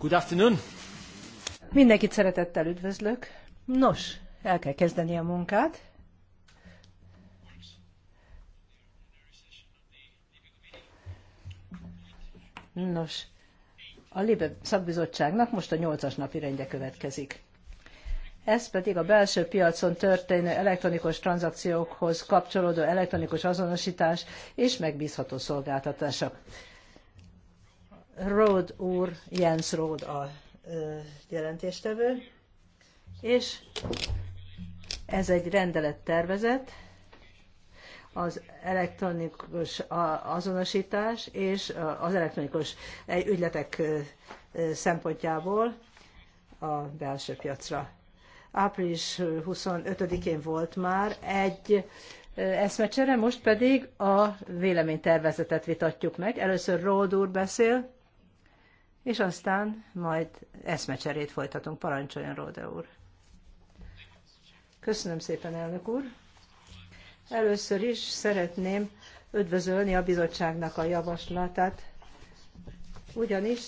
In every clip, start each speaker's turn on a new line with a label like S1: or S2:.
S1: Good afternoon.
S2: Mindenkit szeretettel üdvözlök. Nos, el kell kezdeni a munkát. Nos, a Libe szakbizottságnak most a nyolcas napi rendje következik. Ez pedig a belső piacon történő elektronikus tranzakciókhoz kapcsolódó elektronikus azonosítás és megbízható szolgáltatások. Road úr, Jens Road a jelentéstevő, és ez egy rendelettervezet, az elektronikus azonosítás és az elektronikus ügyletek szempontjából a belső piacra. Április 25-én volt már egy eszmecsere, most pedig a véleménytervezetet vitatjuk meg. Először Ród úr beszél, és aztán majd eszmecserét folytatunk. Parancsoljon, Róde úr! Köszönöm szépen, elnök úr! Először is szeretném üdvözölni a bizottságnak a javaslatát, ugyanis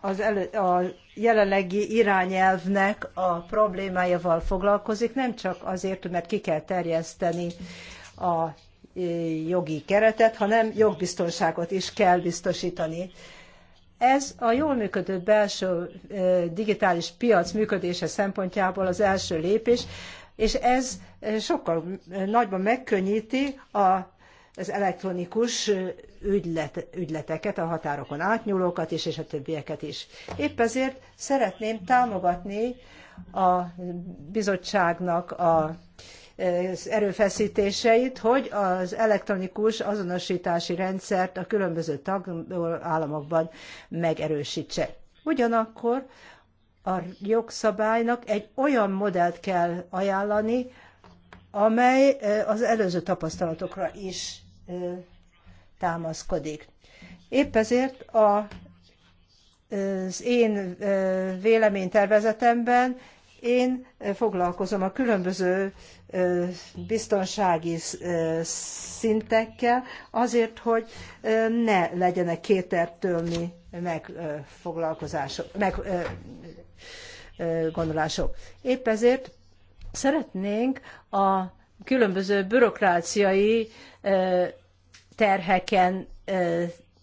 S2: az elő, a jelenlegi irányelvnek a problémájával foglalkozik, nem csak azért, mert ki kell terjeszteni a e, jogi keretet, hanem jogbiztonságot is kell biztosítani. Ez a jól működő belső digitális piac működése szempontjából az első lépés, és ez sokkal nagyban megkönnyíti a az elektronikus ügylet, ügyleteket, a határokon átnyúlókat is, és a többieket is. Épp ezért szeretném támogatni a bizottságnak a Eh, erőfeszítéseit, hogy az elektronikus azonosítási rendszert a különböző tagállamokban megerősítse. Ugyanakkor a jogszabálynak egy olyan modellt kell ajánlani, amely eh, az előző tapasztalatokra is eh, támaszkodik. Épp ezért a, az én véleménytervezetemben én foglalkozom a különböző biztonsági szintekkel, azért, hogy ne legyenek kétertőlni megfoglalkozások, meg, gondolások. Épp ezért szeretnénk a különböző bürokráciai terheken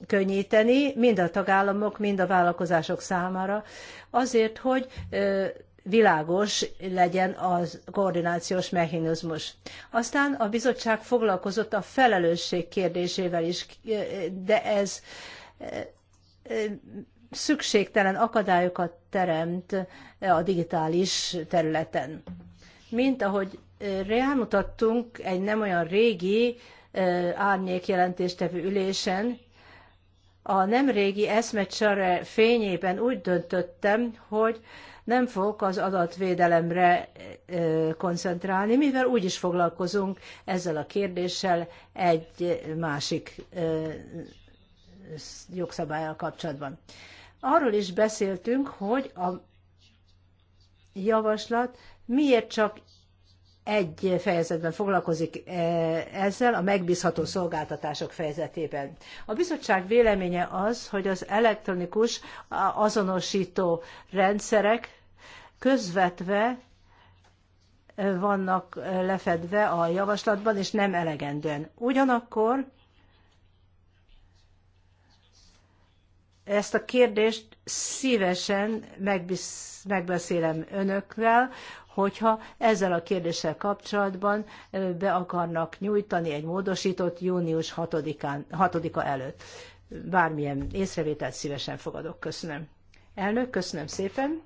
S2: könnyíteni, mind a tagállamok, mind a vállalkozások számára, azért, hogy világos legyen a koordinációs mechanizmus. Aztán a bizottság foglalkozott a felelősség kérdésével is, de ez e, e, szükségtelen akadályokat teremt a digitális területen. Mint ahogy e, rámutattunk egy nem olyan régi árnyékjelentéstevő ülésen, a nem régi eszmecsere fényében úgy döntöttem, hogy nem fog az adatvédelemre koncentrálni, mivel úgy is foglalkozunk ezzel a kérdéssel egy másik jogszabályal kapcsolatban. Arról is beszéltünk, hogy a javaslat miért csak egy fejezetben foglalkozik e, ezzel, a megbízható szolgáltatások fejezetében. A bizottság véleménye az, hogy az elektronikus azonosító rendszerek közvetve e, vannak e, lefedve a javaslatban, és nem elegendően. Ugyanakkor ezt a kérdést szívesen megbeszélem önökkel, hogyha ezzel a kérdéssel kapcsolatban be akarnak nyújtani egy módosított június 6 a előtt. Bármilyen észrevételt szívesen fogadok. Köszönöm. Elnök, köszönöm szépen.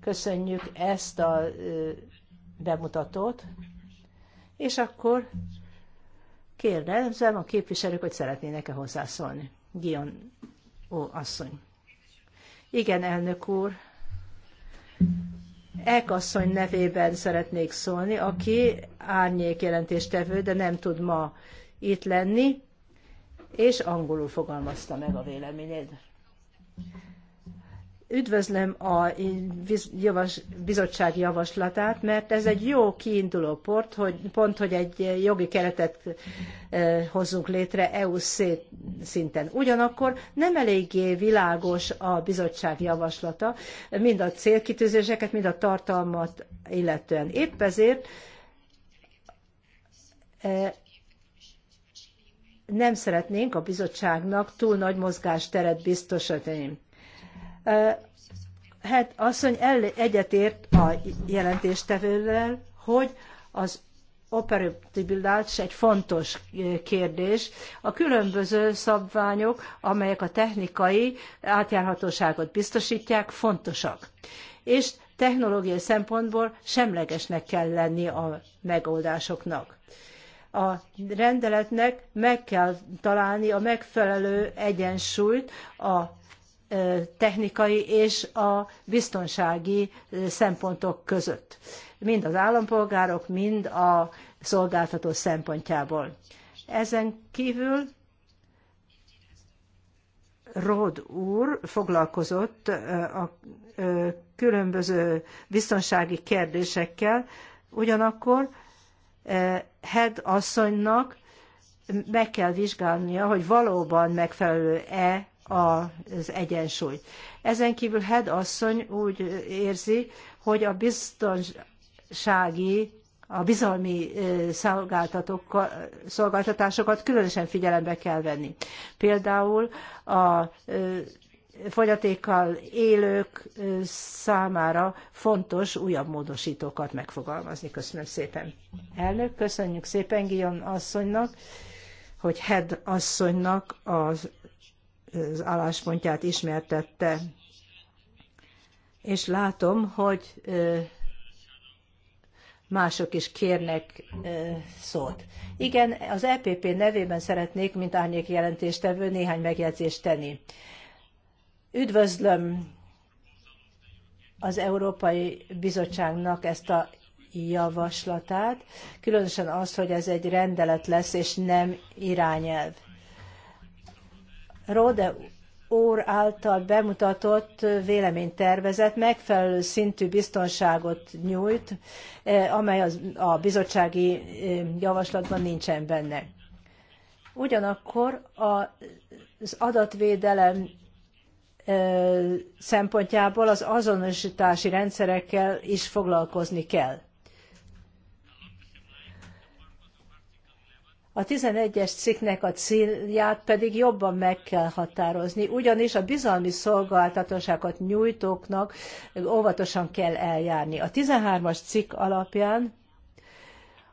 S2: Köszönjük ezt a bemutatót. És akkor kérdezem a képviselők, hogy szeretnének-e hozzászólni. Gion ó, asszony. Igen, elnök úr. Ekasszony nevében szeretnék szólni, aki árnyék jelentéstevő, de nem tud ma itt lenni, és angolul fogalmazta meg a véleményét. Üdvözlöm a bizottság javaslatát, mert ez egy jó kiinduló pont, hogy, pont, hogy egy jogi keretet hozzunk létre EU szinten. Ugyanakkor nem eléggé világos a bizottság javaslata, mind a célkitűzéseket, mind a tartalmat illetően. Épp ezért nem szeretnénk a bizottságnak túl nagy mozgásteret biztosítani. Hát asszony egyetért a jelentéstevővel, hogy az operabilitás egy fontos kérdés. A különböző szabványok, amelyek a technikai átjárhatóságot biztosítják, fontosak. És technológiai szempontból semlegesnek kell lenni a megoldásoknak. A rendeletnek meg kell találni a megfelelő egyensúlyt a technikai és a biztonsági szempontok között. Mind az állampolgárok, mind a szolgáltató szempontjából. Ezen kívül Rod úr foglalkozott a különböző biztonsági kérdésekkel, ugyanakkor Head asszonynak meg kell vizsgálnia, hogy valóban megfelelő-e az egyensúly. Ezen kívül Head asszony úgy érzi, hogy a biztonsági a bizalmi szolgáltatásokat különösen figyelembe kell venni. Például a fogyatékkal élők számára fontos újabb módosítókat megfogalmazni. Köszönöm szépen. Elnök, köszönjük szépen Gion asszonynak, hogy Head asszonynak az az álláspontját ismertette. És látom, hogy mások is kérnek szót. Igen, az EPP nevében szeretnék, mint árnyék jelentéstevő, néhány megjegyzést tenni. Üdvözlöm az Európai Bizottságnak ezt a javaslatát, különösen az, hogy ez egy rendelet lesz, és nem irányelv. Rode úr által bemutatott véleménytervezet megfelelő szintű biztonságot nyújt, eh, amely az, a bizottsági eh, javaslatban nincsen benne. Ugyanakkor az adatvédelem eh, szempontjából az azonosítási rendszerekkel is foglalkozni kell. A 11-es cikknek a célját pedig jobban meg kell határozni, ugyanis a bizalmi szolgáltatóságot nyújtóknak óvatosan kell eljárni. A 13-as cikk alapján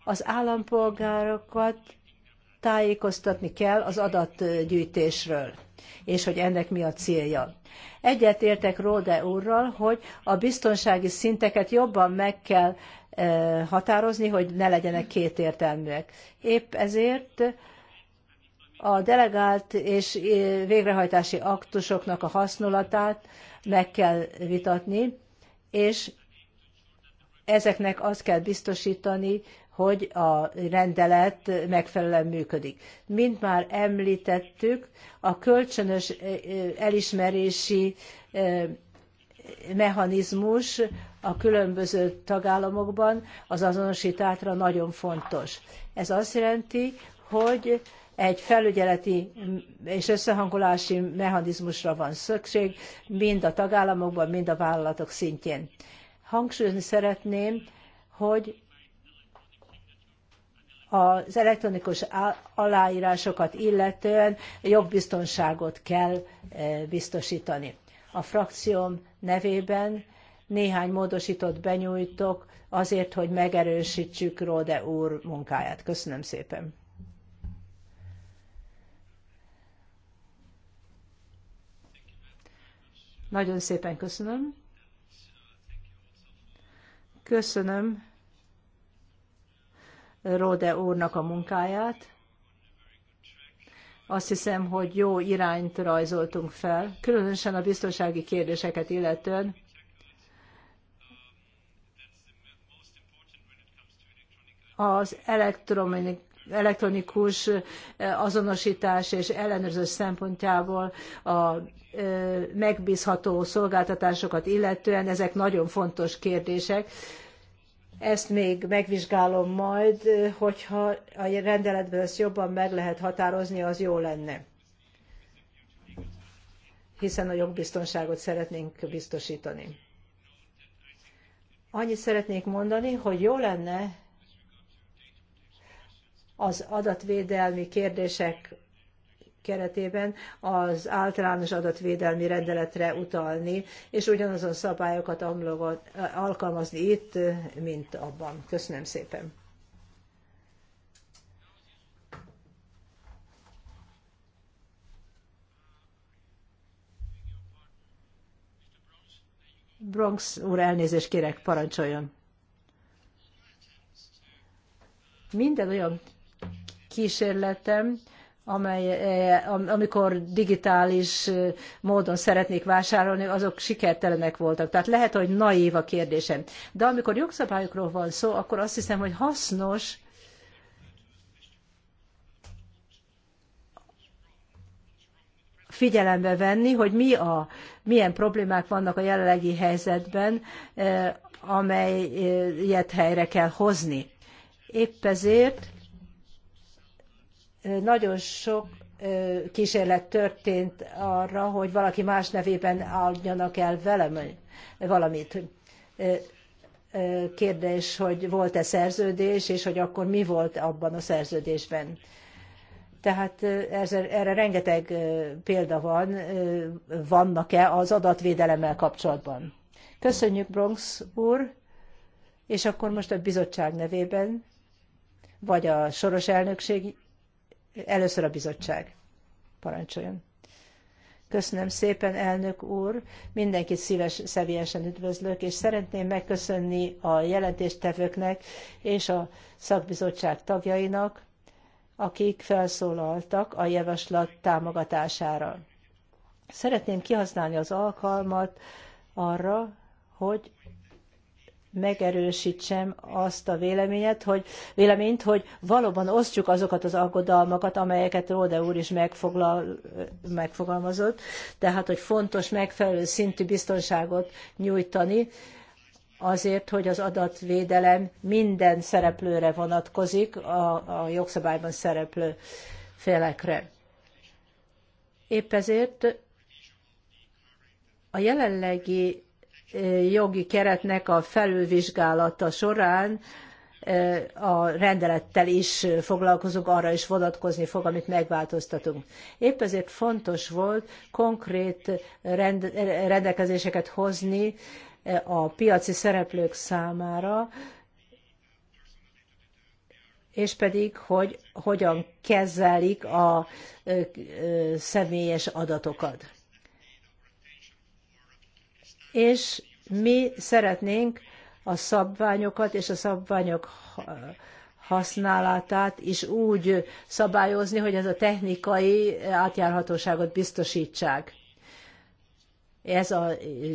S2: az állampolgárokat tájékoztatni kell az adatgyűjtésről, és hogy ennek mi a célja. Egyetértek Róde úrral, hogy a biztonsági szinteket jobban meg kell határozni, hogy ne legyenek kétértelműek. Épp ezért a delegált és végrehajtási aktusoknak a hasznolatát meg kell vitatni, és ezeknek azt kell biztosítani, hogy a rendelet megfelelően működik. Mint már említettük, a kölcsönös elismerési mechanizmus a különböző tagállamokban az azonosítátra nagyon fontos. Ez azt jelenti, hogy egy felügyeleti és összehangolási mechanizmusra van szükség, mind a tagállamokban, mind a vállalatok szintjén. Hangsúlyozni szeretném, hogy az elektronikus aláírásokat illetően jogbiztonságot kell eh, biztosítani. A frakcióm nevében néhány módosított benyújtok azért, hogy megerősítsük Róde úr munkáját. Köszönöm szépen. Nagyon szépen köszönöm. Köszönöm Róde úrnak a munkáját. Azt hiszem, hogy jó irányt rajzoltunk fel, különösen a biztonsági kérdéseket illetően az elektronikus azonosítás és ellenőrzés szempontjából a megbízható szolgáltatásokat illetően ezek nagyon fontos kérdések. Ezt még megvizsgálom majd, hogyha a rendeletben ezt jobban meg lehet határozni, az jó lenne. Hiszen a jogbiztonságot szeretnénk biztosítani. Annyit szeretnék mondani, hogy jó lenne, az adatvédelmi kérdések keretében az általános adatvédelmi rendeletre utalni, és ugyanazon szabályokat alkalmazni itt, mint abban. Köszönöm szépen. Bronx úr, elnézést kérek, parancsoljon. Minden olyan kísérletem, amely, eh, amikor digitális eh, módon szeretnék vásárolni, azok sikertelenek voltak. Tehát lehet, hogy naív a kérdésem. De amikor jogszabályokról van szó, akkor azt hiszem, hogy hasznos figyelembe venni, hogy mi a, milyen problémák vannak a jelenlegi helyzetben, eh, amelyet helyre kell hozni. Épp ezért nagyon sok kísérlet történt arra, hogy valaki más nevében adjanak el velem valamit. Kérdés, hogy volt-e szerződés, és hogy akkor mi volt abban a szerződésben. Tehát erre rengeteg példa van, vannak-e az adatvédelemmel kapcsolatban. Köszönjük, Bronx úr, és akkor most a bizottság nevében, vagy a soros elnökség Először a bizottság. Parancsoljon. Köszönöm szépen, elnök úr. Mindenkit szíves, szívélyesen üdvözlök, és szeretném megköszönni a jelentéstevőknek és a szakbizottság tagjainak, akik felszólaltak a javaslat támogatására. Szeretném kihasználni az alkalmat arra, hogy megerősítsem azt a véleményet, hogy, véleményt, hogy valóban osztjuk azokat az aggodalmakat, amelyeket Róde úr is megfoglal, megfogalmazott, tehát hogy fontos megfelelő szintű biztonságot nyújtani, azért, hogy az adatvédelem minden szereplőre vonatkozik, a, a jogszabályban szereplő félekre. Épp ezért a jelenlegi jogi keretnek a felülvizsgálata során a rendelettel is foglalkozunk, arra is vonatkozni fog, amit megváltoztatunk. Épp ezért fontos volt konkrét rend, rendelkezéseket hozni a piaci szereplők számára, és pedig, hogy hogyan kezelik a személyes adatokat és mi szeretnénk a szabványokat és a szabványok használatát is úgy szabályozni, hogy ez a technikai átjárhatóságot biztosítsák. Ez a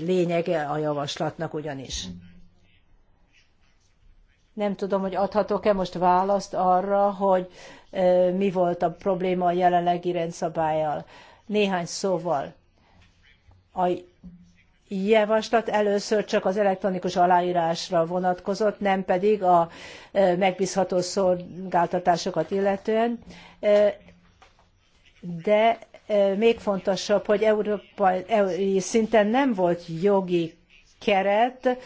S2: lényege a javaslatnak ugyanis. Nem tudom, hogy adhatok-e most választ arra, hogy mi volt a probléma a jelenlegi rendszabályal. Néhány szóval. A javaslat először csak az elektronikus aláírásra vonatkozott, nem pedig a e, megbízható szolgáltatásokat illetően. E, de e, még fontosabb, hogy európai szinten nem volt jogi keret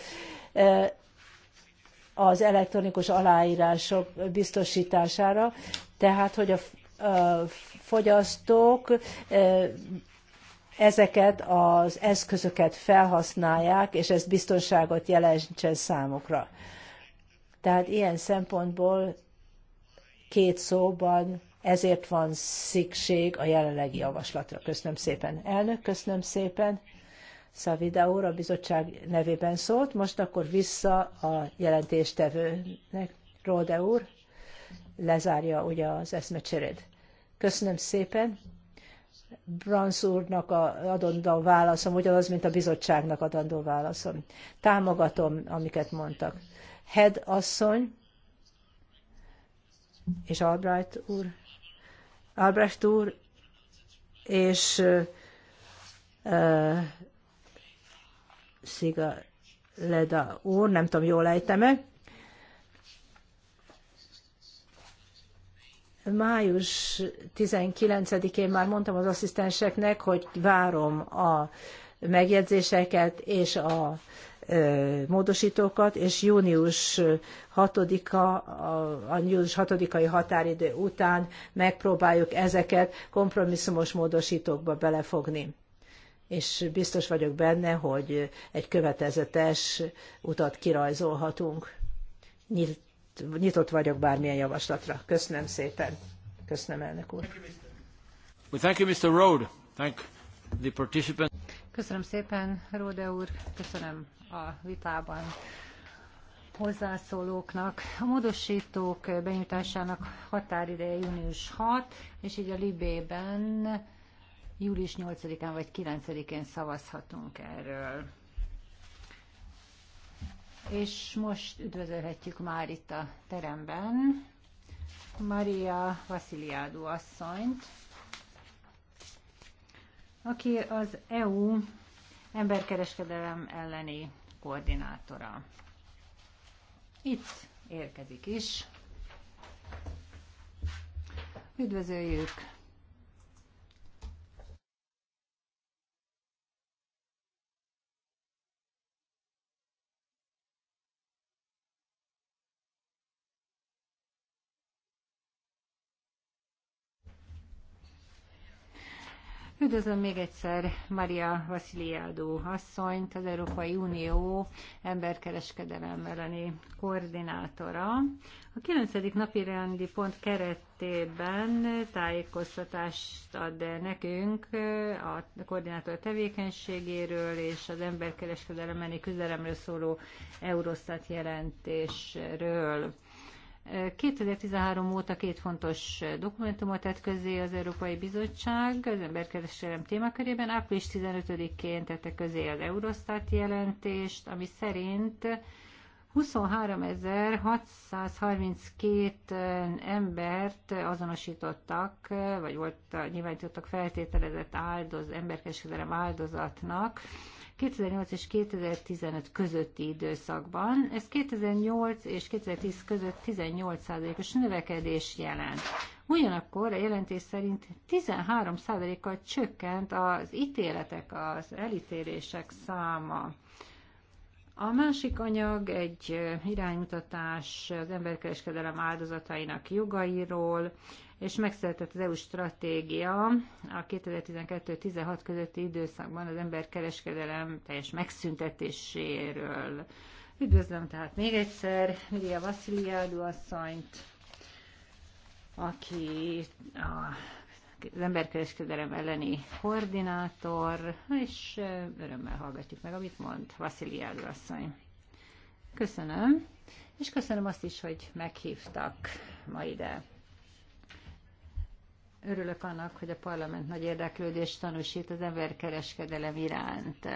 S2: az elektronikus aláírások biztosítására, tehát hogy a fogyasztók ezeket az eszközöket felhasználják, és ez biztonságot jelentsen számukra. Tehát ilyen szempontból két szóban ezért van szükség a jelenlegi javaslatra. Köszönöm szépen. Elnök, köszönöm szépen. Szavida úr a bizottság nevében szólt, most akkor vissza a jelentéstevőnek. Róde úr lezárja ugye az eszmecserét. Köszönöm szépen. Bransz úrnak a adandó válaszom ugyanaz, mint a bizottságnak adandó válaszom. Támogatom, amiket mondtak. Head asszony és Albrecht úr, Albrecht úr és uh, Sziga Leda úr, nem tudom, jól ejtem-e, Május 19-én már mondtam az asszisztenseknek, hogy várom a megjegyzéseket és a módosítókat, és június 6-a, a június 6-ai határidő után megpróbáljuk ezeket kompromisszumos módosítókba belefogni. És biztos vagyok benne, hogy egy követezetes utat kirajzolhatunk. Nyílt nyitott vagyok bármilyen javaslatra. Köszönöm szépen. Köszönöm, elnök úr.
S3: Köszönöm szépen, Róde úr. Köszönöm a vitában hozzászólóknak. A módosítók benyújtásának határideje június 6, és így a Libében július 8-án vagy 9-én szavazhatunk erről és most üdvözölhetjük már itt a teremben Maria Vasiliádu asszonyt, aki az EU emberkereskedelem elleni koordinátora. Itt érkezik is. Üdvözöljük Üdvözlöm még egyszer Maria Vasiliádó asszonyt, az Európai Unió emberkereskedelem elleni koordinátora. A 9. napi rendi pont keretében tájékoztatást ad nekünk a koordinátor tevékenységéről és az emberkereskedelem elleni küzdelemről szóló Eurostat jelentésről. 2013 óta két fontos dokumentumot tett közé az Európai Bizottság az emberkereskedelem témakörében. Április 15-én tette közé az Eurostat jelentést, ami szerint 23.632 embert azonosítottak, vagy volt, nyilvánítottak feltételezett áldoz, emberkereskedelem áldozatnak 2008 és 2015 közötti időszakban. Ez 2008 és 2010 között 18%-os növekedés jelent. Ugyanakkor a jelentés szerint 13%-kal csökkent az ítéletek, az elítélések száma. A másik anyag egy iránymutatás az emberkereskedelem áldozatainak jogairól, és megszületett az EU stratégia a 2012-16 közötti időszakban az emberkereskedelem teljes megszüntetéséről. Üdvözlöm tehát még egyszer Miria Vassziliádú asszonyt, aki a az emberkereskedelem elleni koordinátor, és örömmel hallgatjuk meg, amit mond Vasziliádú asszony. Köszönöm, és köszönöm azt is, hogy meghívtak ma ide. Örülök annak, hogy a parlament nagy érdeklődést tanúsít az emberkereskedelem iránt.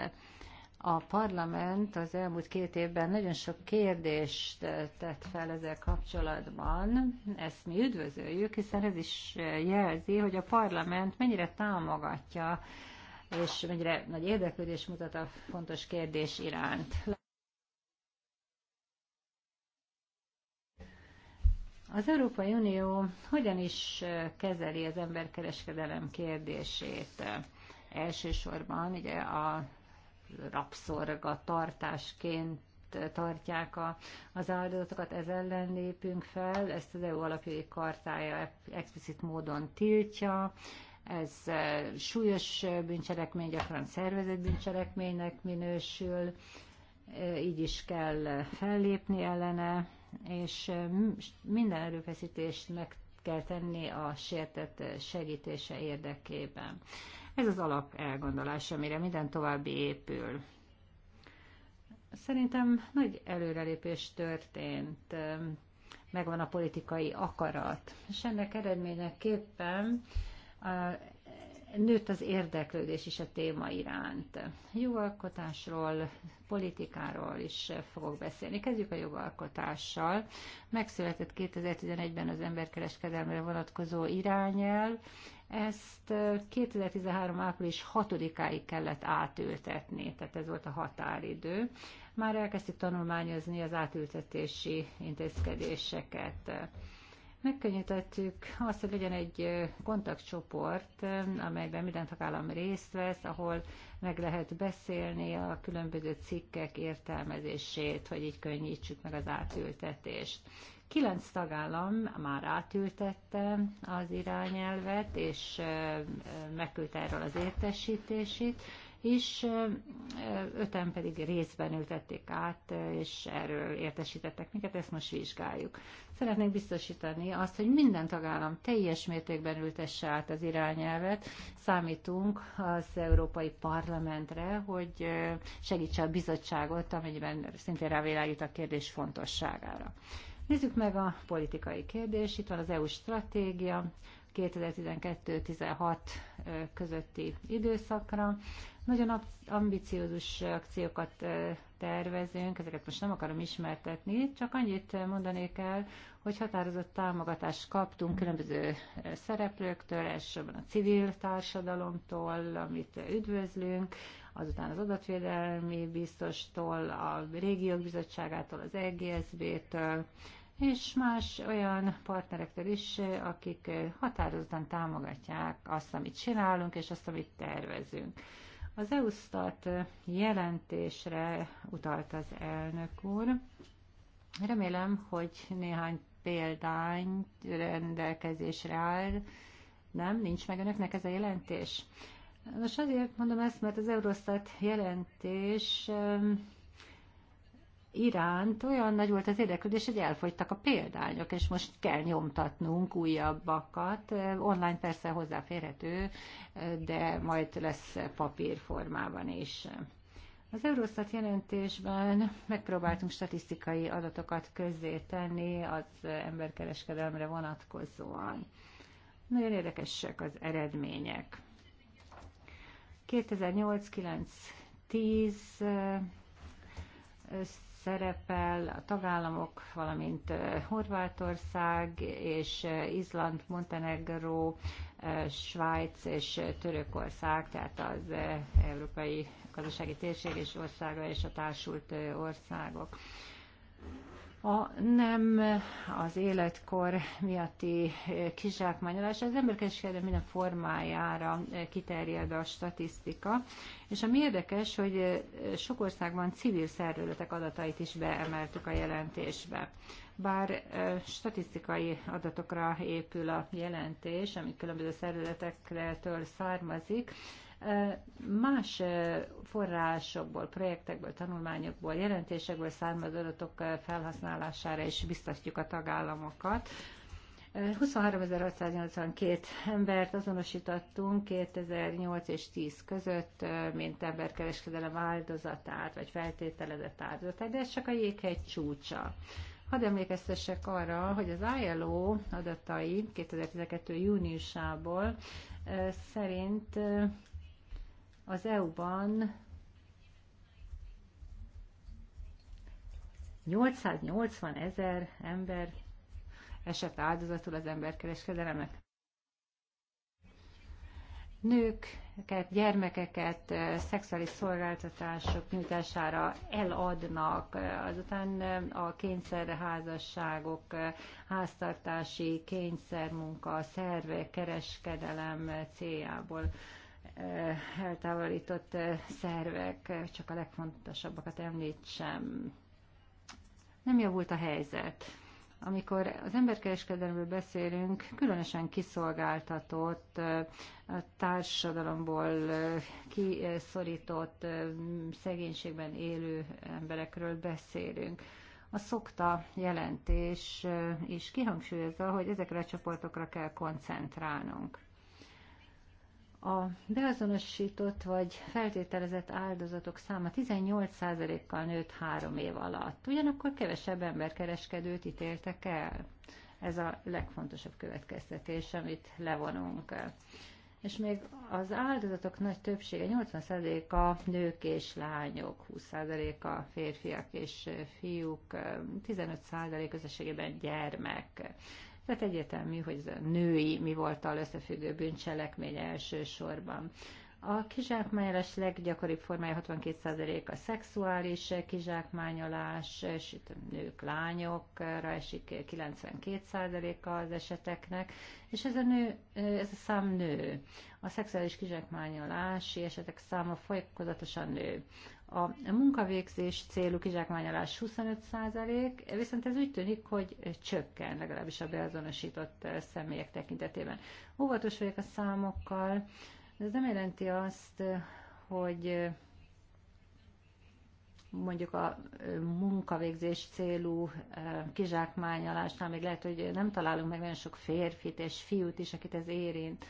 S3: A parlament az elmúlt két évben nagyon sok kérdést tett fel ezzel kapcsolatban. Ezt mi üdvözöljük, hiszen ez is jelzi, hogy a parlament mennyire támogatja és mennyire nagy érdeklődés mutat a fontos kérdés iránt. Az Európai Unió hogyan is kezeli az emberkereskedelem kérdését? Elsősorban ugye a rabszorga tartásként tartják a, az áldozatokat, ez ellen lépünk fel, ezt az EU alapjai kartája explicit módon tiltja, ez súlyos bűncselekmény, gyakran szervezett bűncselekménynek minősül, így is kell fellépni ellene, és minden erőfeszítést meg kell tenni a sértett segítése érdekében. Ez az alap elgondolás, amire minden további épül. Szerintem nagy előrelépés történt, megvan a politikai akarat, és ennek eredményeképpen nőtt az érdeklődés is a téma iránt. Jogalkotásról, politikáról is fogok beszélni. Kezdjük a jogalkotással. Megszületett 2011-ben az emberkereskedelmre vonatkozó irányel. Ezt 2013. április 6-áig kellett átültetni, tehát ez volt a határidő. Már elkezdtük tanulmányozni az átültetési intézkedéseket megkönnyítettük azt, hogy legyen egy kontaktcsoport, amelyben minden tagállam részt vesz, ahol meg lehet beszélni a különböző cikkek értelmezését, hogy így könnyítsük meg az átültetést. Kilenc tagállam már átültette az irányelvet, és megküldte erről az értesítését és öten pedig részben ültették át, és erről értesítettek minket, ezt most vizsgáljuk. Szeretnék biztosítani azt, hogy minden tagállam teljes mértékben ültesse át az irányelvet. Számítunk az Európai Parlamentre, hogy segítse a bizottságot, amelyben szintén rávilágít a kérdés fontosságára. Nézzük meg a politikai kérdés. Itt van az EU stratégia 2012-16 közötti időszakra. Nagyon ambiciózus akciókat tervezünk, ezeket most nem akarom ismertetni, csak annyit mondanék el, hogy határozott támogatást kaptunk különböző szereplőktől, elsősorban a civil társadalomtól, amit üdvözlünk, azután az adatvédelmi biztostól, a régiók bizottságától, az EGSB-től, és más olyan partnerektől is, akik határozottan támogatják azt, amit csinálunk, és azt, amit tervezünk. Az EUSZTAT jelentésre utalt az elnök úr. Remélem, hogy néhány példány rendelkezésre áll. Nem? Nincs meg önöknek ez a jelentés? Most azért mondom ezt, mert az Eurostat jelentés iránt olyan nagy volt az érdeklődés, hogy elfogytak a példányok, és most kell nyomtatnunk újabbakat. Online persze hozzáférhető, de majd lesz papírformában is. Az Eurostat jelentésben megpróbáltunk statisztikai adatokat közzétenni az emberkereskedelemre vonatkozóan. Nagyon érdekesek az eredmények. 2008-9-10 szerepel, a tagállamok, valamint Horvátország és Izland, Montenegro, Svájc és Törökország, tehát az Európai Gazdasági Térség és országa és a társult országok a nem az életkor miatti kizsákmányolás, az emberkereskedelem minden formájára kiterjed a statisztika, és ami érdekes, hogy sok országban civil szervezetek adatait is beemeltük a jelentésbe. Bár statisztikai adatokra épül a jelentés, ami különböző szervezetektől származik, más forrásokból, projektekből, tanulmányokból, jelentésekből származó adatok felhasználására is biztatjuk a tagállamokat. 23.682 embert azonosítottunk 2008 és 10 között, mint emberkereskedelem áldozatát, vagy feltételezett áldozatát, de ez csak a jéghegy csúcsa. Hadd emlékeztessek arra, hogy az ILO adatai 2012. júniusából szerint az EU-ban 880 ezer ember esett áldozatul az emberkereskedelemnek. Nőket, gyermekeket eh, szexuális szolgáltatások nyújtására eladnak, eh, azután eh, a kényszerházasságok, háztartási kényszermunka, szerve, kereskedelem céljából Eh, eltávolított eh, szervek, eh, csak a legfontosabbakat említsem. Nem javult a helyzet. Amikor az emberkereskedelmről beszélünk, különösen kiszolgáltatott, a társadalomból kiszorított, szegénységben élő emberekről beszélünk. A szokta jelentés is kihangsúlyozza, hogy ezekre a csoportokra kell koncentrálnunk. A beazonosított vagy feltételezett áldozatok száma 18%-kal nőtt három év alatt. Ugyanakkor kevesebb emberkereskedőt ítéltek el. Ez a legfontosabb következtetés, amit levonunk és még az áldozatok nagy többsége, 80%-a nők és lányok, 20%-a férfiak és fiúk, 15% összességében gyermek. Tehát egyértelmű, hogy ez a női mi voltal összefüggő bűncselekmény elsősorban. A kizsákmányolás leggyakoribb formája 62% a szexuális kizsákmányolás, és itt nők, lányokra esik 92%-a az eseteknek, és ez a, nő, ez a szám nő. A szexuális kizsákmányolási esetek száma folyamatosan nő. A munkavégzés célú kizsákmányolás 25%, viszont ez úgy tűnik, hogy csökken, legalábbis a beazonosított eh, személyek tekintetében. Óvatos vagyok a számokkal, de ez nem jelenti azt, eh, hogy eh, mondjuk a munkavégzés célú kizsákmányolásnál még lehet, hogy nem találunk meg olyan sok férfit és fiút is, akit ez érint.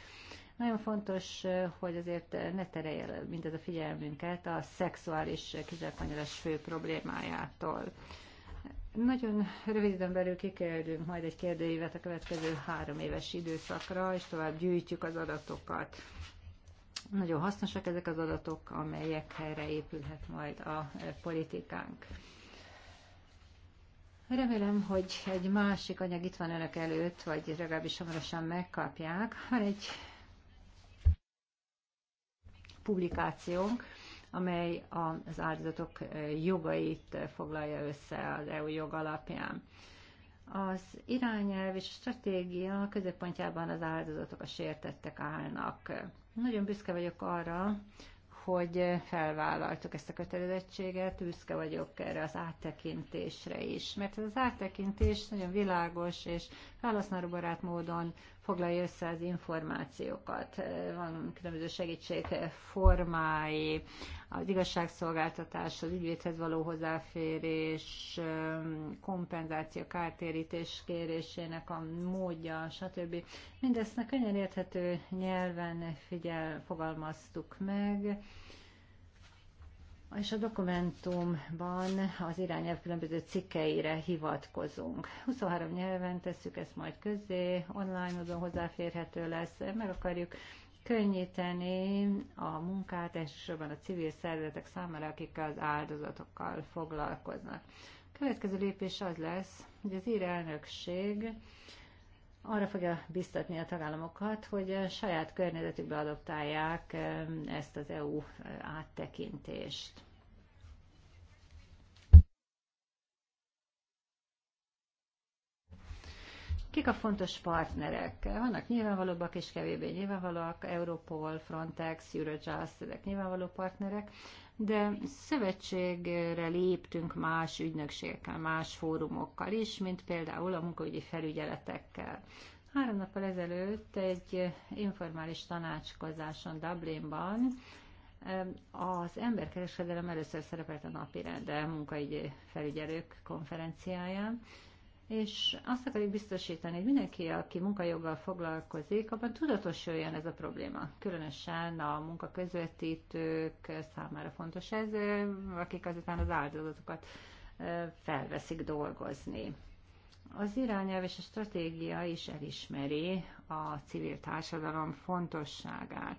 S3: Nagyon fontos, hogy azért ne terelje mindez a figyelmünket a szexuális kizsákmányolás fő problémájától. Nagyon rövid időn belül kikerülünk majd egy kérdőívet a következő három éves időszakra, és tovább gyűjtjük az adatokat. Nagyon hasznosak ezek az adatok, helyre épülhet majd a e, politikánk. Remélem, hogy egy másik anyag itt van önök előtt, vagy legalábbis hamarosan megkapják. Van egy publikációnk, amely az áldozatok jogait foglalja össze az EU jog alapján. Az irányelv és a stratégia középpontjában az áldozatok, a sértettek állnak. Nagyon büszke vagyok arra, hogy felvállaltuk ezt a kötelezettséget, büszke vagyok erre az áttekintésre is, mert ez az áttekintés nagyon világos és felhasználóbarát módon foglalja össze az információkat. Van különböző segítség formái, az igazságszolgáltatás, az ügyvédhez való hozzáférés, kompenzáció, kártérítés kérésének a módja, stb. Mindezt könnyen érthető nyelven figyel, fogalmaztuk meg és a dokumentumban az irányelv különböző cikkeire hivatkozunk. 23 nyelven tesszük ezt majd közzé, online azon hozzáférhető lesz, meg akarjuk könnyíteni a munkát, elsősorban a civil szervezetek számára, akik az áldozatokkal foglalkoznak. A következő lépés az lesz, hogy az ír elnökség arra fogja biztatni a tagállamokat, hogy a saját környezetükbe adoptálják ezt az EU áttekintést. Kik a fontos partnerek? Vannak nyilvánvalóbbak és kevésbé nyilvánvalóak, Europol, Frontex, Eurojust, ezek nyilvánvaló partnerek, de szövetségre léptünk más ügynökségekkel, más fórumokkal is, mint például a munkaügyi felügyeletekkel. Három nappal ezelőtt egy informális tanácskozáson Dublinban az emberkereskedelem először szerepelt a napirenden munkaügyi felügyelők konferenciáján, és azt akarjuk biztosítani, hogy mindenki, aki munkajoggal foglalkozik, abban tudatosuljon ez a probléma. Különösen a munkaközvetítők számára fontos ez, akik azután az áldozatokat felveszik dolgozni. Az irányelv és a stratégia is elismeri a civil társadalom fontosságát.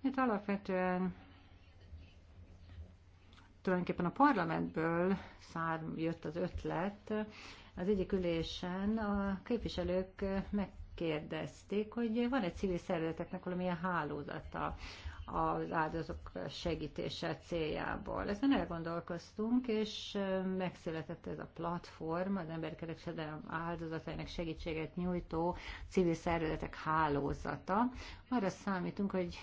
S3: Itt alapvetően tulajdonképpen a parlamentből szár jött az ötlet, az egyik ülésen a képviselők megkérdezték, hogy van-e civil szervezeteknek valamilyen hálózata az áldozatok segítése céljából. Ezen elgondolkoztunk, és megszületett ez a platform, az emberkereskedelem áldozatainak segítséget nyújtó civil szervezetek hálózata. Arra számítunk, hogy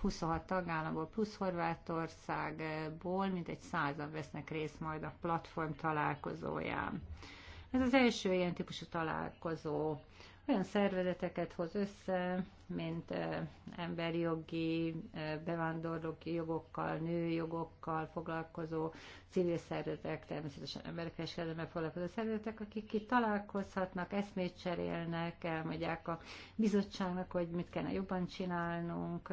S3: 26 tagállamból plusz Horvátországból mintegy százan vesznek részt majd a platform találkozóján. Ez az első ilyen típusú találkozó. Olyan szervezeteket hoz össze, mint emberi jogi, bevándorlóki jogokkal, nőjogokkal foglalkozó civil szervezetek, természetesen emberkereskedelemmel foglalkozó szervezetek, akik itt találkozhatnak, eszmét cserélnek, elmondják a bizottságnak, hogy mit kellene jobban csinálnunk,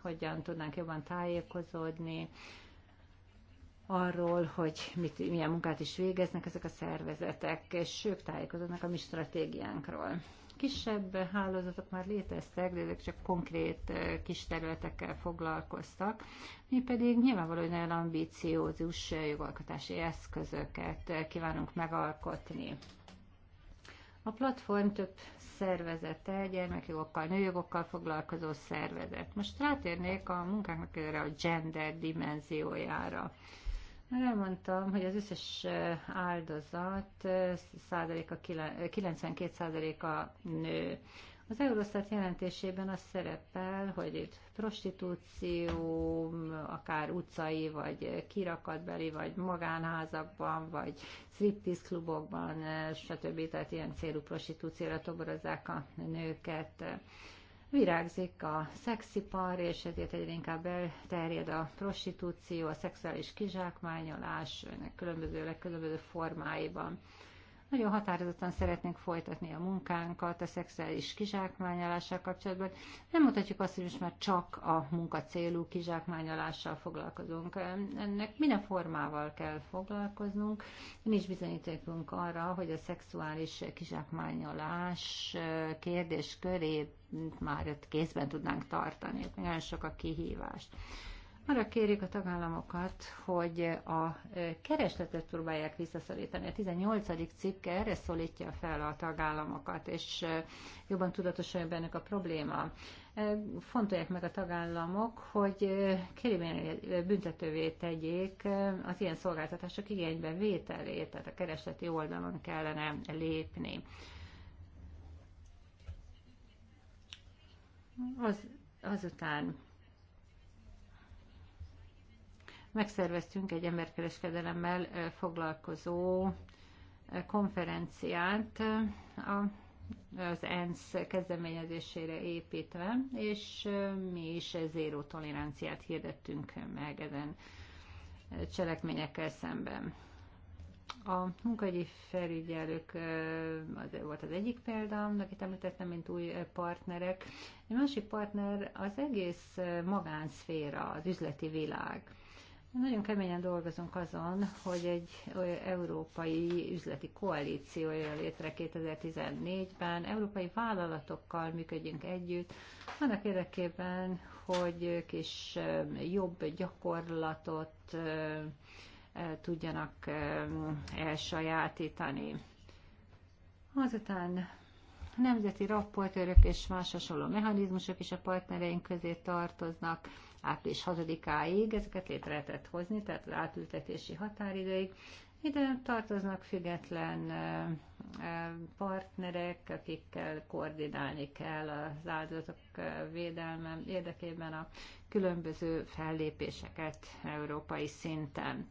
S3: hogyan tudnánk jobban tájékozódni, arról, hogy mit, milyen munkát is végeznek ezek a szervezetek, és ők tájékozódnak a mi stratégiánkról. Kisebb hálózatok már léteztek, de ezek csak konkrét eh, kis területekkel foglalkoztak, mi pedig nyilvánvalóan nagyon ambíciózus jogalkotási eszközöket eh, kívánunk megalkotni. A platform több szervezete, gyermekjogokkal, nőjogokkal foglalkozó szervezet. Most rátérnék a munkánknak erre a gender dimenziójára. Már elmondtam, hogy az összes áldozat 92%-a nő. Az Eurostat jelentésében az szerepel, hogy itt prostitúció, akár utcai, vagy kirakatbeli, vagy magánházakban, vagy striptease klubokban, stb. Tehát ilyen célú prostitúcióra toborozzák a nőket virágzik a szexipar, és ezért egyre inkább elterjed a prostitúció, a szexuális kizsákmányolás, ennek különböző, legkülönböző formáiban. Nagyon határozottan szeretnénk folytatni a munkánkat a szexuális kizsákmányolással kapcsolatban. Nem mutatjuk azt, hogy most már csak a munka célú kizsákmányolással foglalkozunk. Ennek minden formával kell foglalkoznunk. Nincs bizonyítékunk arra, hogy a szexuális kizsákmányolás kérdésköré már ott kézben tudnánk tartani. Nagyon sok a kihívás arra kérik a tagállamokat, hogy a e, keresletet próbálják visszaszorítani. A 18. cikke erre szólítja fel a tagállamokat, és e, jobban tudatosan bennük a probléma. E, fontolják meg a tagállamok, hogy büntetővé tegyék az ilyen szolgáltatások igénybe vételét, tehát a keresleti oldalon kellene lépni. Az, azután megszerveztünk egy emberkereskedelemmel foglalkozó konferenciát az ENSZ kezdeményezésére építve, és mi is zéró toleranciát hirdettünk meg ezen cselekményekkel szemben. A munkahogyi felügyelők az, volt az egyik példa, akit említettem, mint új partnerek. Egy másik partner az egész magánszféra, az üzleti világ. Nagyon keményen dolgozunk azon, hogy egy európai üzleti koalíció jön létre 2014-ben, európai vállalatokkal működjünk együtt, annak érdekében, hogy kis jobb gyakorlatot tudjanak elsajátítani. Azután nemzeti rapportőrök és más hasonló mechanizmusok is a partnereink közé tartoznak, április 6-áig, ezeket létre lehetett hozni, tehát az átültetési határidőig. Ide tartoznak független partnerek, akikkel koordinálni kell az áldozatok védelme érdekében a különböző fellépéseket európai szinten.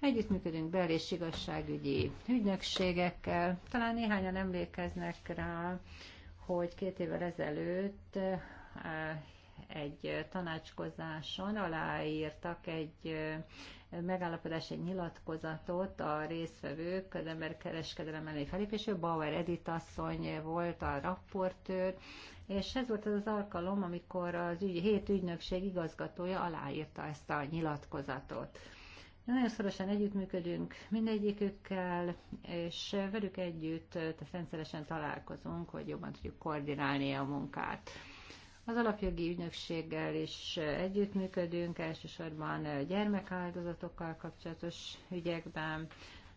S3: Együttműködünk bel- és igazságügyi ügynökségekkel. Talán néhányan emlékeznek rá, hogy két évvel ezelőtt egy tanácskozáson aláírtak egy megállapodás, egy nyilatkozatot a résztvevők az emberkereskedelem elleni felépéső. Bauer Edith asszony volt a rapportőr, és ez volt az az alkalom, amikor az ügy, hét ügynökség igazgatója aláírta ezt a nyilatkozatot. Nagyon szorosan együttműködünk mindegyikükkel, és velük együtt tehát rendszeresen találkozunk, hogy jobban tudjuk koordinálni a munkát. Az alapjogi ügynökséggel is együttműködünk, elsősorban gyermekáldozatokkal kapcsolatos ügyekben.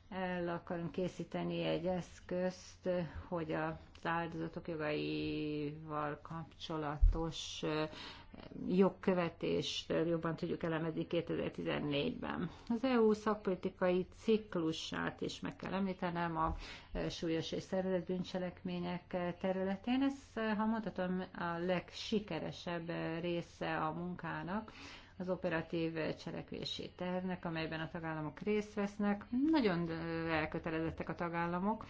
S3: El akarunk készíteni egy eszközt, hogy a áldozatok jogaival kapcsolatos jogkövetésről jobban tudjuk elemezni 2014-ben. Az EU szakpolitikai ciklusát is meg kell említenem a súlyos és szervezett bűncselekmények területén. Ez, ha mondhatom, a legsikeresebb része a munkának, az operatív cselekvési tervnek, amelyben a tagállamok részt vesznek. Nagyon elkötelezettek a tagállamok.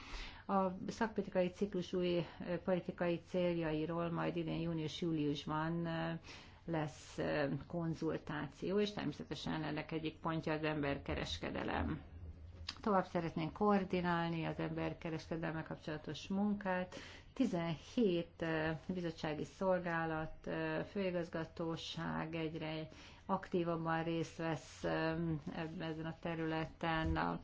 S3: A szakpolitikai ciklus új politikai céljairól majd idén június-júliusban lesz konzultáció, és természetesen ennek egyik pontja az emberkereskedelem. Tovább szeretnénk koordinálni az emberkereskedelme kapcsolatos munkát, 17 bizottsági szolgálat, főigazgatóság egyre aktívabban részt vesz ezen a területen. A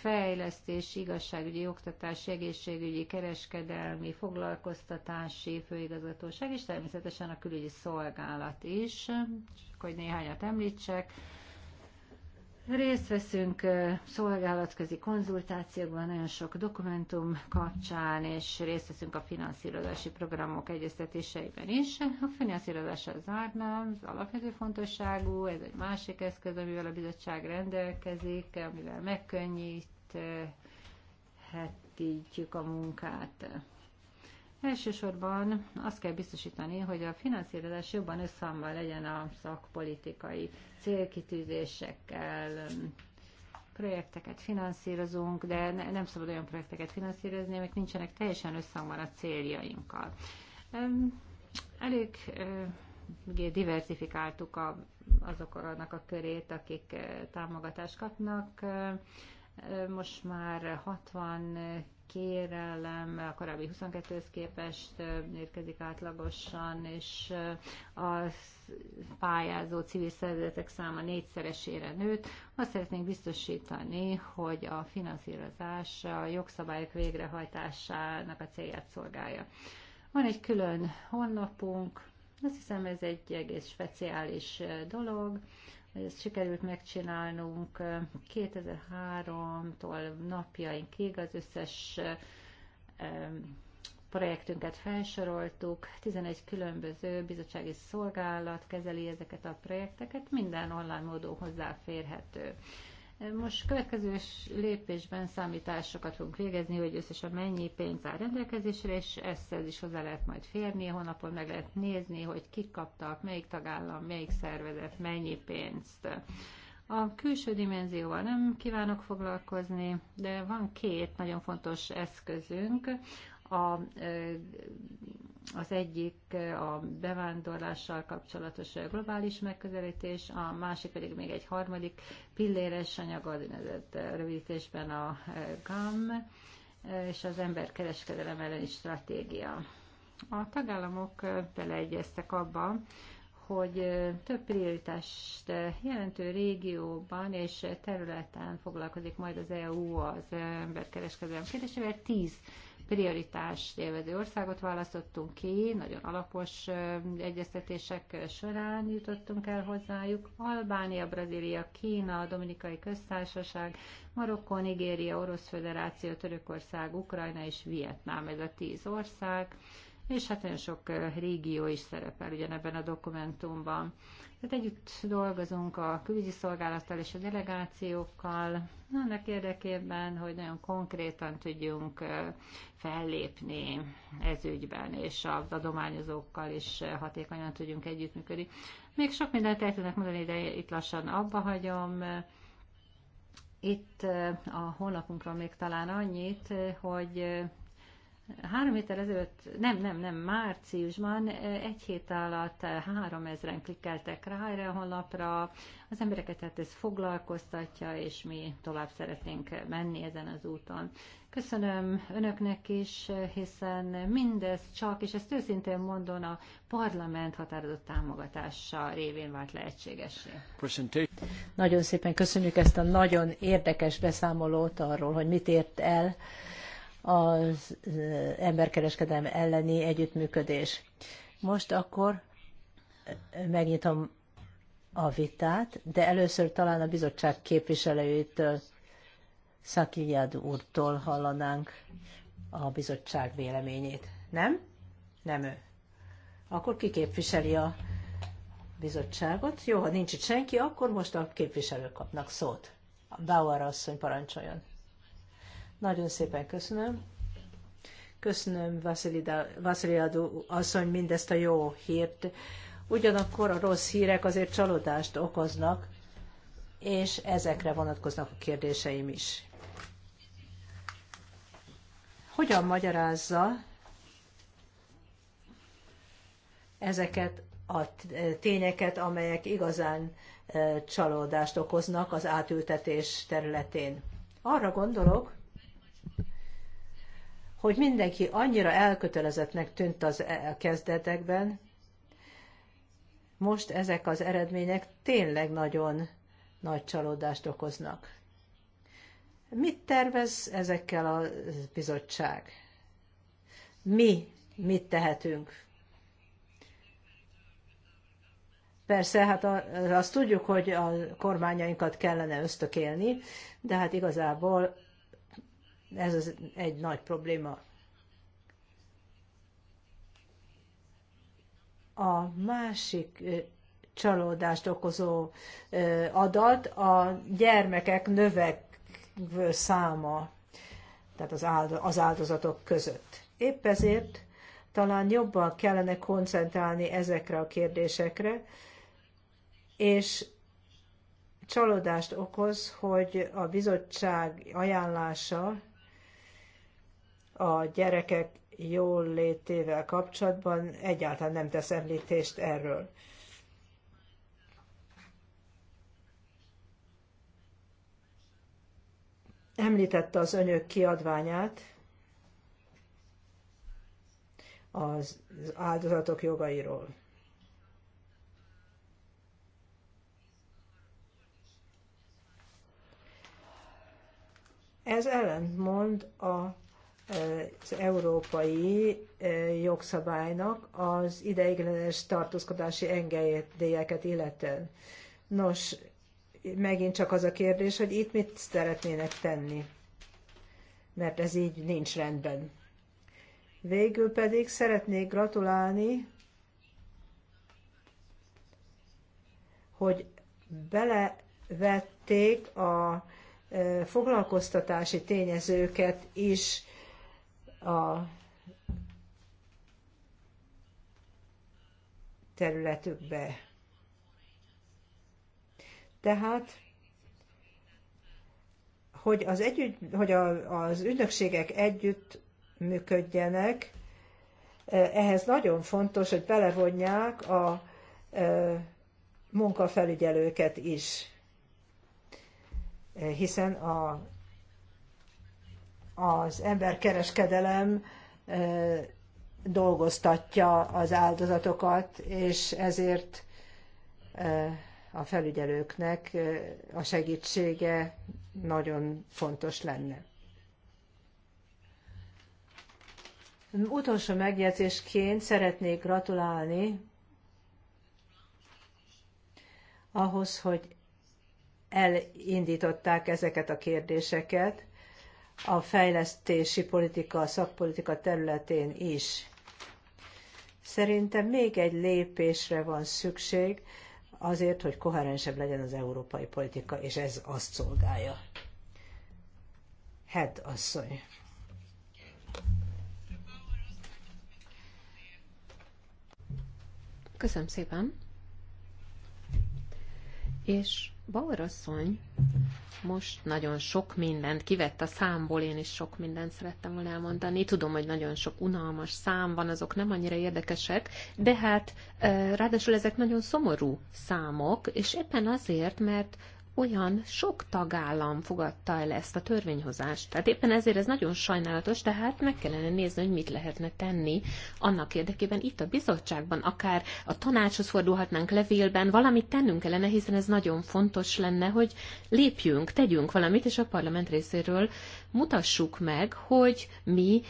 S3: fejlesztés, igazságügyi, oktatás, egészségügyi, kereskedelmi, foglalkoztatási főigazgatóság, és természetesen a külügyi szolgálat is, csak hogy néhányat említsek. Részt veszünk szolgálatközi konzultációkban nagyon sok dokumentum kapcsán, és részt veszünk a finanszírozási programok egyeztetéseiben is. A finanszírozás az zárnám, az alapvető fontosságú, ez egy másik eszköz, amivel a bizottság rendelkezik, amivel megkönnyíthetjük a munkát. Elsősorban azt kell biztosítani, hogy a finanszírozás jobban összhangban legyen a szakpolitikai célkitűzésekkel, projekteket finanszírozunk, de ne, nem szabad olyan projekteket finanszírozni, amik nincsenek teljesen összhangban a céljainkkal. Elég diversifikáltuk a, azoknak a körét, akik támogatást kapnak. Most már 60 kérelem a korábbi 22-höz képest érkezik átlagosan, és a pályázó civil szervezetek száma négyszeresére nőtt. Azt szeretnénk biztosítani, hogy a finanszírozás a jogszabályok végrehajtásának a célját szolgálja. Van egy külön honlapunk, azt hiszem ez egy egész speciális dolog ezt sikerült megcsinálnunk 2003-tól napjainkig az összes projektünket felsoroltuk, 11 különböző bizottsági szolgálat kezeli ezeket a projekteket, minden online módon hozzáférhető. Most következő lépésben számításokat fogunk végezni, hogy összesen mennyi pénz áll rendelkezésre, és ezt ez is hozzá lehet majd férni, honlapon meg lehet nézni, hogy kik kaptak, melyik tagállam, melyik szervezet mennyi pénzt. A külső dimenzióval nem kívánok foglalkozni, de van két nagyon fontos eszközünk, a, az egyik a bevándorlással kapcsolatos globális megközelítés, a másik pedig még egy harmadik pilléres anyag, az rövidítésben a GAM, és az emberkereskedelem elleni stratégia. A tagállamok beleegyeztek abba, hogy több prioritást jelentő régióban és területen foglalkozik majd az EU az emberkereskedelem kérdésével. Tíz prioritást élvező országot választottunk ki, nagyon alapos egyeztetések során jutottunk el hozzájuk. Albánia, Brazília, Kína, Dominikai Köztársaság, Marokkó, Nigéria, Orosz Föderáció, Törökország, Ukrajna és Vietnám, ez a tíz ország és hát nagyon sok régió is szerepel ugyanebben a dokumentumban. Tehát együtt dolgozunk a külügyi szolgálattal és a delegációkkal, annak érdekében, hogy nagyon konkrétan tudjunk fellépni ez ügyben, és az adományozókkal is hatékonyan tudjunk együttműködni. Még sok mindent el tudnak mondani, de itt lassan abba hagyom. Itt a honlapunkról még talán annyit, hogy Három héttel ezelőtt, nem, nem, nem, márciusban eh, egy hét alatt eh, három ezeren klikkeltek rá erre a honlapra. Az embereket hát ez foglalkoztatja, és mi tovább szeretnénk menni ezen az úton. Köszönöm önöknek is, eh, hiszen mindez csak, és ezt őszintén mondom, a parlament határozott támogatása révén vált lehetségesé.
S2: Nagyon szépen köszönjük ezt a nagyon érdekes beszámolót arról, hogy mit ért el az eh, emberkereskedelem elleni együttműködés. Most akkor eh, megnyitom a vitát, de először talán a bizottság képviselőjétől, Szakijad úrtól hallanánk a bizottság véleményét. Nem? Nem ő. Akkor ki képviseli a bizottságot? Jó, ha nincs itt senki, akkor most a képviselők kapnak szót. Bauer asszony parancsoljon. Nagyon szépen köszönöm. Köszönöm Vasziliadó asszony mindezt a jó hírt. Ugyanakkor a rossz hírek azért csalódást okoznak, és ezekre vonatkoznak a kérdéseim is. Hogyan magyarázza ezeket a tényeket, amelyek igazán e, csalódást okoznak az átültetés területén? Arra gondolok, hogy mindenki annyira elkötelezettnek tűnt az e- kezdetekben, most ezek az eredmények tényleg nagyon nagy csalódást okoznak. Mit tervez ezekkel a bizottság? Mi mit tehetünk? Persze, hát azt tudjuk, hogy a kormányainkat kellene ösztökélni, de hát igazából ez az egy nagy probléma. A másik csalódást okozó adat a gyermekek növekvő száma, tehát az áldozatok között. Épp ezért talán jobban kellene koncentrálni ezekre a kérdésekre, és csalódást okoz, hogy a bizottság ajánlása a gyerekek jól létével kapcsolatban egyáltalán nem tesz említést erről. Említette az önök kiadványát, az áldozatok jogairól. Ez ellentmond a az európai jogszabálynak az ideiglenes tartózkodási engedélyeket illetően. Nos, megint csak az a kérdés, hogy itt mit szeretnének tenni, mert ez így nincs rendben. Végül pedig szeretnék gratulálni, hogy belevették a foglalkoztatási tényezőket is a területükbe. Tehát, hogy az, együtt, hogy a, az ügynökségek együtt működjenek, eh, ehhez nagyon fontos, hogy belevonják a eh, munkafelügyelőket is, eh, hiszen a az emberkereskedelem dolgoztatja az áldozatokat, és ezért a felügyelőknek a segítsége nagyon fontos lenne. Utolsó megjegyzésként szeretnék gratulálni ahhoz, hogy elindították ezeket a kérdéseket, a fejlesztési politika, szakpolitika területén is. Szerintem még egy lépésre van szükség azért, hogy koherensebb legyen az európai politika, és ez azt szolgálja. Hát, asszony.
S1: Köszönöm szépen. És Bauer asszony most nagyon sok mindent kivett a számból, én is sok mindent szerettem volna elmondani. Tudom, hogy nagyon sok unalmas szám van, azok nem annyira érdekesek, de hát eh, ráadásul ezek nagyon szomorú számok, és éppen azért, mert olyan sok tagállam fogadta el ezt a törvényhozást. Tehát éppen ezért ez nagyon sajnálatos, tehát meg kellene nézni, hogy mit lehetne tenni annak érdekében itt a bizottságban, akár a tanácshoz fordulhatnánk levélben, valamit tennünk kellene, hiszen ez nagyon fontos lenne, hogy lépjünk, tegyünk valamit, és a parlament részéről mutassuk meg, hogy mi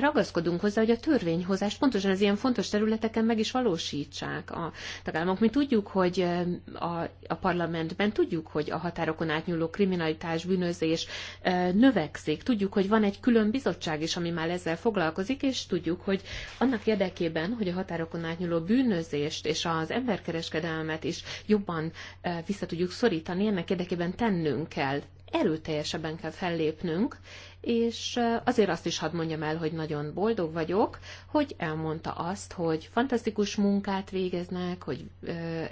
S1: ragaszkodunk hozzá, hogy a törvényhozást pontosan az ilyen fontos területeken meg is valósítsák a tagállamok. Mi tudjuk, hogy a, a parlamentben tudjuk, hogy a határokon átnyúló kriminalitás, bűnözés növekszik. Tudjuk, hogy van egy külön bizottság is, ami már ezzel foglalkozik, és tudjuk, hogy annak érdekében, hogy a határokon átnyúló bűnözést és az emberkereskedelmet is jobban vissza tudjuk szorítani, ennek érdekében tennünk kell erőteljesebben kell fellépnünk, és azért azt is hadd mondjam el, hogy nagyon boldog vagyok, hogy elmondta azt, hogy fantasztikus munkát végeznek, hogy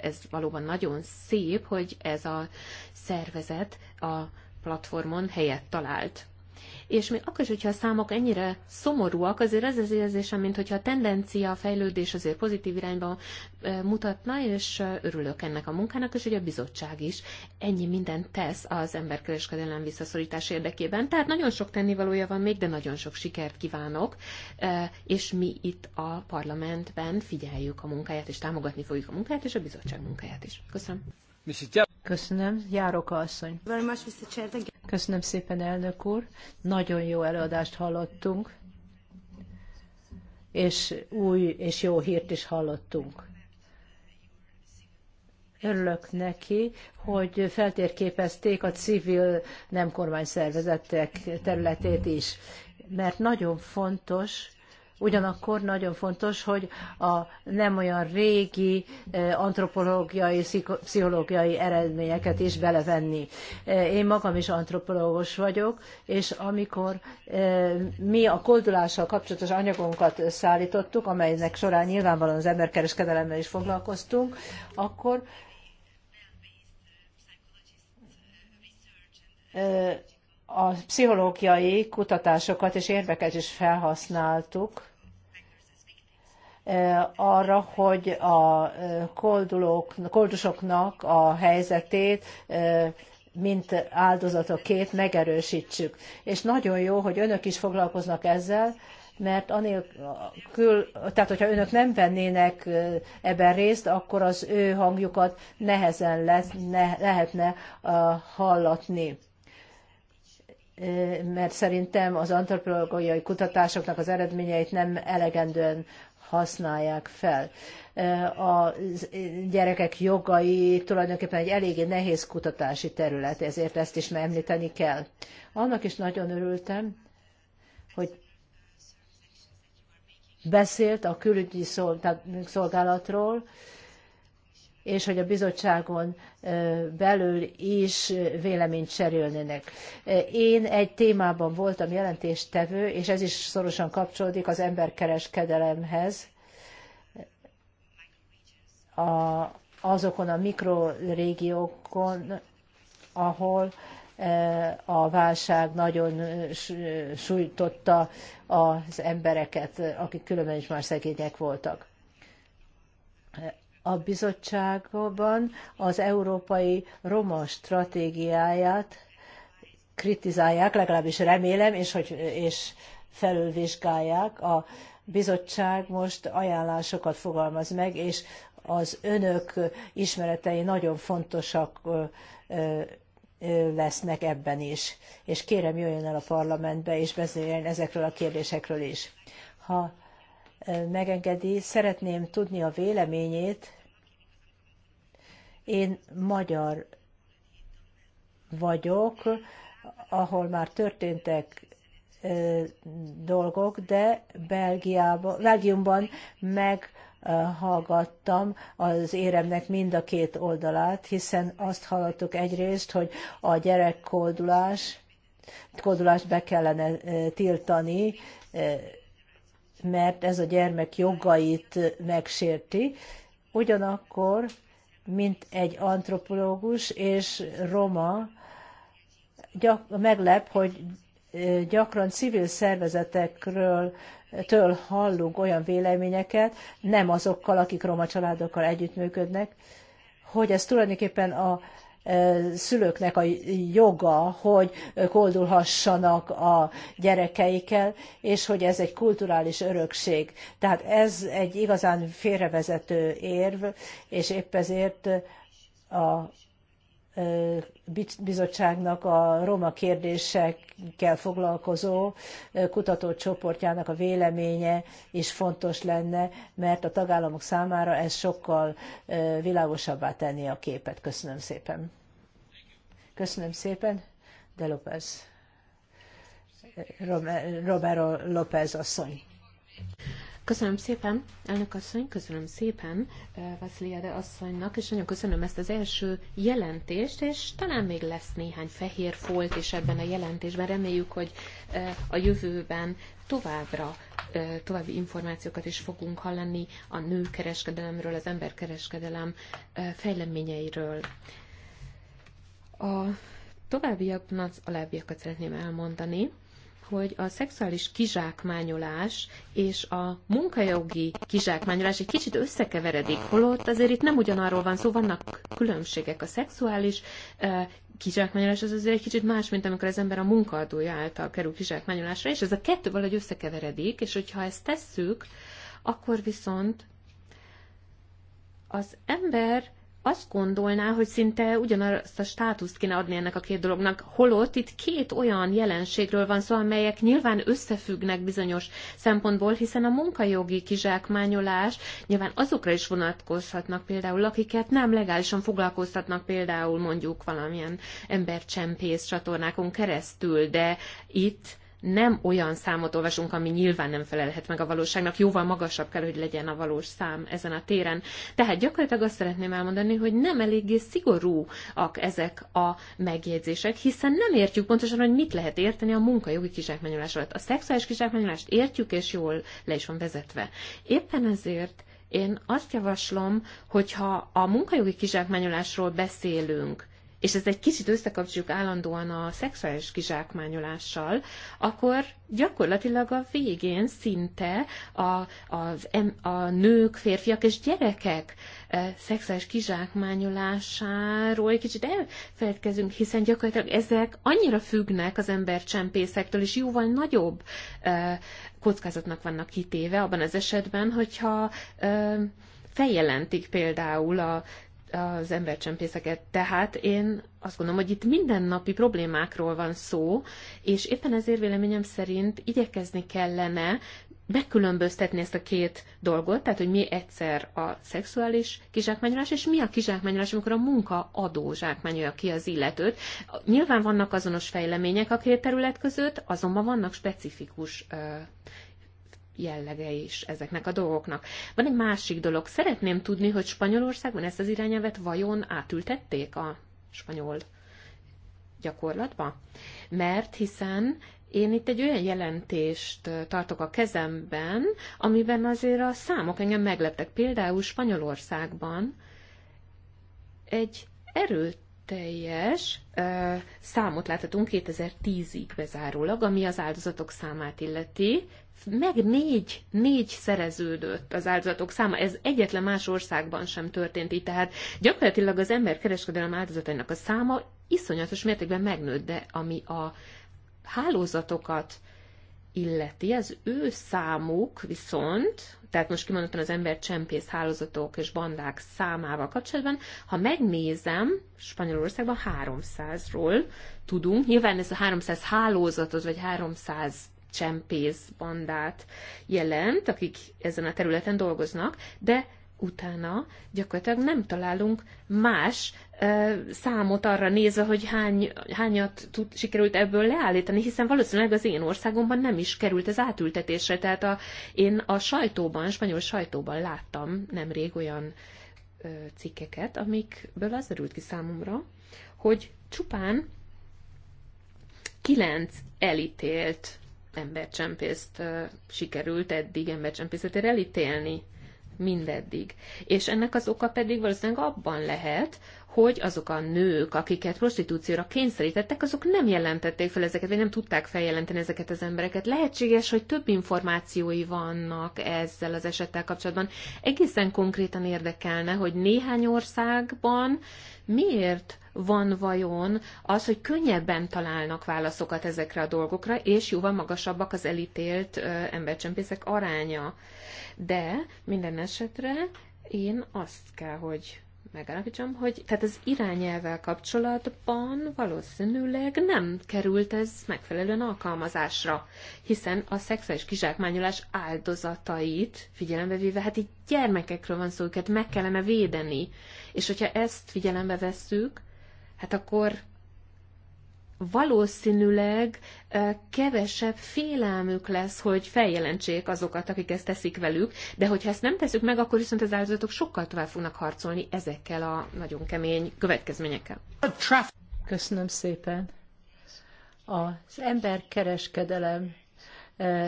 S1: ez valóban nagyon szép, hogy ez a szervezet a platformon helyet talált és még akkor is, hogyha a számok ennyire szomorúak, azért az az érzésem, mintha a tendencia, a fejlődés azért pozitív irányba mutatna, és örülök ennek a munkának, és hogy a bizottság is ennyi mindent tesz az emberkereskedelem visszaszorítás érdekében. Tehát nagyon sok tennivalója van még, de nagyon sok sikert kívánok, és mi itt a parlamentben figyeljük a munkáját, és támogatni fogjuk a munkáját, és a bizottság munkáját is. Köszönöm. Köszönöm, Jároka asszony. Köszönöm szépen, elnök úr. Nagyon jó
S2: előadást hallottunk, és új és jó hírt is hallottunk. Örülök neki, hogy feltérképezték a civil nem szervezetek területét is, mert nagyon fontos, Ugyanakkor nagyon fontos, hogy a nem olyan régi eh, antropológiai, pszichológiai eredményeket is belevenni. Eh, én magam is antropológus vagyok, és amikor eh, mi a koldulással kapcsolatos anyagunkat szállítottuk, amelynek során nyilvánvalóan az emberkereskedelemmel is foglalkoztunk, akkor a pszichológiai kutatásokat és érveket is felhasználtuk, arra, hogy a koldulók, koldusoknak a helyzetét mint áldozatokét megerősítsük. És nagyon jó, hogy önök is foglalkoznak ezzel, mert anélkül, tehát hogyha önök nem vennének ebben részt, akkor az ő hangjukat nehezen le, ne, lehetne uh, hallatni. Mert szerintem az antropológiai kutatásoknak az eredményeit nem elegendően használják fel. E, a gyerekek jogai tulajdonképpen egy eléggé nehéz kutatási terület, ezért ezt is említeni kell. Annak is nagyon örültem, hogy beszélt a külügyi szolgálatról, és hogy a bizottságon belül is véleményt cserélnének. Én egy témában voltam jelentéstevő, és ez is szorosan kapcsolódik az emberkereskedelemhez, a, azokon a mikrorégiókon, ahol a válság nagyon sújtotta az embereket, akik különben is már szegények voltak a bizottságban az európai roma stratégiáját kritizálják, legalábbis remélem, és, hogy, és felülvizsgálják. A bizottság most ajánlásokat fogalmaz meg, és az önök ismeretei nagyon fontosak lesznek ebben is. És kérem, jöjjön el a parlamentbe, és beszéljen ezekről a kérdésekről is. Ha megengedi, szeretném tudni a véleményét. Én magyar vagyok, ahol már történtek dolgok, de Belgiában, Belgiumban meghallgattam az éremnek mind a két oldalát, hiszen azt hallottuk egyrészt, hogy a gyerekkódulás kódulást be kellene tiltani, mert ez a gyermek jogait megsérti. Ugyanakkor, mint egy antropológus és roma, gyak, meglep, hogy gyakran civil szervezetekről től hallunk olyan véleményeket, nem azokkal, akik roma családokkal együttműködnek, hogy ez tulajdonképpen a szülőknek a joga, hogy koldulhassanak a gyerekeikkel, és hogy ez egy kulturális örökség. Tehát ez egy igazán félrevezető érv, és épp ezért a bizottságnak a roma kérdésekkel foglalkozó kutatócsoportjának a véleménye is fontos lenne, mert a tagállamok számára ez sokkal világosabbá tenni a képet. Köszönöm szépen. Köszönöm szépen. De López. Romero López asszony.
S1: Köszönöm szépen, elnök asszony, köszönöm szépen Vasziliade asszonynak, és nagyon köszönöm ezt az első jelentést, és talán még lesz néhány fehér folt is ebben a jelentésben. Reméljük, hogy a jövőben továbbra további információkat is fogunk hallani a nőkereskedelemről, az emberkereskedelem fejleményeiről. A továbbiakban az alábbiakat szeretném elmondani hogy a szexuális kizsákmányolás és a munkajogi kizsákmányolás egy kicsit összekeveredik, holott azért itt nem ugyanarról van szó, vannak különbségek. A szexuális kizsákmányolás az azért egy kicsit más, mint amikor az ember a munkaadója által kerül kizsákmányolásra, és ez a kettő valahogy összekeveredik, és hogyha ezt tesszük, akkor viszont az ember azt gondolná, hogy szinte ugyanazt a státuszt kéne adni ennek a két dolognak, holott itt két olyan jelenségről van szó, amelyek nyilván összefüggnek bizonyos szempontból, hiszen a munkajogi kizsákmányolás nyilván azokra is vonatkozhatnak például, akiket nem legálisan foglalkoztatnak például mondjuk valamilyen embercsempész csatornákon keresztül, de itt nem olyan számot olvasunk, ami nyilván nem felelhet meg a valóságnak, jóval magasabb kell, hogy legyen a valós szám ezen a téren. Tehát gyakorlatilag azt szeretném elmondani, hogy nem eléggé szigorúak ezek a megjegyzések, hiszen nem értjük pontosan, hogy mit lehet érteni a munkajogi kizsákmányolás alatt. A szexuális kizsákmányolást értjük, és jól le is van vezetve. Éppen ezért én azt javaslom, hogyha a munkajogi kizsákmányolásról beszélünk, és ezt egy kicsit összekapcsoljuk állandóan a szexuális kizsákmányolással, akkor gyakorlatilag a végén szinte a, a, a nők, férfiak és gyerekek e, szexuális kizsákmányolásáról egy kicsit elfeledkezünk, hiszen gyakorlatilag ezek annyira függnek az csempészektől, és jóval nagyobb e, kockázatnak vannak kitéve abban az esetben, hogyha e, feljelentik például a az embercsempészeket. Tehát én azt gondolom, hogy itt mindennapi problémákról van szó, és éppen ezért véleményem szerint igyekezni kellene megkülönböztetni ezt a két dolgot, tehát hogy mi egyszer a szexuális kizsákmányolás, és mi a kizsákmányolás, amikor a munka adó zsákmányolja ki az illetőt. Nyilván vannak azonos fejlemények a két terület között, azonban vannak specifikus jellege is ezeknek a dolgoknak. Van egy másik dolog. Szeretném tudni, hogy Spanyolországban ezt az irányelvet vajon átültették a spanyol gyakorlatba? Mert hiszen én itt egy olyan jelentést tartok a kezemben, amiben azért a számok engem megleptek. Például Spanyolországban egy erőteljes ö, számot láthatunk 2010-ig bezárólag, ami az áldozatok számát illeti, meg négy, négy szereződött az áldozatok száma. Ez egyetlen más országban sem történt így. Tehát gyakorlatilag az ember kereskedelem áldozatainak a száma iszonyatos mértékben megnőtt, de ami a hálózatokat illeti, az ő számuk viszont, tehát most kimondottan az ember csempész hálózatok és bandák számával kapcsolatban, ha megnézem, Spanyolországban 300-ról tudunk, nyilván ez a 300 hálózatot, vagy 300 csempész bandát jelent, akik ezen a területen dolgoznak, de utána gyakorlatilag nem találunk más ö, számot arra nézve, hogy hány, hányat tud, sikerült ebből leállítani, hiszen valószínűleg az én országomban nem is került az átültetésre. Tehát a, én a sajtóban, spanyol sajtóban láttam nemrég olyan ö, cikkeket, amikből az örült ki számomra, hogy csupán kilenc elítélt embercsempészt sikerült eddig embercsempészetet elítélni mindeddig. És ennek az oka pedig valószínűleg abban lehet, hogy azok a nők, akiket prostitúcióra kényszerítettek, azok nem jelentették fel ezeket, vagy nem tudták feljelenteni ezeket az embereket. Lehetséges, hogy több információi vannak ezzel az esettel kapcsolatban. Egészen konkrétan érdekelne, hogy néhány országban miért van vajon az, hogy könnyebben találnak válaszokat ezekre a dolgokra, és jóval magasabbak az elítélt embercsempészek aránya. De minden esetre én azt kell, hogy megállapítsam, hogy tehát az irányelvel kapcsolatban valószínűleg nem került ez megfelelően alkalmazásra, hiszen a szexuális kizsákmányolás áldozatait figyelembe véve, hát itt gyermekekről van szó, őket meg kellene védeni, és hogyha ezt figyelembe vesszük, hát akkor valószínűleg kevesebb félelmük lesz, hogy feljelentsék azokat, akik ezt teszik velük, de hogyha ezt nem teszük meg, akkor viszont az áldozatok sokkal tovább fognak harcolni ezekkel a nagyon kemény következményekkel.
S2: Köszönöm szépen. Az emberkereskedelem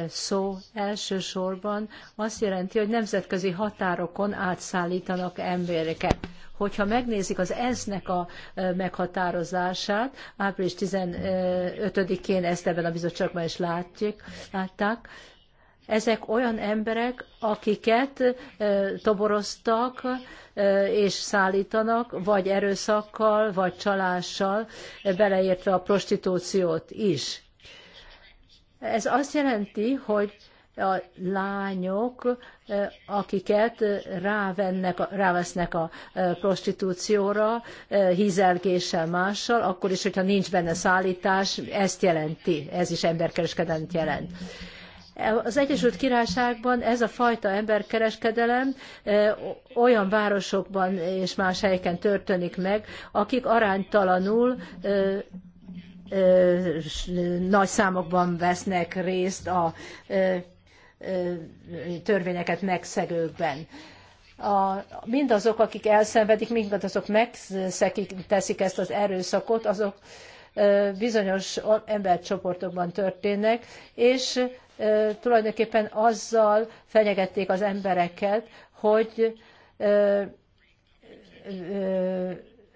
S2: szó elsősorban azt jelenti, hogy nemzetközi határokon átszállítanak embereket. Hogyha megnézik az ENSZ-nek a meghatározását, április 15-én ezt ebben a bizottságban is látjuk, látták, ezek olyan emberek, akiket toboroztak és szállítanak, vagy erőszakkal, vagy csalással, beleértve a prostitúciót is ez azt jelenti, hogy a lányok, eh, akiket rávennek, rávesznek a eh, prostitúcióra, eh, hízelgéssel mással, akkor is, hogyha nincs benne szállítás, ezt jelenti, ez is emberkereskedelmet jelent. Az Egyesült Királyságban ez a fajta emberkereskedelem olyan városokban és más helyeken történik meg, akik aránytalanul nagy számokban vesznek részt a törvényeket megszegőkben. A, mindazok, akik elszenvedik, mindazok megteszik ezt az erőszakot, azok bizonyos embercsoportokban történnek, és tulajdonképpen azzal fenyegették az embereket, hogy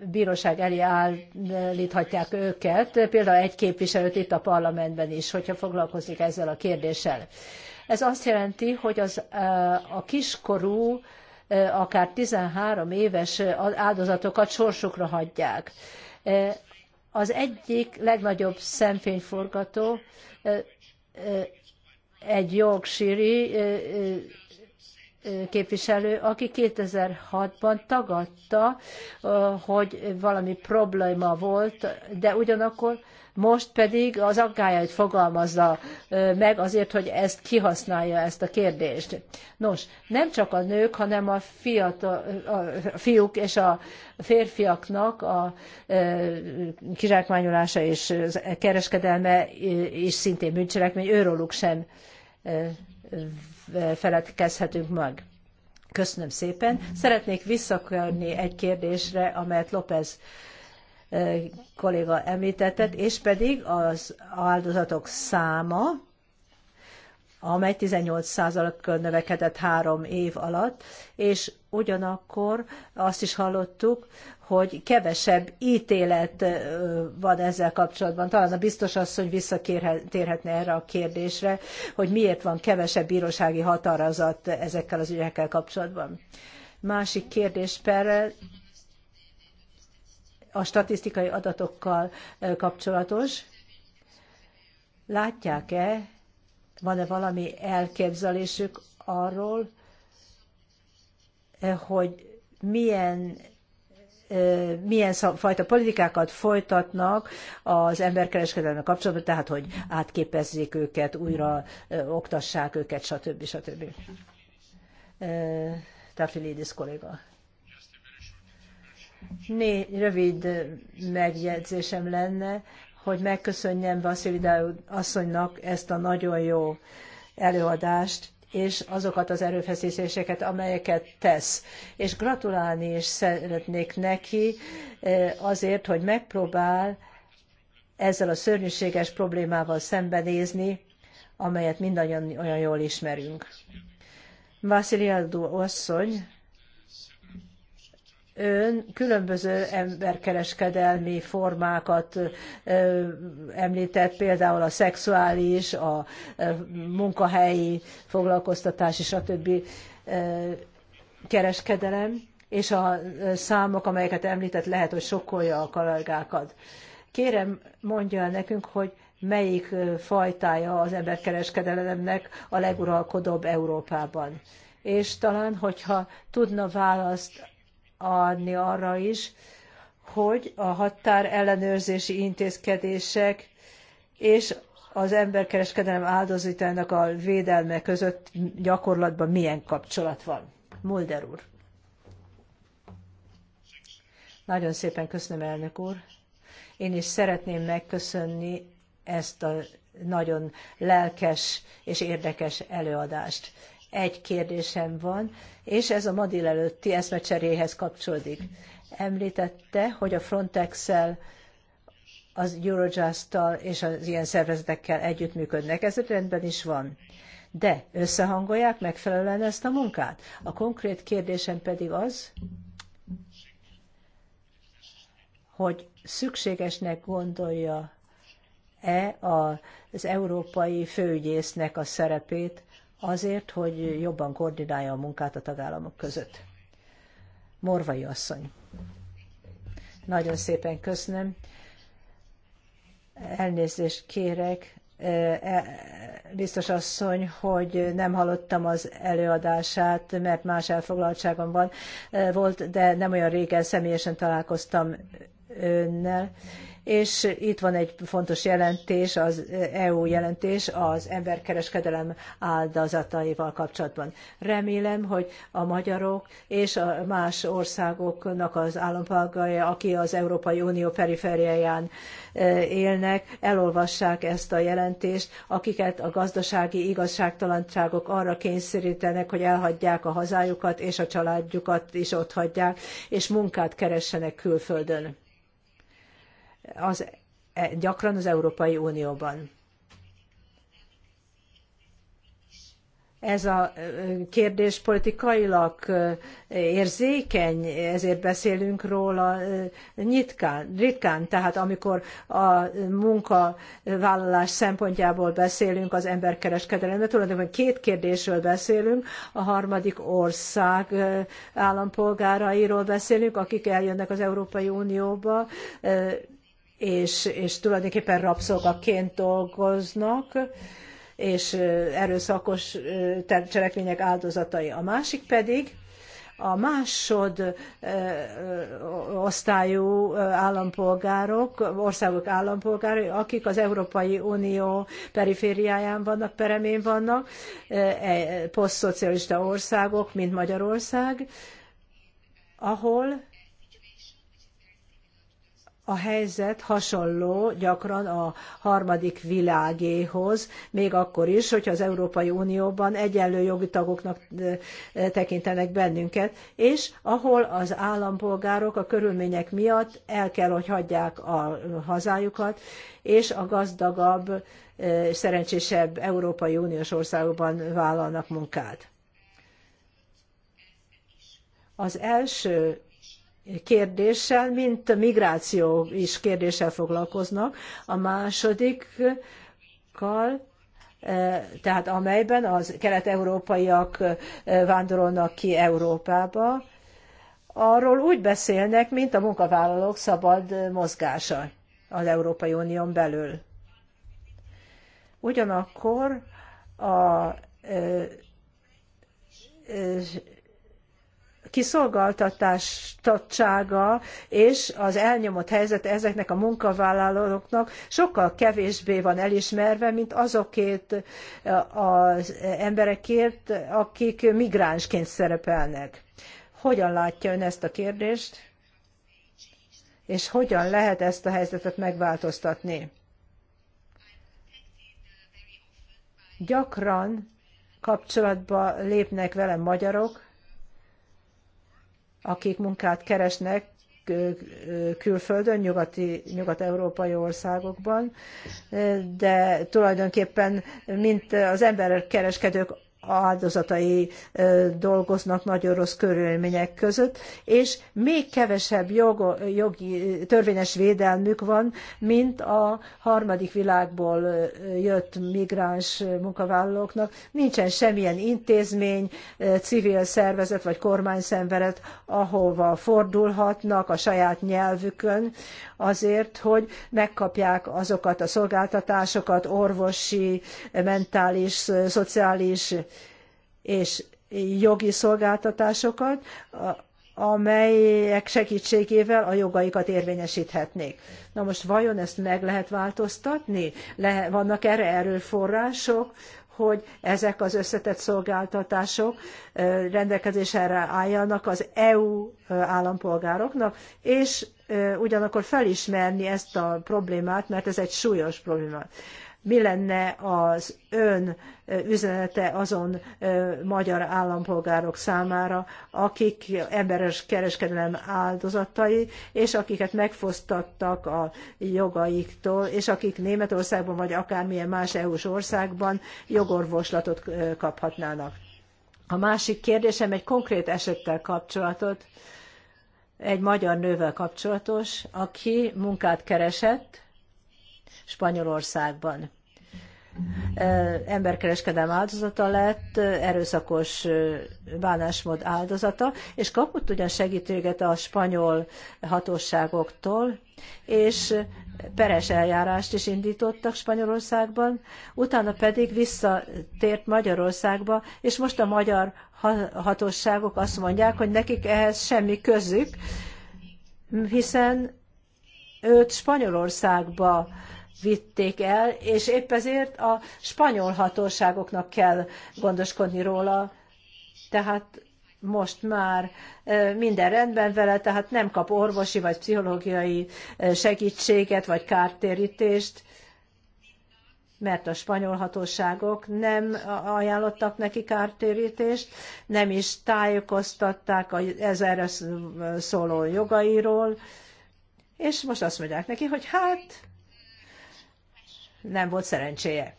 S2: bíróság elé állíthatják őket, például egy képviselőt itt a parlamentben is, hogyha foglalkozik ezzel a kérdéssel. Ez azt jelenti, hogy az, a kiskorú, akár 13 éves áldozatokat sorsukra hagyják. Az egyik legnagyobb szemfényforgató egy jogsíri képviselő, aki 2006-ban tagadta, hogy valami probléma volt, de ugyanakkor most pedig az aggájait fogalmazza meg azért, hogy ezt kihasználja ezt a kérdést. Nos, nem csak a nők, hanem a, fiatal, a fiúk és a férfiaknak a kizsákmányolása és kereskedelme is szintén bűncselekmény, őróluk sem feledkezhetünk meg. Köszönöm szépen. Szeretnék visszakörni egy kérdésre, amelyet López eh, kolléga említettet, és pedig az áldozatok száma, amely 18%-kal növekedett három év alatt, és ugyanakkor azt is hallottuk, hogy kevesebb ítélet van ezzel kapcsolatban. Talán a biztos asszony visszatérhetne erre a kérdésre, hogy miért van kevesebb bírósági határozat ezekkel az ügyekkel kapcsolatban. Másik kérdés perrel a statisztikai adatokkal kapcsolatos. Látják-e, van-e valami elképzelésük arról, hogy milyen milyen fajta politikákat folytatnak az emberkereskedelme kapcsolatban, tehát hogy átképezzék őket, újra oktassák őket, stb. stb. Tafilidis kolléga. Né, rövid megjegyzésem lenne, hogy megköszönjem Vasszilidájú asszonynak ezt a nagyon jó előadást és azokat az erőfeszítéseket, amelyeket tesz. És gratulálni is szeretnék neki e, azért, hogy megpróbál ezzel a szörnyűséges problémával szembenézni, amelyet mindannyian olyan jól ismerünk. Vassziliadó asszony ön különböző emberkereskedelmi formákat említett, például a szexuális, a munkahelyi foglalkoztatás, többi kereskedelem, és a számok, amelyeket említett, lehet, hogy sokkolja a kollégákat. Kérem, mondja el nekünk, hogy melyik fajtája az emberkereskedelemnek a leguralkodóbb Európában. És talán, hogyha tudna választ adni arra is, hogy a határ ellenőrzési intézkedések és az emberkereskedelem áldozatának a védelme között gyakorlatban milyen kapcsolat van. Mulder úr. Nagyon szépen köszönöm, elnök úr. Én is szeretném megköszönni ezt a nagyon lelkes és érdekes előadást egy kérdésem van, és ez a ma délelőtti eszmecseréhez kapcsolódik. Említette, hogy a Frontex-el az eurojust és az ilyen szervezetekkel együttműködnek. Ez rendben is van. De összehangolják megfelelően ezt a munkát? A konkrét kérdésem pedig az, hogy szükségesnek gondolja-e az európai főügyésznek a szerepét azért, hogy jobban koordinálja a munkát a tagállamok között. Morvai asszony. Nagyon szépen köszönöm. Elnézést kérek, e, e, biztos asszony, hogy nem hallottam az előadását, mert más elfoglaltságom van, e, volt, de nem olyan régen személyesen találkoztam önnel, és itt van egy fontos jelentés, az EU jelentés az emberkereskedelem áldozataival kapcsolatban. Remélem, hogy a magyarok és a más országoknak az állampolgárai, akik az Európai Unió perifériáján e, élnek, elolvassák ezt a jelentést, akiket a gazdasági igazságtalanságok arra kényszerítenek, hogy elhagyják a hazájukat és a családjukat is otthagyják, és munkát keressenek külföldön az, e, gyakran az Európai Unióban. ez a e, kérdés politikailag e, érzékeny, ezért beszélünk róla nyitkán, ritkán. Tehát amikor a munkavállalás szempontjából beszélünk az emberkereskedelemre, tulajdonképpen két kérdésről beszélünk, a harmadik ország állampolgárairól beszélünk, akik eljönnek az Európai Unióba, és, és tulajdonképpen rabszolgaként dolgoznak, és erőszakos cselekmények áldozatai. A másik pedig a másod osztályú állampolgárok, országok állampolgárai, akik az Európai Unió perifériáján vannak, peremén vannak, e, posztszocialista országok, mint Magyarország, ahol a helyzet hasonló gyakran a harmadik világéhoz, még akkor is, hogyha az Európai Unióban egyenlő jogi tagoknak tekintenek bennünket, és ahol az állampolgárok a körülmények miatt el kell, hogy hagyják a hazájukat, és a gazdagabb, szerencsésebb Európai Uniós országokban vállalnak munkát. Az első kérdéssel, mint a migráció is kérdéssel foglalkoznak. A másodikkal e, tehát amelyben az kelet-európaiak e, vándorolnak ki Európába, arról úgy beszélnek, mint a munkavállalók szabad mozgása az Európai Unión belül. Ugyanakkor a e, kiszolgáltatottsága és az elnyomott helyzet ezeknek a munkavállalóknak sokkal kevésbé van elismerve, mint azokét az emberekért, akik migránsként szerepelnek. Hogyan látja ön ezt a kérdést, és hogyan lehet ezt a helyzetet megváltoztatni? Gyakran kapcsolatba lépnek velem magyarok, akik munkát keresnek külföldön, nyugati, nyugat-európai országokban, de tulajdonképpen mint az emberkereskedők áldozatai dolgoznak nagyon rossz körülmények között, és még kevesebb jog, jogi, törvényes védelmük van, mint a harmadik világból jött migráns munkavállalóknak. Nincsen semmilyen intézmény, civil szervezet vagy kormányszervezet, ahova fordulhatnak a saját nyelvükön azért, hogy megkapják azokat a szolgáltatásokat, orvosi, mentális, szociális és jogi szolgáltatásokat, amelyek segítségével a jogaikat érvényesíthetnék. Na most vajon ezt meg lehet változtatni? Le, vannak erre erőforrások, hogy ezek az összetett szolgáltatások rendelkezésre álljanak az EU állampolgároknak, és ugyanakkor felismerni ezt a problémát, mert ez egy súlyos probléma mi lenne az ön üzenete azon magyar állampolgárok számára, akik emberes kereskedelem áldozatai, és akiket megfosztattak a jogaiktól, és akik Németországban vagy akármilyen más EU-s országban jogorvoslatot kaphatnának. A másik kérdésem egy konkrét esettel kapcsolatot, egy magyar nővel kapcsolatos, aki munkát keresett, Spanyolországban. Emberkereskedelm áldozata lett, erőszakos bánásmód áldozata, és kapott ugyan segítséget a spanyol hatóságoktól, és peres eljárást is indítottak Spanyolországban, utána pedig visszatért Magyarországba, és most a magyar hatóságok azt mondják, hogy nekik ehhez semmi közük, hiszen őt Spanyolországba vitték el, és épp ezért a spanyol hatóságoknak kell gondoskodni róla. Tehát most már minden rendben vele, tehát nem kap orvosi vagy pszichológiai segítséget vagy kártérítést, mert a spanyol hatóságok nem ajánlottak neki kártérítést, nem is tájékoztatták az erre szóló jogairól, és most azt mondják neki, hogy hát nem volt szerencséje.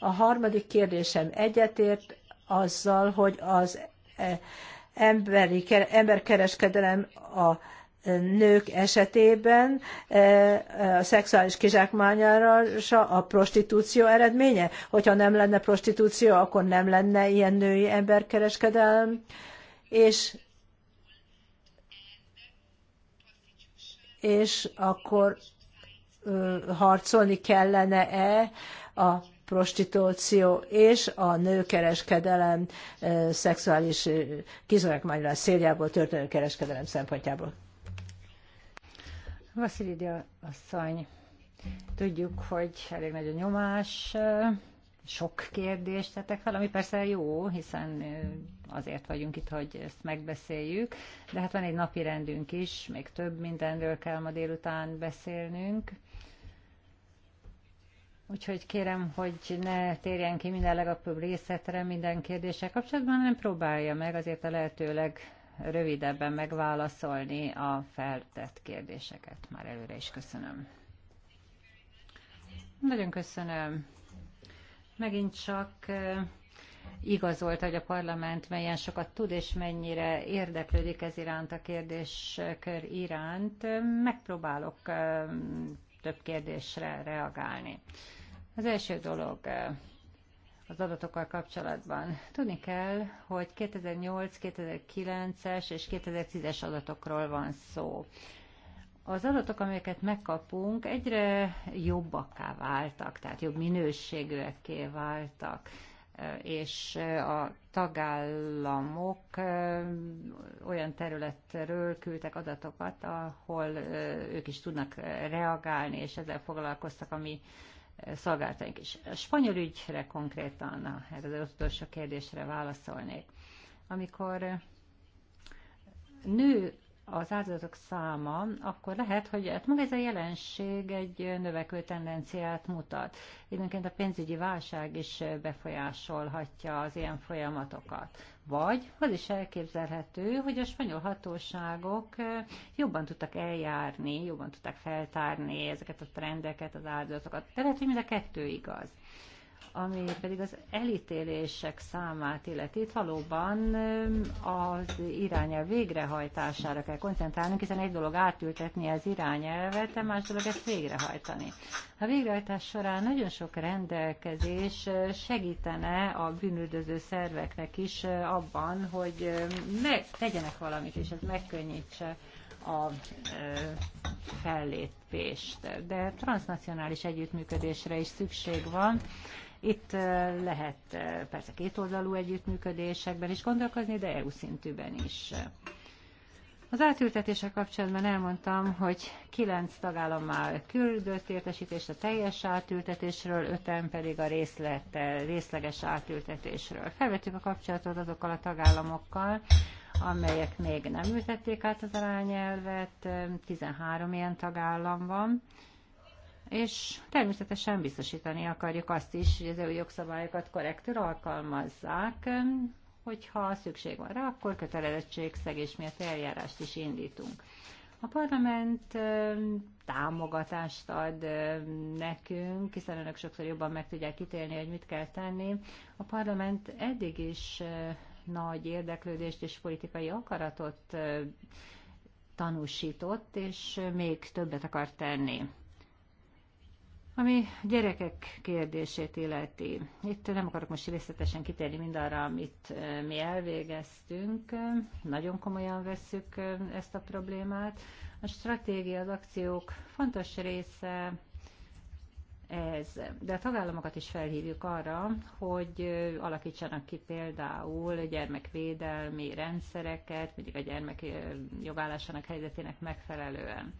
S2: A harmadik kérdésem egyetért azzal, hogy az e, emberi, emberkereskedelem a nők esetében e, a szexuális kizsákmányolása a prostitúció eredménye? Hogyha nem lenne prostitúció, akkor nem lenne ilyen női emberkereskedelem, és és akkor harcolni kellene-e a prostitúció és a nőkereskedelem, szexuális kizsákmányolás céljából történő kereskedelem szempontjából.
S3: Vasilidia asszony, tudjuk, hogy elég nagy a nyomás, sok kérdést tettek fel, ami persze jó, hiszen azért vagyunk itt, hogy ezt megbeszéljük, de hát van egy napi rendünk is, még több mindenről kell ma délután beszélnünk. Úgyhogy kérem, hogy ne térjen ki minden legapróbb részletre minden kérdéssel kapcsolatban, hanem próbálja meg azért a lehetőleg rövidebben megválaszolni a feltett kérdéseket. Már előre is köszönöm. Nagyon köszönöm. Megint csak igazolt, hogy a parlament melyen sokat tud, és mennyire érdeklődik ez iránt a kérdéskör iránt. Megpróbálok több kérdésre reagálni. Az első dolog az adatokkal kapcsolatban. Tudni kell, hogy 2008, 2009-es és 2010-es adatokról van szó. Az adatok, amelyeket megkapunk, egyre jobbakká váltak, tehát jobb minőségűekké váltak és a tagállamok olyan területről küldtek adatokat, ahol ők is tudnak reagálni, és ezzel foglalkoztak ami szolgáltaink is. A spanyol ügyre konkrétan, na, erre hát az utolsó kérdésre válaszolnék. Amikor nő az áldozatok száma, akkor lehet, hogy hát maga ez a jelenség egy növekvő tendenciát mutat. Időnként a pénzügyi válság is befolyásolhatja az ilyen folyamatokat. Vagy az is elképzelhető, hogy a spanyol hatóságok jobban tudtak eljárni, jobban tudtak feltárni ezeket a trendeket, az áldozatokat. De lehet, hogy mind a kettő igaz ami pedig az elítélések számát illeti. Itt valóban az irányelv végrehajtására kell koncentrálnunk, hiszen egy dolog átültetni az irányelvet, de más dolog ezt végrehajtani. A végrehajtás során nagyon sok rendelkezés segítene a bűnüldöző szerveknek is abban, hogy meg, tegyenek valamit, és ez megkönnyítse a fellépést. De transnacionális együttműködésre is szükség van. Itt lehet persze kétoldalú együttműködésekben is gondolkozni, de EU szintűben is. Az átültetése kapcsolatban elmondtam, hogy kilenc tagállam már küldött értesítést a teljes átültetésről, öten pedig a részlet, részleges átültetésről. Felvettük a kapcsolatot azokkal a tagállamokkal, amelyek még nem ültették át az alányelvet, 13 ilyen tagállam van, és természetesen biztosítani akarjuk azt is, hogy az EU jogszabályokat korrektül alkalmazzák, hogyha szükség van rá, akkor kötelezettségszegés miatt eljárást is indítunk. A parlament támogatást ad nekünk, hiszen önök sokszor jobban meg tudják ítélni, hogy mit kell tenni. A parlament eddig is nagy érdeklődést és politikai akaratot tanúsított, és még többet akar tenni. Ami gyerekek kérdését illeti. Itt nem akarok most részletesen kitérni mindarra, amit mi elvégeztünk. Nagyon komolyan vesszük ezt a problémát. A stratégia, az akciók fontos része ez. De a tagállamokat is felhívjuk arra, hogy alakítsanak ki például gyermekvédelmi rendszereket, mindig a gyermek jogállásának helyzetének megfelelően.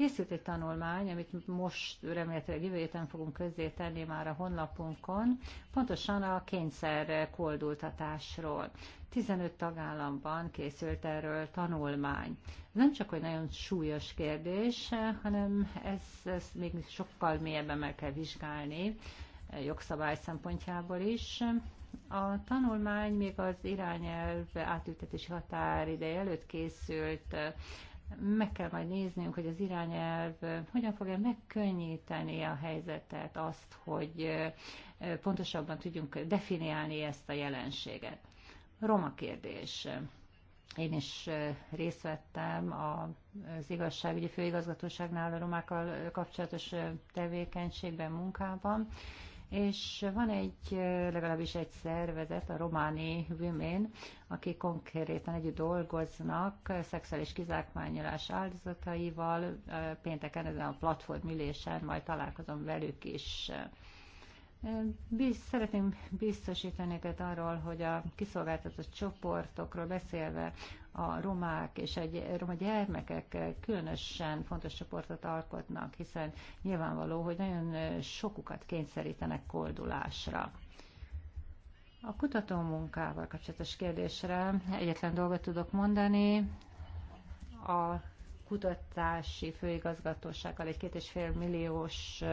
S3: Készült egy tanulmány, amit most remélhetőleg jövő héten fogunk tenni már a honlapunkon, pontosan a kényszer koldultatásról. 15 tagállamban készült erről tanulmány. Nem csak, hogy nagyon súlyos kérdés, hanem ez, ez még sokkal mélyebben meg kell vizsgálni jogszabály szempontjából is. A tanulmány még az irányelv átültetési határideje előtt készült, meg kell majd néznünk, hogy az irányelv hogyan fogja megkönnyíteni a helyzetet, azt, hogy pontosabban tudjunk definiálni ezt a jelenséget. Roma kérdés. Én is részt vettem az igazságügyi főigazgatóságnál a romákkal kapcsolatos tevékenységben, munkában, és van egy, legalábbis egy szervezet, a Románi Women, akik konkrétan együtt dolgoznak szexuális kizákmányolás áldozataival. Pénteken ezen a platform ülésen majd találkozom velük is. Bizt, szeretném biztosítani őket arról, hogy a kiszolgáltatott csoportokról beszélve a romák és egy roma gyermekek különösen fontos csoportot alkotnak, hiszen nyilvánvaló, hogy nagyon sokukat kényszerítenek koldulásra. A kutató munkával kapcsolatos kérdésre egyetlen dolgot tudok mondani. A kutatási főigazgatósággal egy két és fél milliós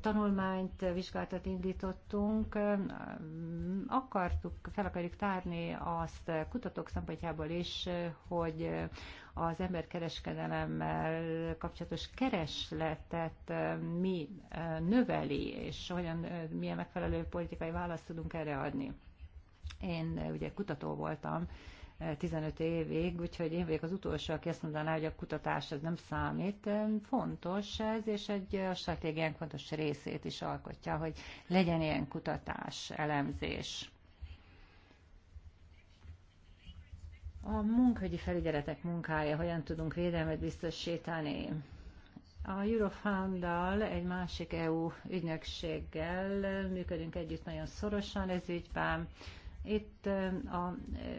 S3: tanulmányt, vizsgálatot indítottunk, akartuk, fel akarjuk tárni azt kutatók szempontjából is, hogy az emberkereskedelemmel kapcsolatos keresletet mi növeli, és hogyan, milyen megfelelő politikai választ tudunk erre adni. Én ugye kutató voltam, 15 évig, úgyhogy én vagyok az utolsó, aki azt mondaná, hogy a kutatás ez nem számít. Fontos ez, és egy a stratégiánk fontos részét is alkotja, hogy legyen ilyen kutatás, elemzés. A munkahogyi felügyeletek munkája, hogyan tudunk védelmet biztosítani? A Eurofound-dal, egy másik EU ügynökséggel működünk együtt nagyon szorosan ez ügyben. Itt a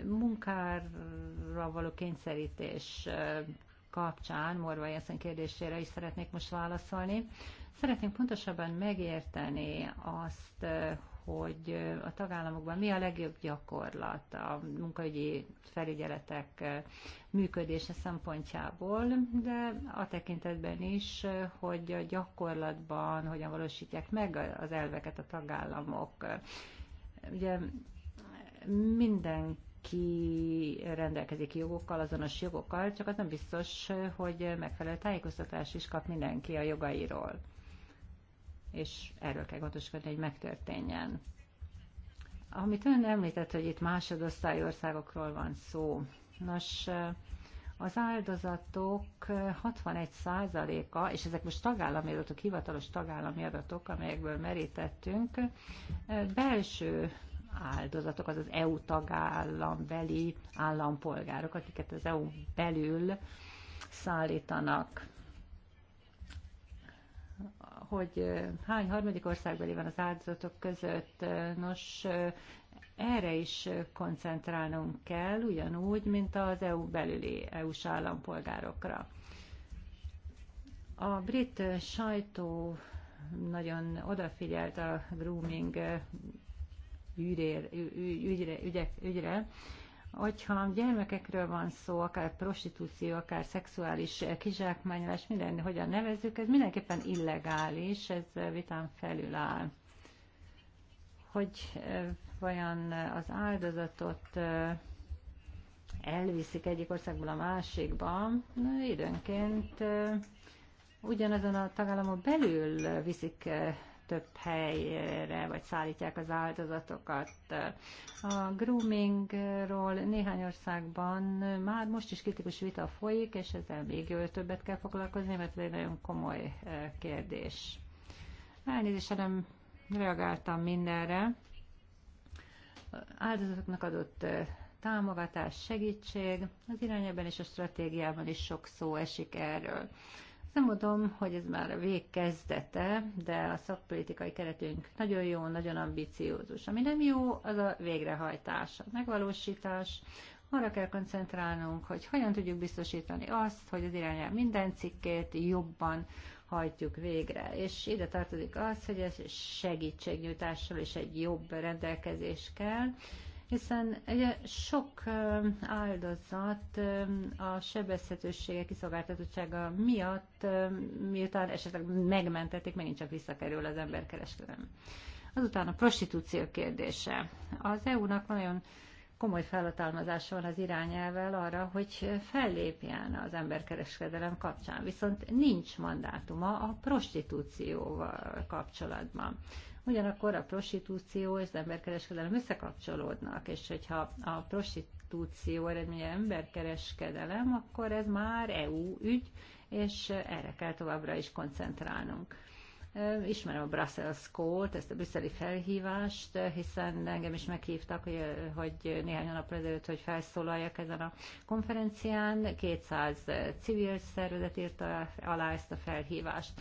S3: munkára való kényszerítés kapcsán, Morvai Jensen kérdésére is szeretnék most válaszolni. Szeretnénk pontosabban megérteni azt, hogy a tagállamokban mi a legjobb gyakorlat a munkaügyi felügyeletek működése szempontjából, de a tekintetben is, hogy a gyakorlatban hogyan valósítják meg az elveket a tagállamok. Ugye mindenki rendelkezik jogokkal, azonos jogokkal, csak az nem biztos, hogy megfelelő tájékoztatás is kap mindenki a jogairól. És erről kell gondoskodni, hogy megtörténjen. Amit ön említett, hogy itt másodosztályú országokról van szó. Nos, az áldozatok 61%-a, és ezek most tagállami adatok, hivatalos tagállami adatok, amelyekből merítettünk, belső áldozatok, az az EU tagállambeli állampolgárok, akiket az EU belül szállítanak hogy hány harmadik országbeli van az áldozatok között. Nos, erre is koncentrálnunk kell, ugyanúgy, mint az EU belüli EU-s állampolgárokra. A brit sajtó nagyon odafigyelt a grooming ügyre, ügyre, ügyek, ügyre hogyha gyermekekről van szó, akár prostitúció, akár szexuális kizsákmányolás, minden, hogyan nevezzük, ez mindenképpen illegális, ez vitán felül áll. Hogy vajon az áldozatot elviszik egyik országból a másikba, időnként ugyanazon a tagállamon belül viszik több helyre, vagy szállítják az áldozatokat. A groomingról néhány országban már most is kritikus vita folyik, és ezzel még többet kell foglalkozni, mert ez egy nagyon komoly eh, kérdés. Elnézést, hát nem reagáltam mindenre. Áldozatoknak adott eh, támogatás, segítség. Az irányában és a stratégiában is sok szó esik erről. Nem mondom, hogy ez már a végkezdete, de a szakpolitikai keretünk nagyon jó, nagyon ambiciózus. Ami nem jó, az a végrehajtás, a megvalósítás. Arra kell koncentrálnunk, hogy hogyan tudjuk biztosítani azt, hogy az irányel minden cikkét jobban hajtjuk végre. És ide tartozik az, hogy ez segítségnyújtással és egy jobb rendelkezés kell, hiszen ugye sok áldozat a sebezhetősége, kiszolgáltatottsága miatt, miután esetleg megmentették, megint csak visszakerül az emberkereskedelem. Azután a prostitúció kérdése. Az EU-nak nagyon komoly felhatalmazása van az irányelvel arra, hogy fellépjen az emberkereskedelem kapcsán, viszont nincs mandátuma a prostitúcióval kapcsolatban. Ugyanakkor a prostitúció és az emberkereskedelem összekapcsolódnak, és hogyha a prostitúció eredménye emberkereskedelem, akkor ez már EU ügy, és erre kell továbbra is koncentrálnunk. Ismerem a Brussels Call-t, ezt a brüsszeli felhívást, hiszen engem is meghívtak, hogy, hogy néhány nap előtt, hogy felszólaljak ezen a konferencián. 200 civil szervezet írta alá ezt a felhívást.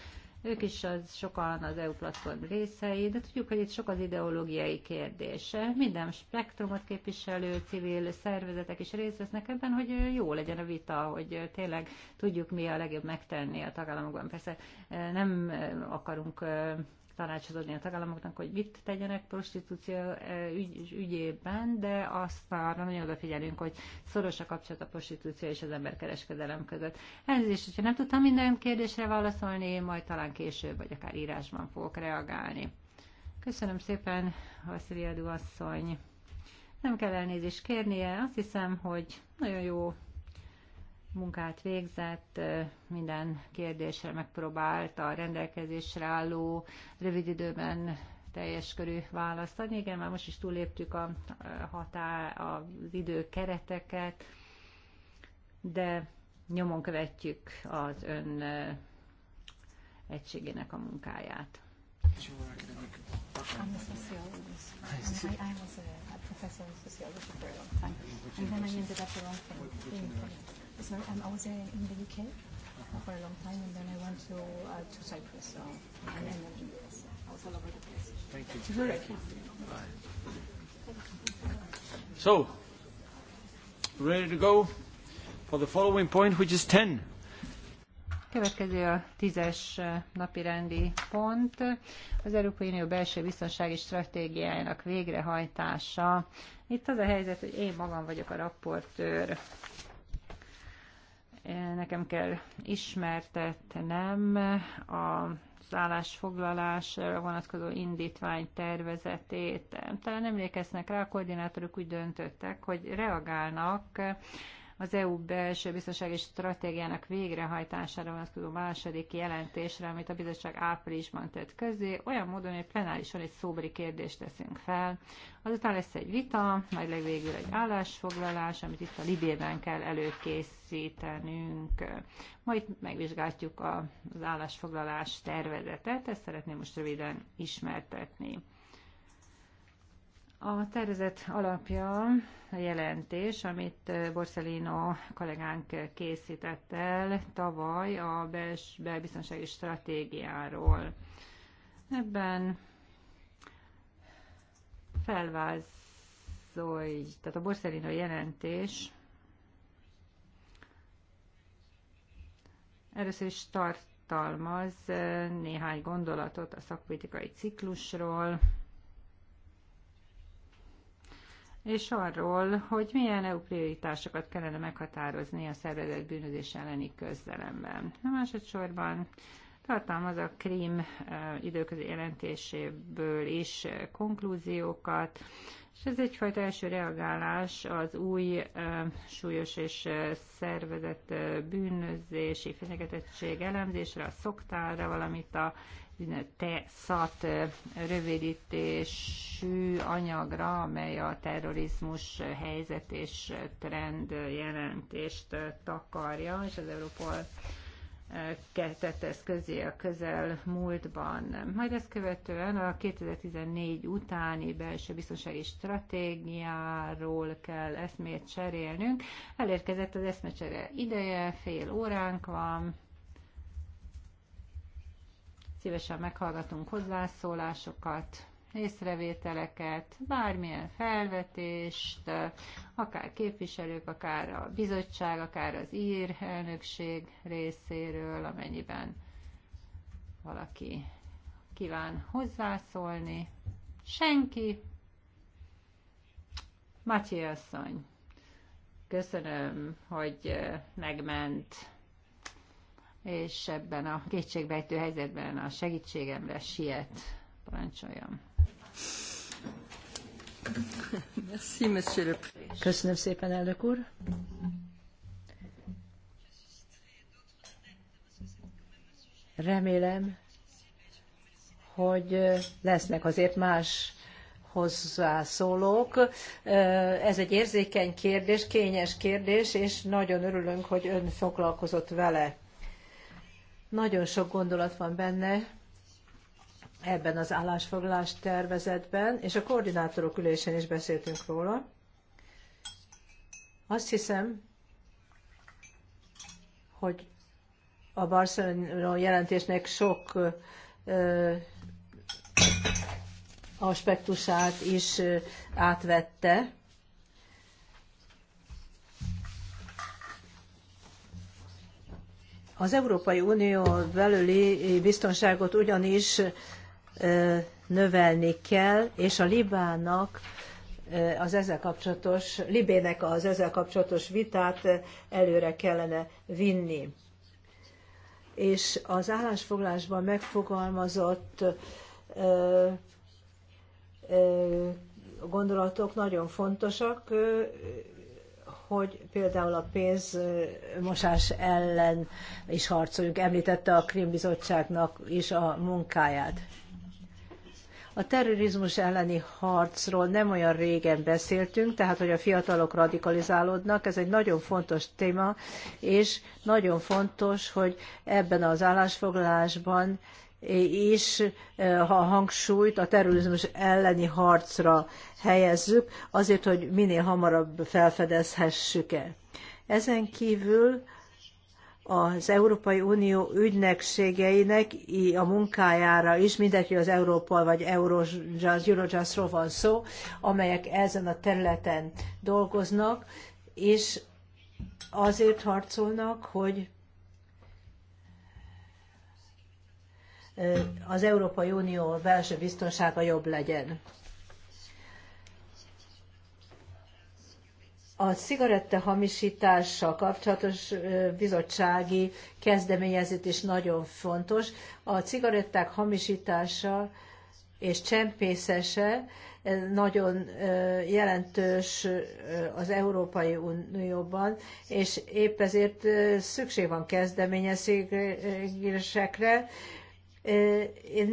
S3: Ők is az sokan az EU platform részei, de tudjuk, hogy itt sok az ideológiai kérdés. Minden spektrumot képviselő civil szervezetek is részt vesznek ebben, hogy jó legyen a vita, hogy tényleg tudjuk mi a legjobb megtenni a tagállamokban. Persze eh, nem eh, akarunk eh, tanácsot adni a tagállamoknak, hogy mit tegyenek prostitúció eh, ügy, ügyében, de azt arra nagyon odafigyelünk, hogy szoros a kapcsolat a prostitúció és az emberkereskedelem között. is, hogyha nem tudtam minden kérdésre válaszolni, majd talán később, vagy akár írásban fogok reagálni. Köszönöm szépen, Vassziliadú asszony. Nem kell elnézést kérnie, azt hiszem, hogy nagyon jó munkát végzett, minden kérdésre megpróbált a rendelkezésre álló rövid időben teljes körű választ adni. Igen, már most is túléptük a hatá, az idő kereteket, de nyomon követjük az ön egységének a munkáját.
S1: I'm a sociologist. I, I was a, a professor in sociology for a long time. And then I ended up the wrong thing.
S2: So um, I was uh, in the UK uh-huh. for a long time, and then I went to uh, to Cyprus, so okay. and then the US. I was all over the place. Thank you. Thank you. Bye.
S1: So, ready to go for the following point, which is ten.
S3: Következő a tízes uh, napirendi pont, az Európai Unió belső biztonsági stratégiájának végrehajtása. Itt az a helyzet, hogy én magam vagyok a rapportőr nekem kell ismertetnem a állásfoglalásra vonatkozó indítvány tervezetét. Talán emlékeznek rá, a koordinátorok úgy döntöttek, hogy reagálnak az EU belső biztonsági stratégiának végrehajtására vonatkozó második jelentésre, amit a bizottság áprilisban tett közé, olyan módon, hogy plenárison egy szóbeli kérdést teszünk fel. Azután lesz egy vita, majd legvégül egy állásfoglalás, amit itt a Libében kell előkészítenünk. Majd megvizsgáljuk az állásfoglalás tervezetet, ezt szeretném most röviden ismertetni. A tervezet alapja a jelentés, amit Borsellino kollégánk készített el tavaly a bels- belbiztonsági stratégiáról. Ebben felvázolj, tehát a Borsellino jelentés először is tartalmaz néhány gondolatot a szakpolitikai ciklusról, és arról, hogy milyen EU prioritásokat kellene meghatározni a szervezet bűnözés elleni közdelemben. A másodszorban tartalmaz a Krím eh, időközi jelentéséből is eh, konklúziókat, és ez egyfajta első reagálás az új eh, súlyos és szervezett bűnözési fenyegetettség elemzésre, a szoktára, valamint a te szat rövidítésű anyagra, amely a terrorizmus helyzet és trend jelentést takarja, és az Európol tette ezt közé a közel múltban. Majd ezt követően a 2014 utáni belső biztonsági stratégiáról kell eszmét cserélnünk. Elérkezett az eszmecsere ideje, fél óránk van, Szívesen meghallgatunk hozzászólásokat, észrevételeket, bármilyen felvetést, akár képviselők, akár a bizottság, akár az ír elnökség részéről, amennyiben valaki kíván hozzászólni. Senki? Matyi asszony, köszönöm, hogy megment és ebben a kétségbejtő helyzetben a segítségemre siet. Parancsoljam.
S2: Köszönöm szépen, elnök úr. Remélem, hogy lesznek azért más hozzászólók. Ez egy érzékeny kérdés, kényes kérdés, és nagyon örülünk, hogy ön foglalkozott vele. Nagyon sok gondolat van benne ebben az állásfoglalás tervezetben, és a koordinátorok ülésén is beszéltünk róla. Azt hiszem, hogy a Barcelona jelentésnek sok ö, aspektusát is átvette, Az Európai Unió belüli biztonságot ugyanis növelni kell, és a Libának az ezzel kapcsolatos, Libének az ezzel kapcsolatos vitát előre kellene vinni. És az állásfoglásban megfogalmazott gondolatok nagyon fontosak, hogy például a pénzmosás ellen is harcoljunk. Említette a Krimbizottságnak is a munkáját. A terrorizmus elleni harcról nem olyan régen beszéltünk, tehát hogy a fiatalok radikalizálódnak, ez egy nagyon fontos téma, és nagyon fontos, hogy ebben az állásfoglalásban is, eh, ha a hangsúlyt a terrorizmus elleni harcra helyezzük, azért, hogy minél hamarabb felfedezhessük-e. Ezen kívül az Európai Unió ügynökségeinek a munkájára is, mindenki az Európol vagy Eurojustról van szó, amelyek ezen a területen dolgoznak, és azért harcolnak, hogy az Európai Unió belső biztonsága jobb legyen. A cigaretta hamisítással kapcsolatos bizottsági kezdeményezés is nagyon fontos. A cigaretták hamisítása és csempészese nagyon jelentős az Európai Unióban, és épp ezért szükség van kezdeményezésekre,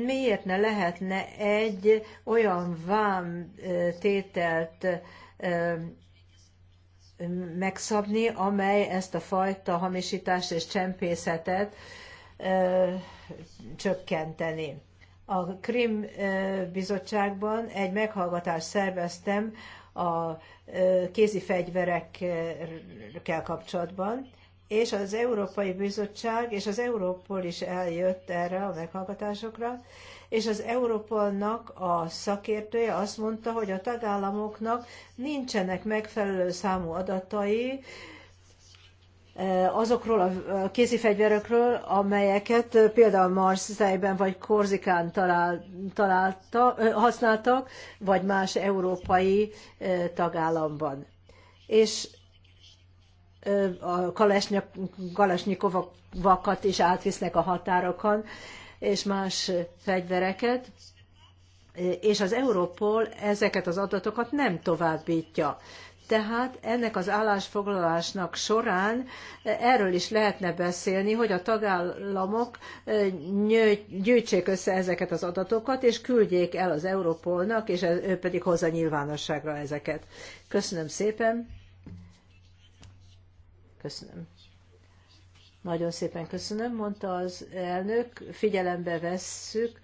S2: miért ne lehetne egy olyan vám tételt megszabni, amely ezt a fajta hamisítást és csempészetet csökkenteni. A Krim bizottságban egy meghallgatást szerveztem a kézi fegyverekkel kapcsolatban, és az Európai Bizottság és az Európol is eljött erre a meghallgatásokra, és az Európolnak a szakértője azt mondta, hogy a tagállamoknak nincsenek megfelelő számú adatai e, azokról a kézifegyverekről, amelyeket például Marszájban vagy Korzikán talál, találta, használtak, vagy más európai e, tagállamban. És a kalesnyikovakat is átvisznek a határokon, és más fegyvereket, és az Europol ezeket az adatokat nem továbbítja. Tehát ennek az állásfoglalásnak során erről is lehetne beszélni, hogy a tagállamok gyűjtsék össze ezeket az adatokat, és küldjék el az Europolnak, és ő pedig hozza nyilvánosságra ezeket. Köszönöm szépen! Köszönöm. Nagyon szépen köszönöm, mondta az elnök. Figyelembe vesszük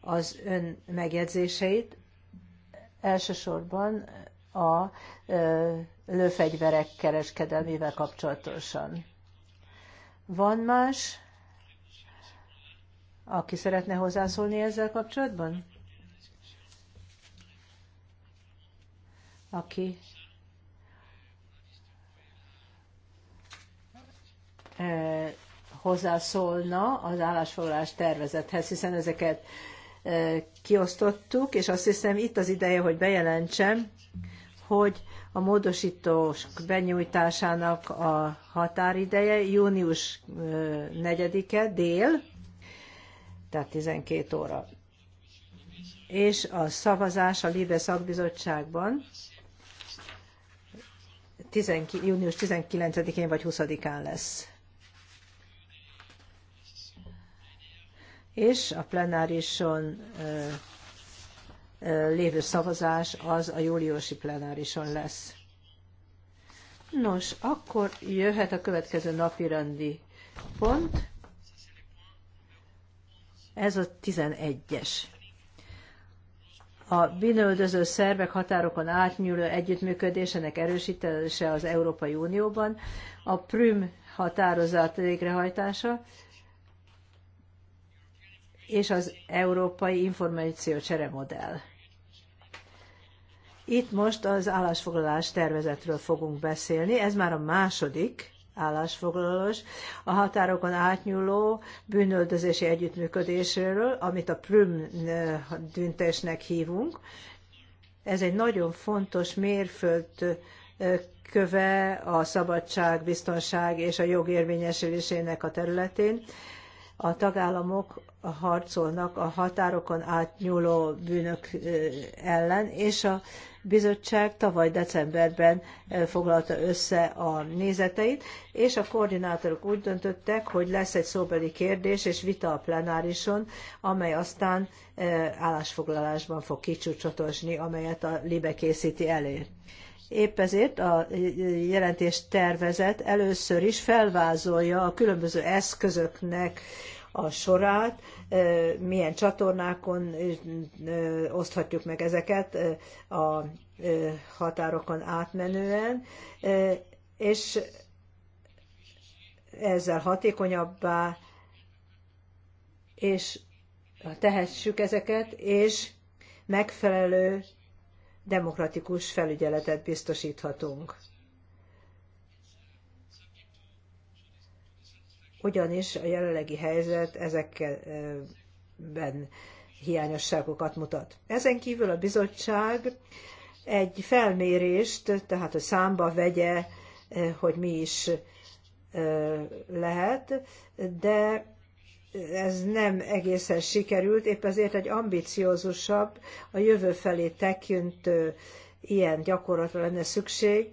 S2: az ön megjegyzéseit, elsősorban a lőfegyverek kereskedelmével kapcsolatosan. Van más, aki szeretne hozzászólni ezzel kapcsolatban? Aki hozzászólna az állásfoglalás tervezethez, hiszen ezeket kiosztottuk, és azt hiszem itt az ideje, hogy bejelentsem, hogy a módosítós benyújtásának a határideje június 4-e dél, tehát 12 óra. És a szavazás a Libe szakbizottságban 10, június 19-én vagy 20-án lesz. és a plenárison lévő szavazás az a júliusi plenárison lesz. Nos, akkor jöhet a következő napi rendi pont. Ez a 11-es. A bűnöldöző szervek határokon átnyúló együttműködésének erősítése az Európai Unióban, a Prüm határozat végrehajtása, és az Európai Információcsere Modell. Itt most az állásfoglalás tervezetről fogunk beszélni, ez már a második állásfoglalás, a határokon átnyúló bűnöldözési együttműködésről, amit a Prüm eh, döntésnek hívunk. Ez egy nagyon fontos mérföld eh, köve a szabadság, biztonság és a jog érvényesülésének a területén a tagállamok harcolnak a határokon átnyúló bűnök ellen, és a bizottság tavaly decemberben foglalta össze a nézeteit, és a koordinátorok úgy döntöttek, hogy lesz egy szóbeli kérdés és vita a plenárison, amely aztán állásfoglalásban fog kicsúcsotosni, amelyet a LIBE készíti elő. Épp ezért a e, jelentés tervezet először is felvázolja a különböző eszközöknek a sorát, e, milyen csatornákon e, oszthatjuk meg ezeket a határokon átmenően, és ezzel hatékonyabbá és tehessük ezeket, és megfelelő demokratikus felügyeletet biztosíthatunk. Ugyanis a jelenlegi helyzet ezekben hiányosságokat mutat. Ezen kívül a bizottság egy felmérést, tehát hogy számba vegye, hogy mi is lehet, de ez nem egészen sikerült, épp ezért egy ambiciózusabb, a jövő felé tekintő ilyen gyakorlatra lenne szükség,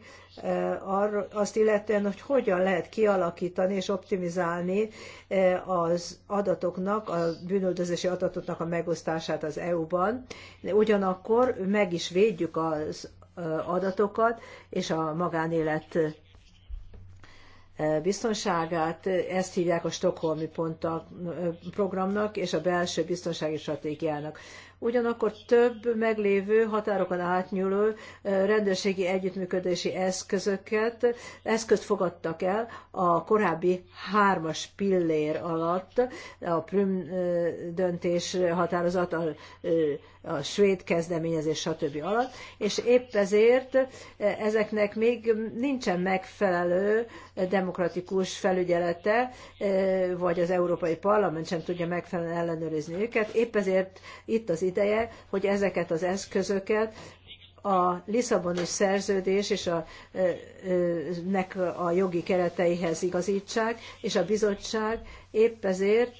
S2: azt illetően, hogy hogyan lehet kialakítani és optimizálni az adatoknak, a bűnöldözési adatoknak a megosztását az EU-ban. Ugyanakkor meg is védjük az adatokat és a magánélet biztonságát, ezt hívják a Stockholmi Ponta programnak és a belső biztonsági stratégiának. Ugyanakkor több meglévő határokon átnyúló rendőrségi együttműködési eszközöket, eszközt fogadtak el a korábbi hármas pillér alatt, a Prüm döntés határozat, a a svéd kezdeményezés, stb. alatt, és épp ezért e, ezeknek még nincsen megfelelő demokratikus felügyelete, e, vagy az Európai Parlament sem tudja megfelelően ellenőrizni őket. Épp ezért itt az ideje, hogy ezeket az eszközöket a Lisszaboni szerződés és a, e, nek a jogi kereteihez igazítsák, és a bizottság épp ezért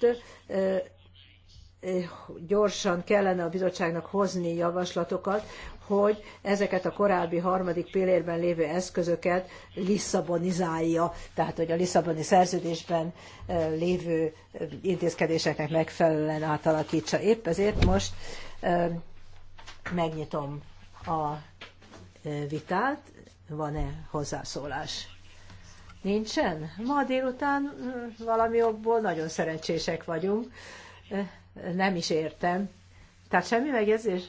S2: gyorsan kellene a bizottságnak hozni javaslatokat, hogy ezeket a korábbi harmadik pillérben lévő eszközöket lisszabonizálja, tehát hogy a lisszaboni szerződésben eh, lévő eh, intézkedéseknek megfelelően átalakítsa. Épp ezért most eh, megnyitom a vitát. Van-e hozzászólás? Nincsen? Ma délután hm, valami okból nagyon szerencsések vagyunk nem is értem. Tehát semmi megjegyzés?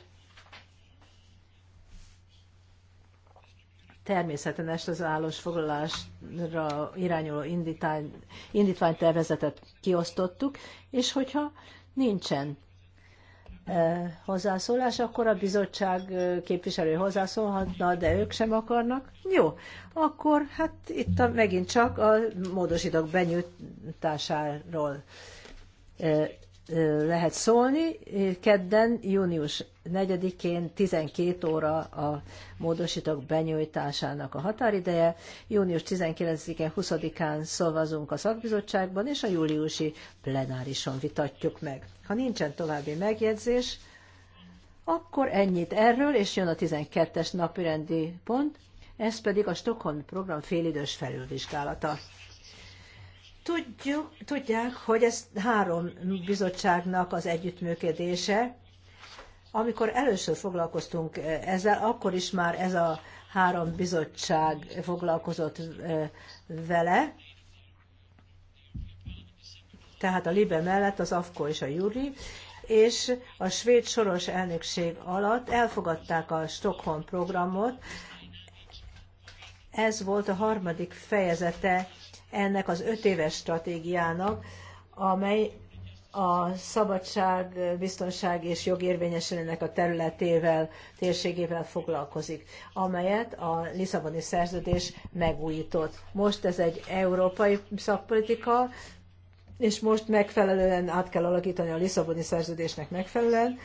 S2: Természetesen ezt az foglalásra irányuló indítvány, indítványtervezetet kiosztottuk, és hogyha nincsen eh, hozzászólás, akkor a bizottság eh, képviselő hozzászólhatna, de ők sem akarnak. Jó, akkor hát itt a, megint csak a módosítók benyújtásáról eh, lehet szólni. Kedden, június 4-én 12 óra a módosítók benyújtásának a határideje. Június 19-én, 20-án szavazunk a szakbizottságban, és a júliusi plenárison vitatjuk meg. Ha nincsen további megjegyzés, akkor ennyit erről, és jön a 12-es napirendi pont, ez pedig a Stockholm program félidős felülvizsgálata. Tudjuk, tudják, hogy ez három bizottságnak az együttműködése. Amikor először foglalkoztunk eh, ezzel, akkor is már ez a három bizottság foglalkozott eh, vele. Tehát a Libe mellett az AFKO és a Juri, és a svéd soros elnökség alatt elfogadták a Stockholm programot. Ez volt a harmadik fejezete ennek az öt éves stratégiának, amely a szabadság, biztonság és jogérvényesülének a területével, térségével foglalkozik, amelyet a Lisszaboni szerződés megújított. Most ez egy európai szakpolitika, és most megfelelően át kell alakítani a Lisszaboni szerződésnek megfelelően,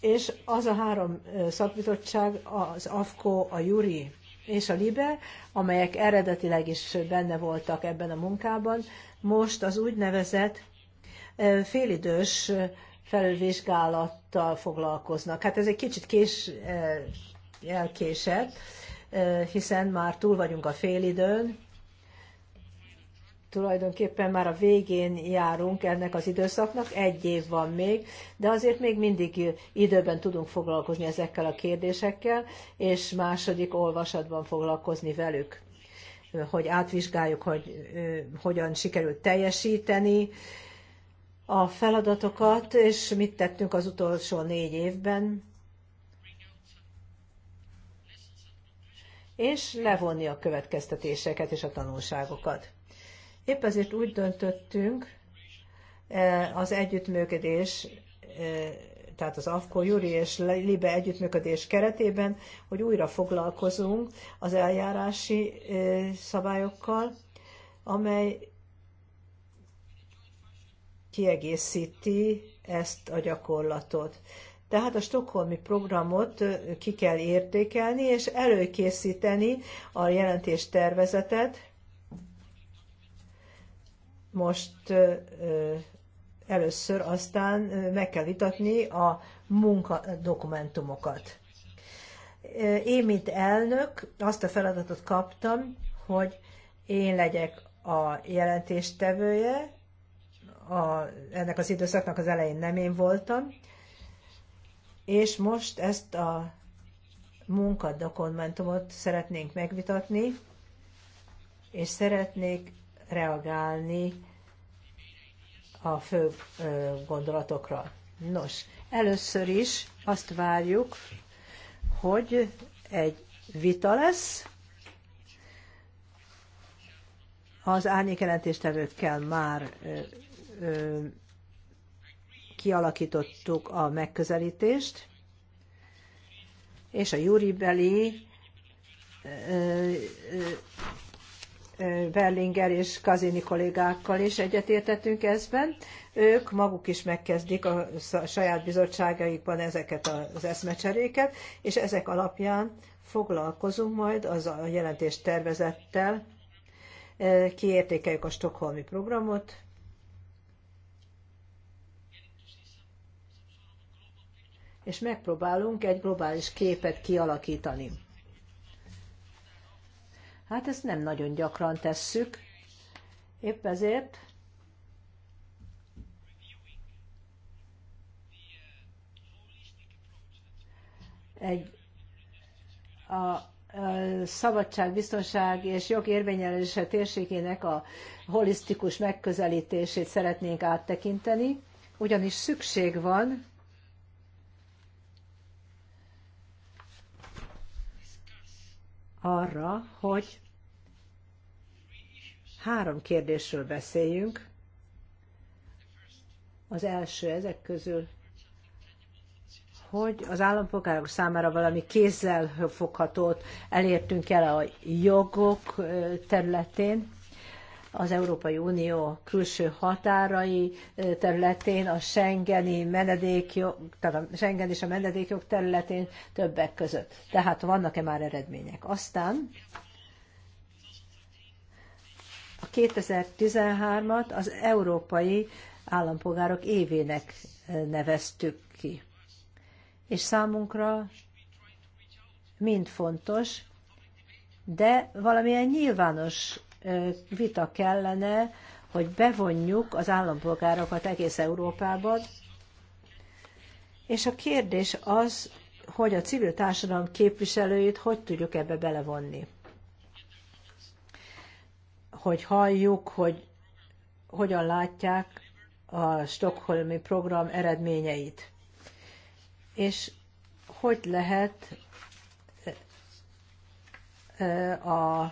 S2: és az a három szakbizottság, az AFKO, a JURI és a LIBE, amelyek eredetileg is benne voltak ebben a munkában, most az úgynevezett félidős felülvizsgálattal foglalkoznak. Hát ez egy kicsit kés, elkésett, hiszen már túl vagyunk a félidőn, tulajdonképpen már a végén járunk ennek az időszaknak, egy év van még, de azért még mindig időben tudunk foglalkozni ezekkel a kérdésekkel, és második olvasatban foglalkozni velük hogy átvizsgáljuk, hogy hogyan sikerült teljesíteni a feladatokat, és mit tettünk az utolsó négy évben, és levonni a következtetéseket és a tanulságokat. Épp ezért úgy döntöttünk e, az együttműködés, e, tehát az AFKO, Juri és Libe együttműködés keretében, hogy újra foglalkozunk az eljárási e, szabályokkal, amely kiegészíti ezt a gyakorlatot. Tehát a stokholmi programot ki kell értékelni és előkészíteni a jelentéstervezetet, most először aztán meg kell vitatni a munkadokumentumokat. Én, mint elnök, azt a feladatot kaptam, hogy én legyek a jelentéstevője, a, ennek az időszaknak az elején nem én voltam, és most ezt a munkadokumentumot szeretnénk megvitatni, és szeretnék reagálni a fő gondolatokra. Nos, először is azt várjuk, hogy egy vita lesz, az árnyékjelentéstevőt kell már ö, ö, kialakítottuk a megközelítést, és a júribeli Berlinger és Kazini kollégákkal is egyetértettünk ezben. Ők maguk is megkezdik a saját bizottságaikban ezeket az eszmecseréket, és ezek alapján foglalkozunk majd az a jelentés tervezettel, kiértékeljük a Stockholmi programot, és megpróbálunk egy globális képet kialakítani. Hát ezt nem nagyon gyakran tesszük. Épp ezért egy a szabadság, biztonság és jog érvényelőse térségének a holisztikus megközelítését szeretnénk áttekinteni, ugyanis szükség van arra, hogy Három kérdésről beszéljünk. Az első ezek közül, hogy az állampolgárok számára valami kézzel foghatót elértünk el a jogok területén, az Európai Unió külső határai területén, a Schengeni menedékjog, tehát a Schengen és a menedékjog területén többek között. Tehát vannak-e már eredmények? Aztán a 2013-at az Európai Állampolgárok évének eh, neveztük ki. És számunkra mind fontos, de valamilyen nyilvános eh, vita kellene, hogy bevonjuk az állampolgárokat egész Európában, és a kérdés az, hogy a civil társadalom képviselőit hogy tudjuk ebbe belevonni hogy halljuk, hogy hogyan látják a Stockholmi program eredményeit. És hogy lehet a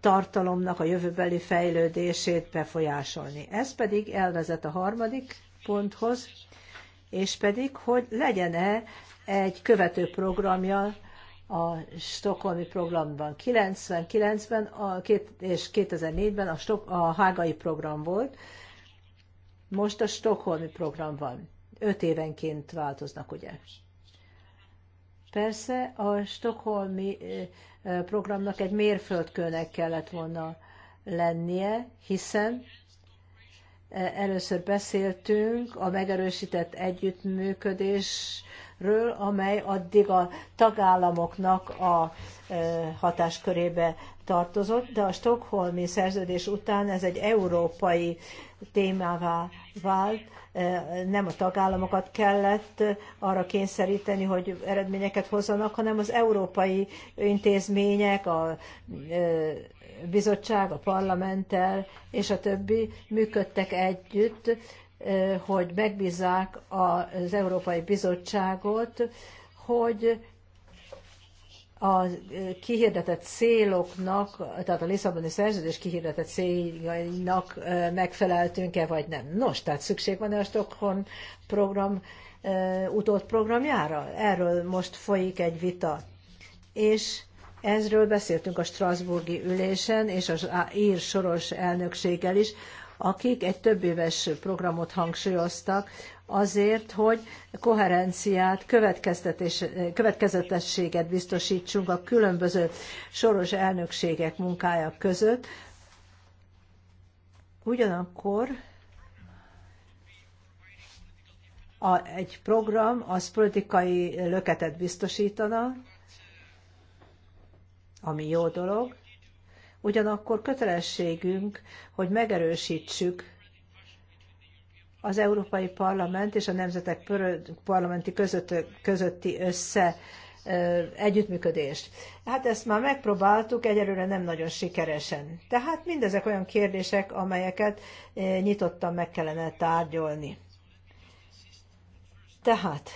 S2: tartalomnak a jövőbeli fejlődését befolyásolni. Ez pedig elvezet a harmadik ponthoz, és pedig, hogy legyen-e egy követő programja a stokholmi programban. 99-ben a, és 2004-ben a, Stok, a hágai program volt, most a stokholmi program van. Öt évenként változnak, ugye? Persze a stokholmi programnak egy mérföldkőnek kellett volna lennie, hiszen először beszéltünk a megerősített együttműködés ről, amely addig a tagállamoknak a hatáskörébe tartozott, de a Stockholmi szerződés után ez egy európai témává vált, nem a tagállamokat kellett arra kényszeríteni, hogy eredményeket hozzanak, hanem az európai intézmények, a bizottság, a parlamenttel és a többi működtek együtt hogy megbízzák az Európai Bizottságot, hogy a kihirdetett céloknak, tehát a Lisszaboni szerződés kihirdetett céljainak megfeleltünk-e, vagy nem. Nos, tehát szükség van-e a Stockholm program utódprogramjára? Erről most folyik egy vita. És ezről beszéltünk a Strasburgi ülésen, és az ír soros elnökséggel is, akik egy több éves programot hangsúlyoztak, azért, hogy koherenciát, következetességet biztosítsunk a különböző soros elnökségek munkája között. Ugyanakkor a, egy program az politikai löketet biztosítana, ami jó dolog, Ugyanakkor kötelességünk, hogy megerősítsük az Európai Parlament és a Nemzetek Parlamenti között, közötti össze együttműködést. Hát ezt már megpróbáltuk, egyelőre nem nagyon sikeresen. Tehát mindezek olyan kérdések, amelyeket nyitottan meg kellene tárgyolni. Tehát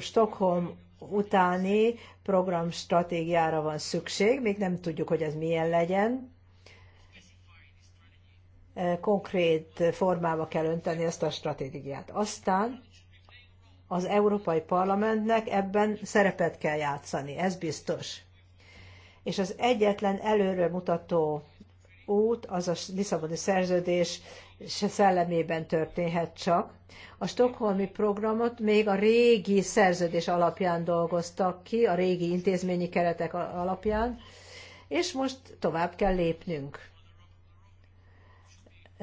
S2: Stockholm utáni programstratégiára van szükség, még nem tudjuk, hogy ez milyen legyen. E, konkrét formába kell önteni ezt a stratégiát. Aztán az Európai Parlamentnek ebben szerepet kell játszani, ez biztos. És az egyetlen előre mutató út az a Lisszaboni szerződés se szellemében történhet csak. A stokholmi programot még a régi szerződés alapján dolgoztak ki, a régi intézményi keretek alapján, és most tovább kell lépnünk.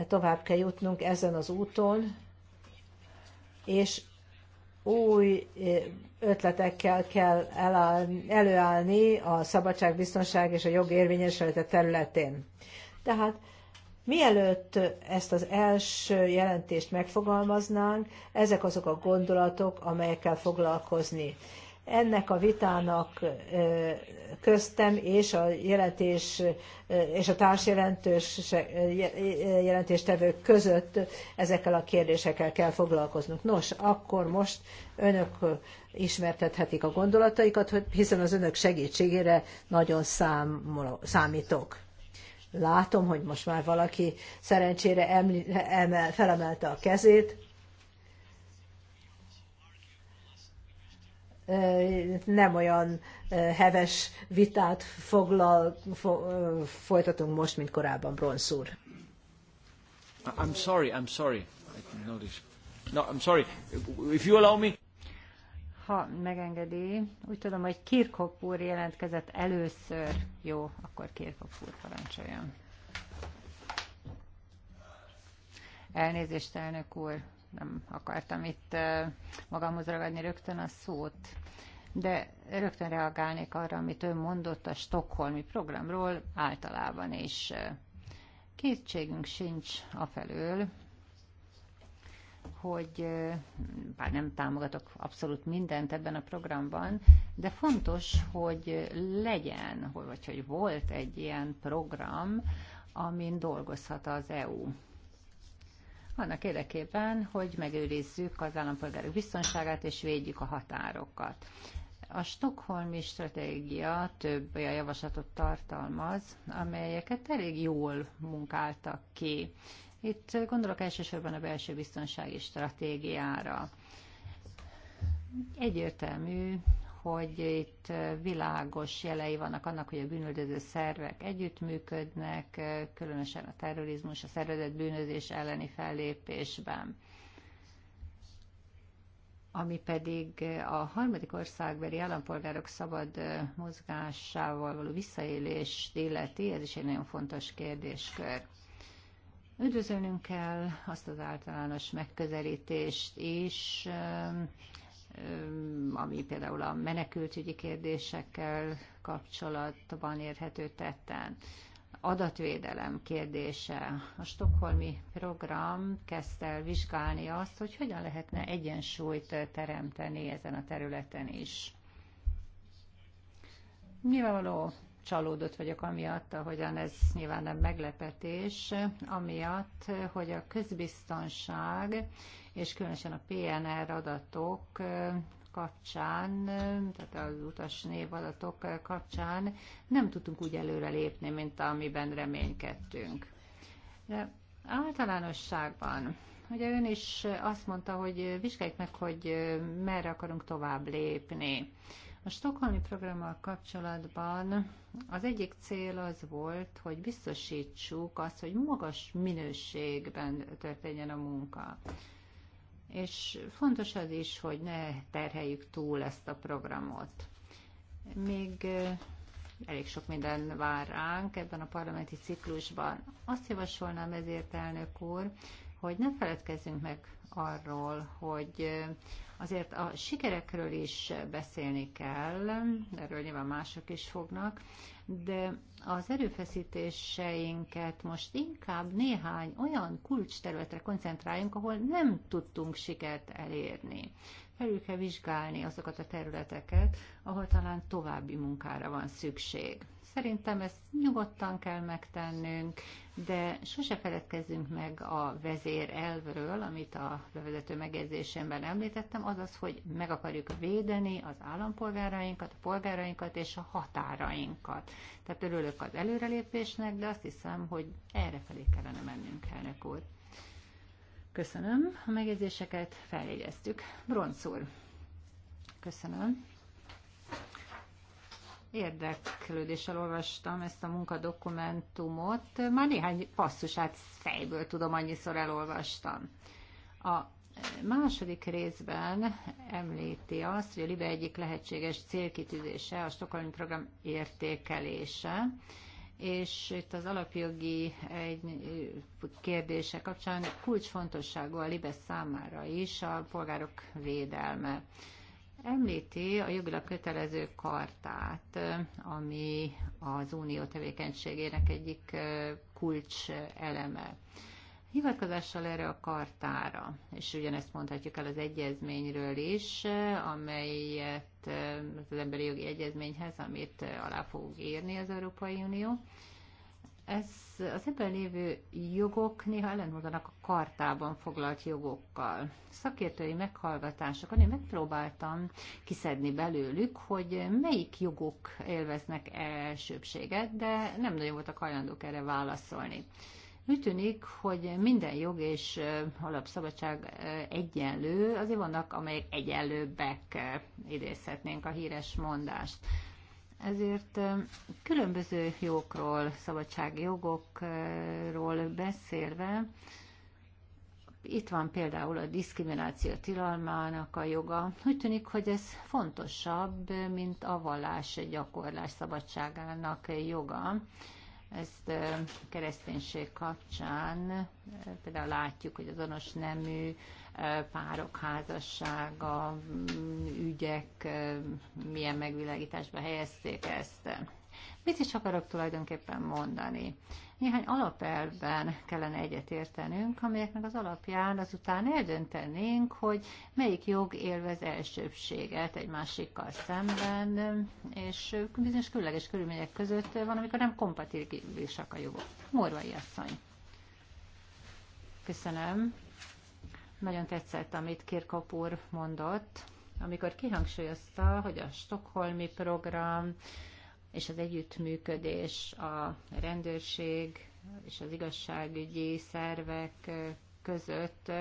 S2: Tovább kell jutnunk ezen az úton, és új eh, ötletekkel kell előállni a szabadság, biztonság és a jog érvényesülete területén. Tehát Mielőtt ezt az első jelentést megfogalmaznánk, ezek azok a gondolatok, amelyekkel foglalkozni. Ennek a vitának köztem és a jelentés és a társjelentős jelentéstevők között ezekkel a kérdésekkel kell foglalkoznunk. Nos, akkor most önök ismertethetik a gondolataikat, hiszen az önök segítségére nagyon számítok. Látom, hogy most már valaki szerencsére eml- emel, felemelte a kezét. Nem olyan heves vitát foglal, fo, folytatunk most, mint korábban, Bronsz úr.
S1: I'm sorry, I'm sorry. I didn't No, I'm sorry. If you allow me...
S3: Ha megengedi, úgy tudom, hogy Kirkhoff úr jelentkezett először. Jó, akkor Kirkhoff úr parancsoljon. Elnézést, elnök úr, nem akartam itt magamhoz ragadni rögtön a szót, de rögtön reagálnék arra, amit ön mondott a Stockholmi programról általában, és kétségünk sincs afelől, hogy bár nem támogatok abszolút mindent ebben a programban, de fontos, hogy legyen, vagy hogy volt egy ilyen program, amin dolgozhat az EU. Annak érdekében, hogy megőrizzük az állampolgárok biztonságát és védjük a határokat. A Stockholmi stratégia több olyan javaslatot tartalmaz, amelyeket elég jól munkáltak ki. Itt gondolok elsősorban a belső biztonsági stratégiára. Egyértelmű, hogy itt világos jelei vannak annak, hogy a bűnöldöző szervek együttműködnek, különösen a terrorizmus, a szervezett bűnözés elleni fellépésben. Ami pedig a harmadik országbeli állampolgárok szabad mozgásával való visszaélést illeti, ez is egy nagyon fontos kérdéskör. Üdvözölnünk kell azt az általános megközelítést is, ami például a menekültügyi kérdésekkel kapcsolatban érhető tetten. Adatvédelem kérdése. A Stockholmi program kezdte el vizsgálni azt, hogy hogyan lehetne egyensúlyt teremteni ezen a területen is. Nyilvánvaló csalódott vagyok amiatt, ahogyan ez nyilván nem meglepetés, amiatt, hogy a közbiztonság és különösen a PNR adatok kapcsán, tehát az utasnév adatok kapcsán nem tudtunk úgy előre lépni, mint amiben reménykedtünk. De általánosságban, ugye ön is azt mondta, hogy vizsgáljuk meg, hogy merre akarunk tovább lépni. A Stockholmi programmal kapcsolatban az egyik cél az volt, hogy biztosítsuk azt, hogy magas minőségben történjen a munka. És fontos az is, hogy ne terheljük túl ezt a programot. Még elég sok minden vár ránk ebben a parlamenti ciklusban. Azt javasolnám ezért, elnök úr, hogy ne feledkezzünk meg arról, hogy azért a sikerekről is beszélni kell, erről nyilván mások is fognak, de az erőfeszítéseinket most inkább néhány olyan kulcsterületre koncentráljunk, ahol nem tudtunk sikert elérni. Felül kell vizsgálni azokat a területeket, ahol talán további munkára van szükség. Szerintem ezt nyugodtan kell megtennünk, de sose feledkezzünk meg a vezér elvről, amit a bevezető megjegyzésemben említettem, azaz, hogy meg akarjuk védeni az állampolgárainkat, a polgárainkat és a határainkat. Tehát örülök az előrelépésnek, de azt hiszem, hogy erre felé kellene mennünk, elnök úr. Köszönöm. A megjegyzéseket feljegyeztük. Bronz úr. Köszönöm. Érdeklődéssel olvastam ezt a munkadokumentumot. Már néhány passzusát fejből tudom, annyiszor elolvastam. A második részben említi azt, hogy a LIBE egyik lehetséges célkitűzése a Stockholmi Program értékelése, és itt az alapjogi kérdése kapcsán kulcsfontosságú a LIBE számára is a polgárok védelme említi a jogilag kötelező kartát, ami az unió tevékenységének egyik kulcs eleme. Hivatkozással erre a kartára, és ugyanezt mondhatjuk el az egyezményről is, amelyet az emberi jogi egyezményhez, amit alá fog írni az Európai Unió, ez az ebben lévő jogok néha ellenmondanak a kartában foglalt jogokkal. Szakértői meghallgatásokon én megpróbáltam kiszedni belőlük, hogy melyik jogok élveznek elsőbséget, de nem nagyon voltak hajlandók erre válaszolni. Úgy tűnik, hogy minden jog és alapszabadság egyenlő, azért vannak, amelyek egyenlőbbek, idézhetnénk a híres mondást. Ezért különböző jogokról, szabadsági jogokról beszélve, itt van például a diszkrimináció tilalmának a joga. Úgy tűnik, hogy ez fontosabb, mint a vallás gyakorlás szabadságának joga. Ezt kereszténység kapcsán például látjuk, hogy azonos nemű párok házassága, ügyek, milyen megvilágításba helyezték ezt. Mit is akarok tulajdonképpen mondani? Néhány alapelvben kellene egyetértenünk, amelyeknek az alapján azután eldöntenénk, hogy melyik jog élvez elsőbséget egy másikkal szemben, és bizonyos különleges körülmények között van, amikor nem kompatibilisak a jogok. Morvai asszony. Köszönöm. Nagyon tetszett, amit Kirkop úr mondott, amikor kihangsúlyozta, hogy a Stockholmi program és az együttműködés a rendőrség és az igazságügyi szervek között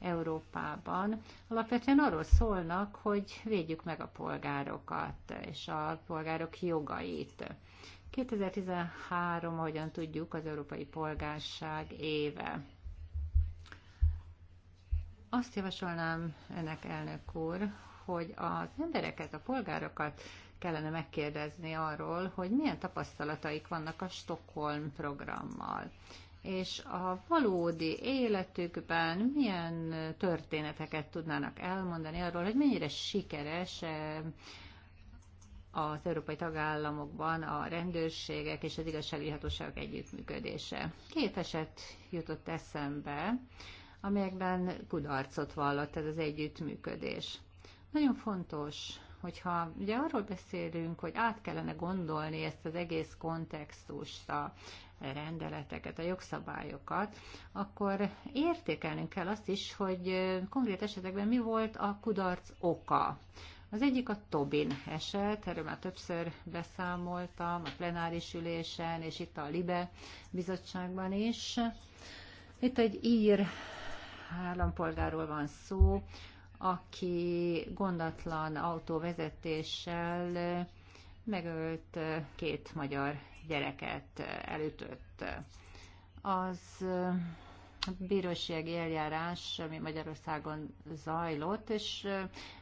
S3: Európában alapvetően arról szólnak, hogy védjük meg a polgárokat és a polgárok jogait. 2013, ahogyan tudjuk, az európai polgárság éve. Azt javasolnám önnek, elnök úr, hogy az embereket, a polgárokat kellene megkérdezni arról, hogy milyen tapasztalataik vannak a Stockholm programmal és a valódi életükben milyen történeteket tudnának elmondani arról, hogy mennyire sikeres eh, az európai tagállamokban a rendőrségek és az igazságügyi hatóságok együttműködése. Két eset jutott eszembe, amelyekben kudarcot vallott ez az együttműködés. Nagyon fontos, hogyha ugye arról beszélünk, hogy át kellene gondolni ezt az egész kontextust, a rendeleteket, a jogszabályokat, akkor értékelnünk kell azt is, hogy konkrét esetekben mi volt a kudarc oka. Az egyik a Tobin eset, erről már többször beszámoltam a plenáris ülésen, és itt a Libe bizottságban is. Itt egy ír állampolgárról van szó, aki gondatlan autóvezetéssel megölt két magyar gyereket, elütött. Az eh, bírósági eljárás, ami Magyarországon zajlott, és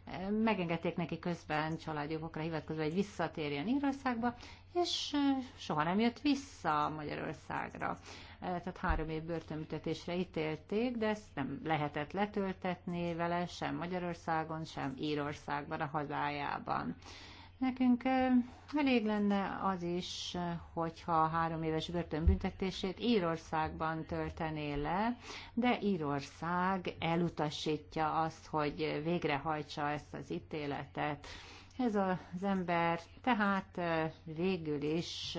S3: eh, megengedték neki közben családjogokra hivatkozva, hogy visszatérjen Írországba, és eh, soha nem jött vissza Magyarországra. Eh, tehát három év börtönbüntetésre ítélték, de ezt nem lehetett letöltetni vele sem Magyarországon, sem Írországban, a hazájában. Nekünk eh, elég lenne az is, hogyha három éves börtönbüntetését Írországban töltené le, de Írország elutasítja azt, hogy végrehajtsa ezt az ítéletet ez az ember tehát végül is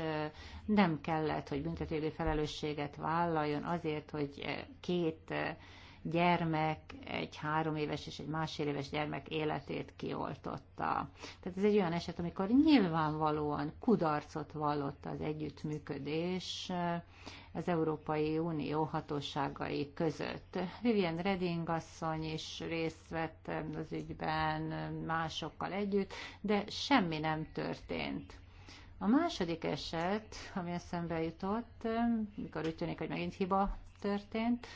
S3: nem kellett, hogy büntetőjogi felelősséget vállaljon azért, hogy két gyermek, egy három éves és egy másfél éves gyermek életét kioltotta. Tehát ez egy olyan eset, amikor nyilvánvalóan kudarcot vallott az együttműködés az Európai Unió hatóságai között. Vivian Reding asszony is részt vett az ügyben másokkal együtt, de semmi nem történt. A második eset, ami eszembe jutott, mikor úgy tűnik, hogy megint hiba történt,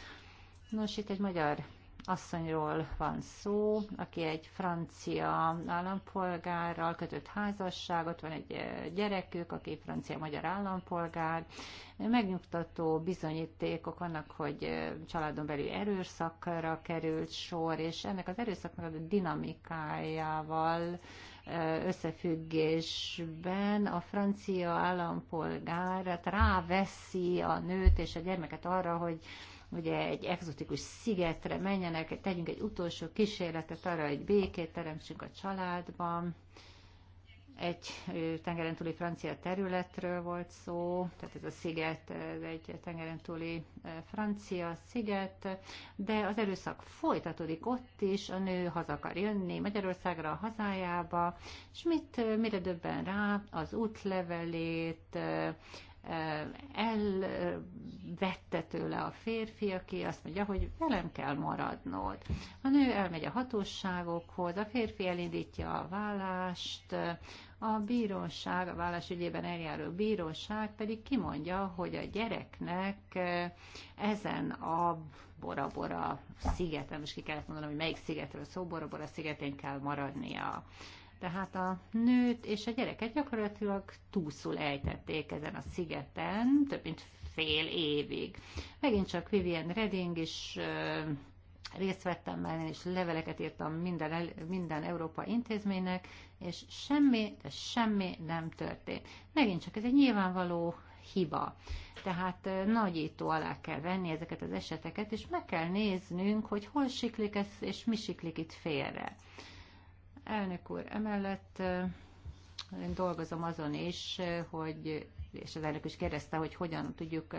S3: Nos, itt egy magyar asszonyról van szó, aki egy francia állampolgárral kötött házasságot, van egy eh, gyerekük, aki francia-magyar állampolgár. Megnyugtató bizonyítékok vannak, hogy eh, családon belül erőszakra került sor, és ennek az erőszaknak a dinamikájával eh, összefüggésben a francia állampolgár hát ráveszi a nőt és a gyermeket arra, hogy hogy egy exotikus szigetre menjenek, tegyünk egy utolsó kísérletet arra, hogy békét teremtsünk a családban. Egy tengeren túli francia területről volt szó, tehát ez a sziget ez egy tengeren túli francia sziget, de az erőszak folytatódik ott is, a nő haza akar jönni Magyarországra, a hazájába, és mit, mire döbben rá? Az útlevelét, elvette tőle a férfi, aki azt mondja, hogy velem kell maradnod. A nő elmegy a hatóságokhoz, a férfi elindítja a vállást, a bíróság, a vállás ügyében eljáró bíróság pedig kimondja, hogy a gyereknek eh, ezen a borabora szigeten, most ki kellett mondanom, hogy melyik szigetről szó, Borabora szigetén kell maradnia. Tehát a nőt és a gyereket gyakorlatilag túszul ejtették ezen a szigeten, több mint fél évig. Megint csak Vivian Redding is részt vettem benne, és leveleket írtam minden, minden Európa intézménynek, és semmi, de semmi nem történt. Megint csak ez egy nyilvánvaló hiba. Tehát nagyító alá kell venni ezeket az eseteket, és meg kell néznünk, hogy hol siklik ez, és mi siklik itt félre. Elnök úr, emellett én dolgozom azon is, hogy és az elnök is kérdezte, hogy hogyan tudjuk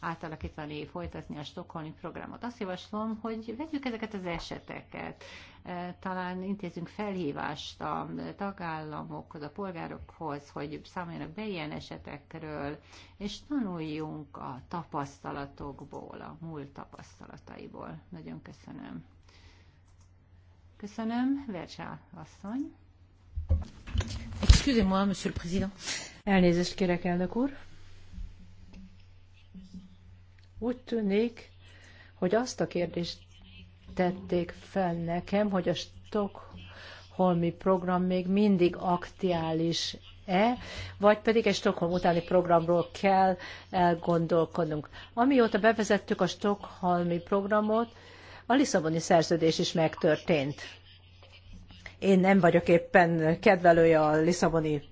S3: átalakítani, folytatni a Stockholmi programot. Azt javaslom, hogy vegyük ezeket az eseteket, talán intézünk felhívást a tagállamokhoz, a polgárokhoz, hogy számoljanak be ilyen esetekről, és tanuljunk a tapasztalatokból, a múlt tapasztalataiból. Nagyon köszönöm. Köszönöm. Vercsá asszony.
S2: Excusez-moi, monsieur le président. Elnézést kérek, elnök úr. Úgy tűnik, hogy azt a kérdést tették fel nekem, hogy a Stockholmi program még mindig aktuális e, vagy pedig egy Stockholm utáni programról kell elgondolkodnunk. Amióta bevezettük a Stockholmi programot, a Lisszaboni szerződés is megtörtént. Én nem vagyok éppen kedvelője a Lisszaboni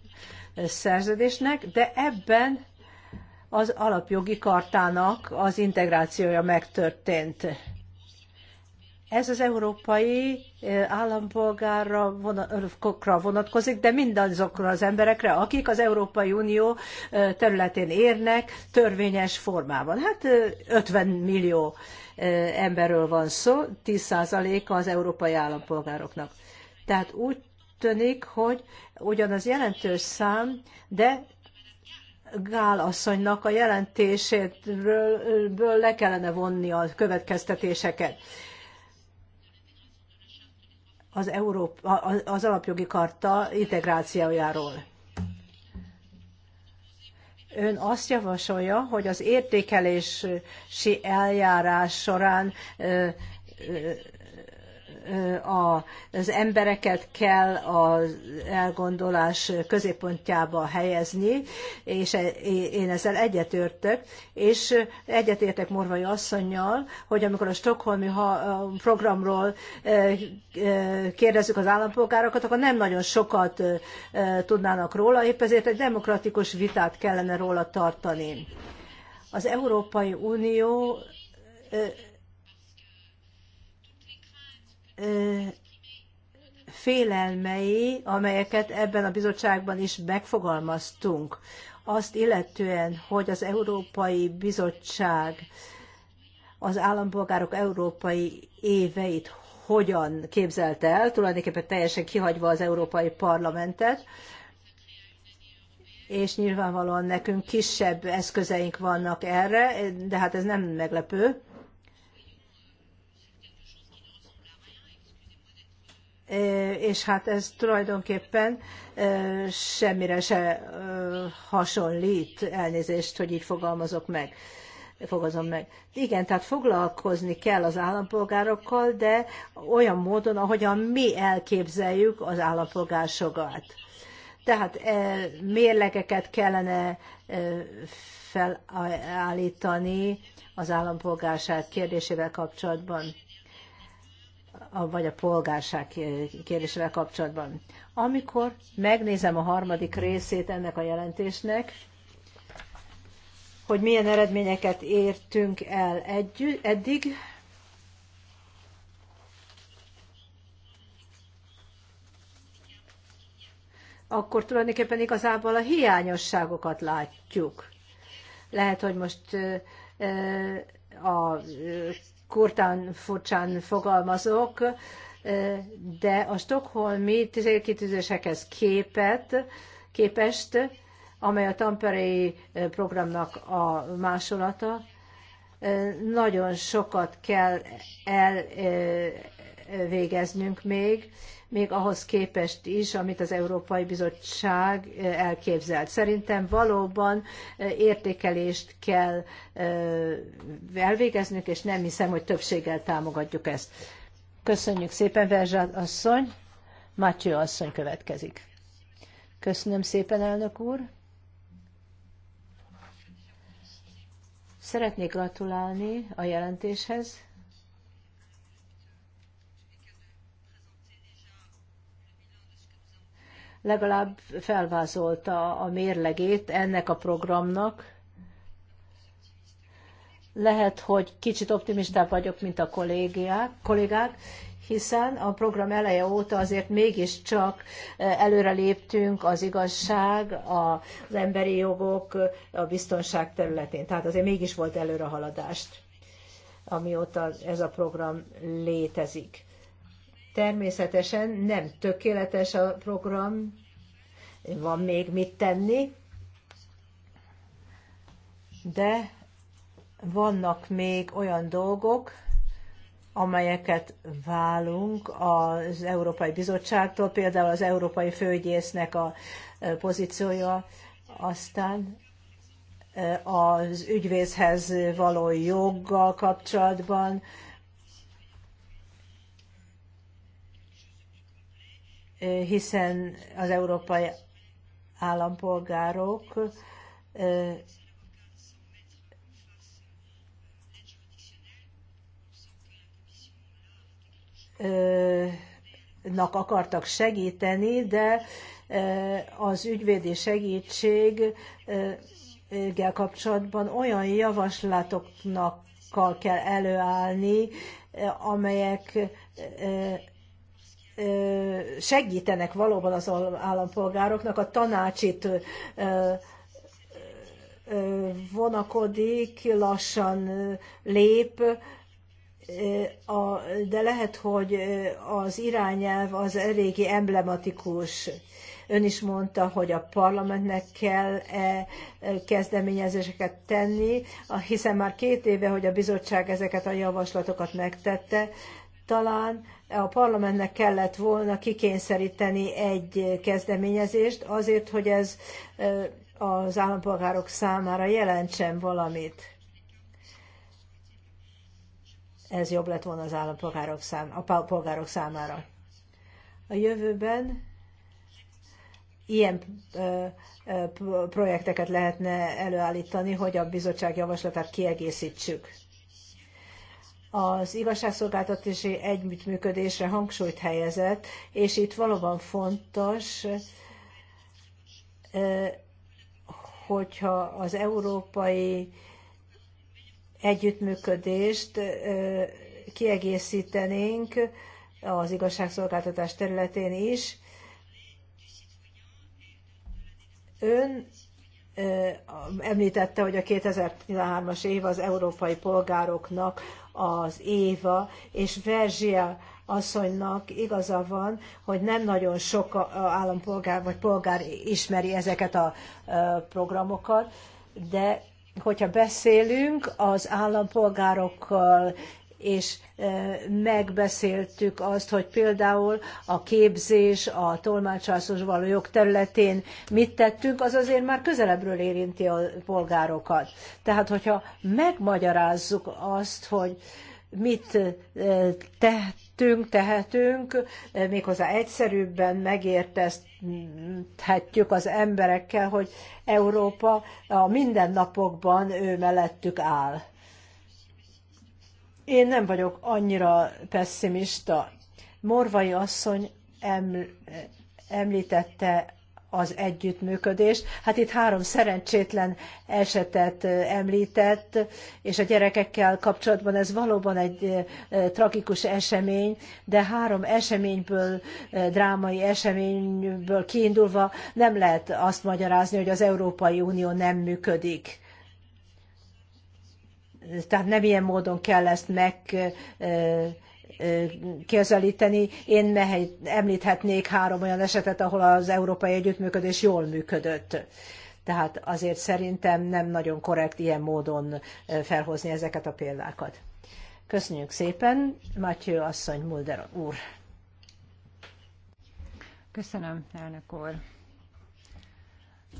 S2: szerződésnek, de ebben az alapjogi kartának az integrációja megtörtént. Ez az európai állampolgárokra vonatkozik, de mindazokra az emberekre, akik az Európai Unió területén érnek törvényes formában. Hát 50 millió emberről van szó, 10%-a az európai állampolgároknak. Tehát úgy tűnik, hogy ugyanaz jelentős szám, de Gál asszonynak a jelentésétből le kellene vonni a következtetéseket. Az, Európa, az alapjogi karta integrációjáról. Ön azt javasolja, hogy az értékelési eljárás során az embereket kell az elgondolás középpontjába helyezni, és e, én ezzel egyetértek, és egyetértek Morvai asszonynal, hogy amikor a Stockholmi programról kérdezzük az állampolgárokat, akkor nem nagyon sokat tudnának róla, épp ezért egy demokratikus vitát kellene róla tartani. Az Európai Unió félelmei, amelyeket ebben a bizottságban is megfogalmaztunk, azt illetően, hogy az Európai Bizottság az állampolgárok európai éveit hogyan képzelte el, tulajdonképpen teljesen kihagyva az Európai Parlamentet, és nyilvánvalóan nekünk kisebb eszközeink vannak erre, de hát ez nem meglepő. és hát ez tulajdonképpen semmire se hasonlít, elnézést, hogy így fogalmazok meg. fogozom meg. Igen, tehát foglalkozni kell az állampolgárokkal, de olyan módon, ahogyan mi elképzeljük az állampolgársokat. Tehát mérlegeket kellene felállítani az állampolgárság kérdésével kapcsolatban vagy a polgárság kérdésével kapcsolatban. Amikor megnézem a harmadik részét ennek a jelentésnek, hogy milyen eredményeket értünk el együtt, eddig, akkor tulajdonképpen igazából a hiányosságokat látjuk. Lehet, hogy most a kurtán furcsán fogalmazok, de a stokholmi célkitűzésekhez képet, képest, amely a Tamperei programnak a másolata, nagyon sokat kell elvégeznünk még, még ahhoz képest is, amit az Európai Bizottság eh, elképzelt. Szerintem valóban eh, értékelést kell eh, elvégeznünk, és nem hiszem, hogy többséggel támogatjuk ezt. Köszönjük szépen, Verzsát asszony. Mátyő asszony következik. Köszönöm szépen, elnök úr. Szeretnék gratulálni a jelentéshez. legalább felvázolta a mérlegét ennek a programnak. Lehet, hogy kicsit optimistább vagyok, mint a kollégák, kollégák hiszen a program eleje óta azért mégiscsak eh, előre léptünk az igazság, az emberi jogok, a biztonság területén. Tehát azért mégis volt előrehaladást, amióta ez a program létezik. Természetesen nem tökéletes a program, van még mit tenni, de vannak még olyan dolgok, amelyeket válunk az Európai Bizottságtól, például az Európai Főügyésznek a e, pozíciója, aztán e, az ügyvészhez való joggal kapcsolatban, hiszen az európai állampolgárok nak akartak segíteni, de az ügyvédi segítséggel kapcsolatban olyan javaslatoknak kell előállni, amelyek segítenek valóban az állampolgároknak, a tanácsit vonakodik, lassan lép, de lehet, hogy az irányelv az eléggé emblematikus. Ön is mondta, hogy a parlamentnek kell -e, e kezdeményezéseket tenni, hiszen már két éve, hogy a bizottság ezeket a javaslatokat megtette, talán a parlamentnek kellett volna kikényszeríteni egy kezdeményezést azért, hogy ez az állampolgárok számára jelentsen valamit. Ez jobb lett volna az állampolgárok szám, a polgárok számára. A jövőben ilyen projekteket lehetne előállítani, hogy a bizottság javaslatát kiegészítsük az igazságszolgáltatási együttműködésre hangsúlyt helyezett, és itt valóban fontos, hogyha az európai együttműködést kiegészítenénk az igazságszolgáltatás területén is. Ön említette, hogy a 2013-as év az európai polgároknak az Éva és Verzsia asszonynak igaza van, hogy nem nagyon sok állampolgár vagy polgár ismeri ezeket a programokat, de hogyha beszélünk az állampolgárokkal és megbeszéltük azt, hogy például a képzés, a tolmácsászos való jog területén mit tettünk, az azért már közelebbről érinti a polgárokat. Tehát, hogyha megmagyarázzuk azt, hogy mit tettünk, tehetünk, méghozzá egyszerűbben megértezhetjük az emberekkel, hogy Európa a mindennapokban ő mellettük áll. Én nem vagyok annyira pessimista. Morvai asszony említette az együttműködést. Hát itt három szerencsétlen esetet említett, és a gyerekekkel kapcsolatban ez valóban egy tragikus esemény, de három eseményből, drámai eseményből kiindulva nem lehet azt magyarázni, hogy az Európai Unió nem működik tehát nem ilyen módon kell ezt megközelíteni. Én említhetnék három olyan esetet, ahol az európai együttműködés jól működött. Tehát azért szerintem nem nagyon korrekt ilyen módon felhozni ezeket a példákat. Köszönjük szépen, Matyő asszony, Mulder úr. Köszönöm, elnök úr.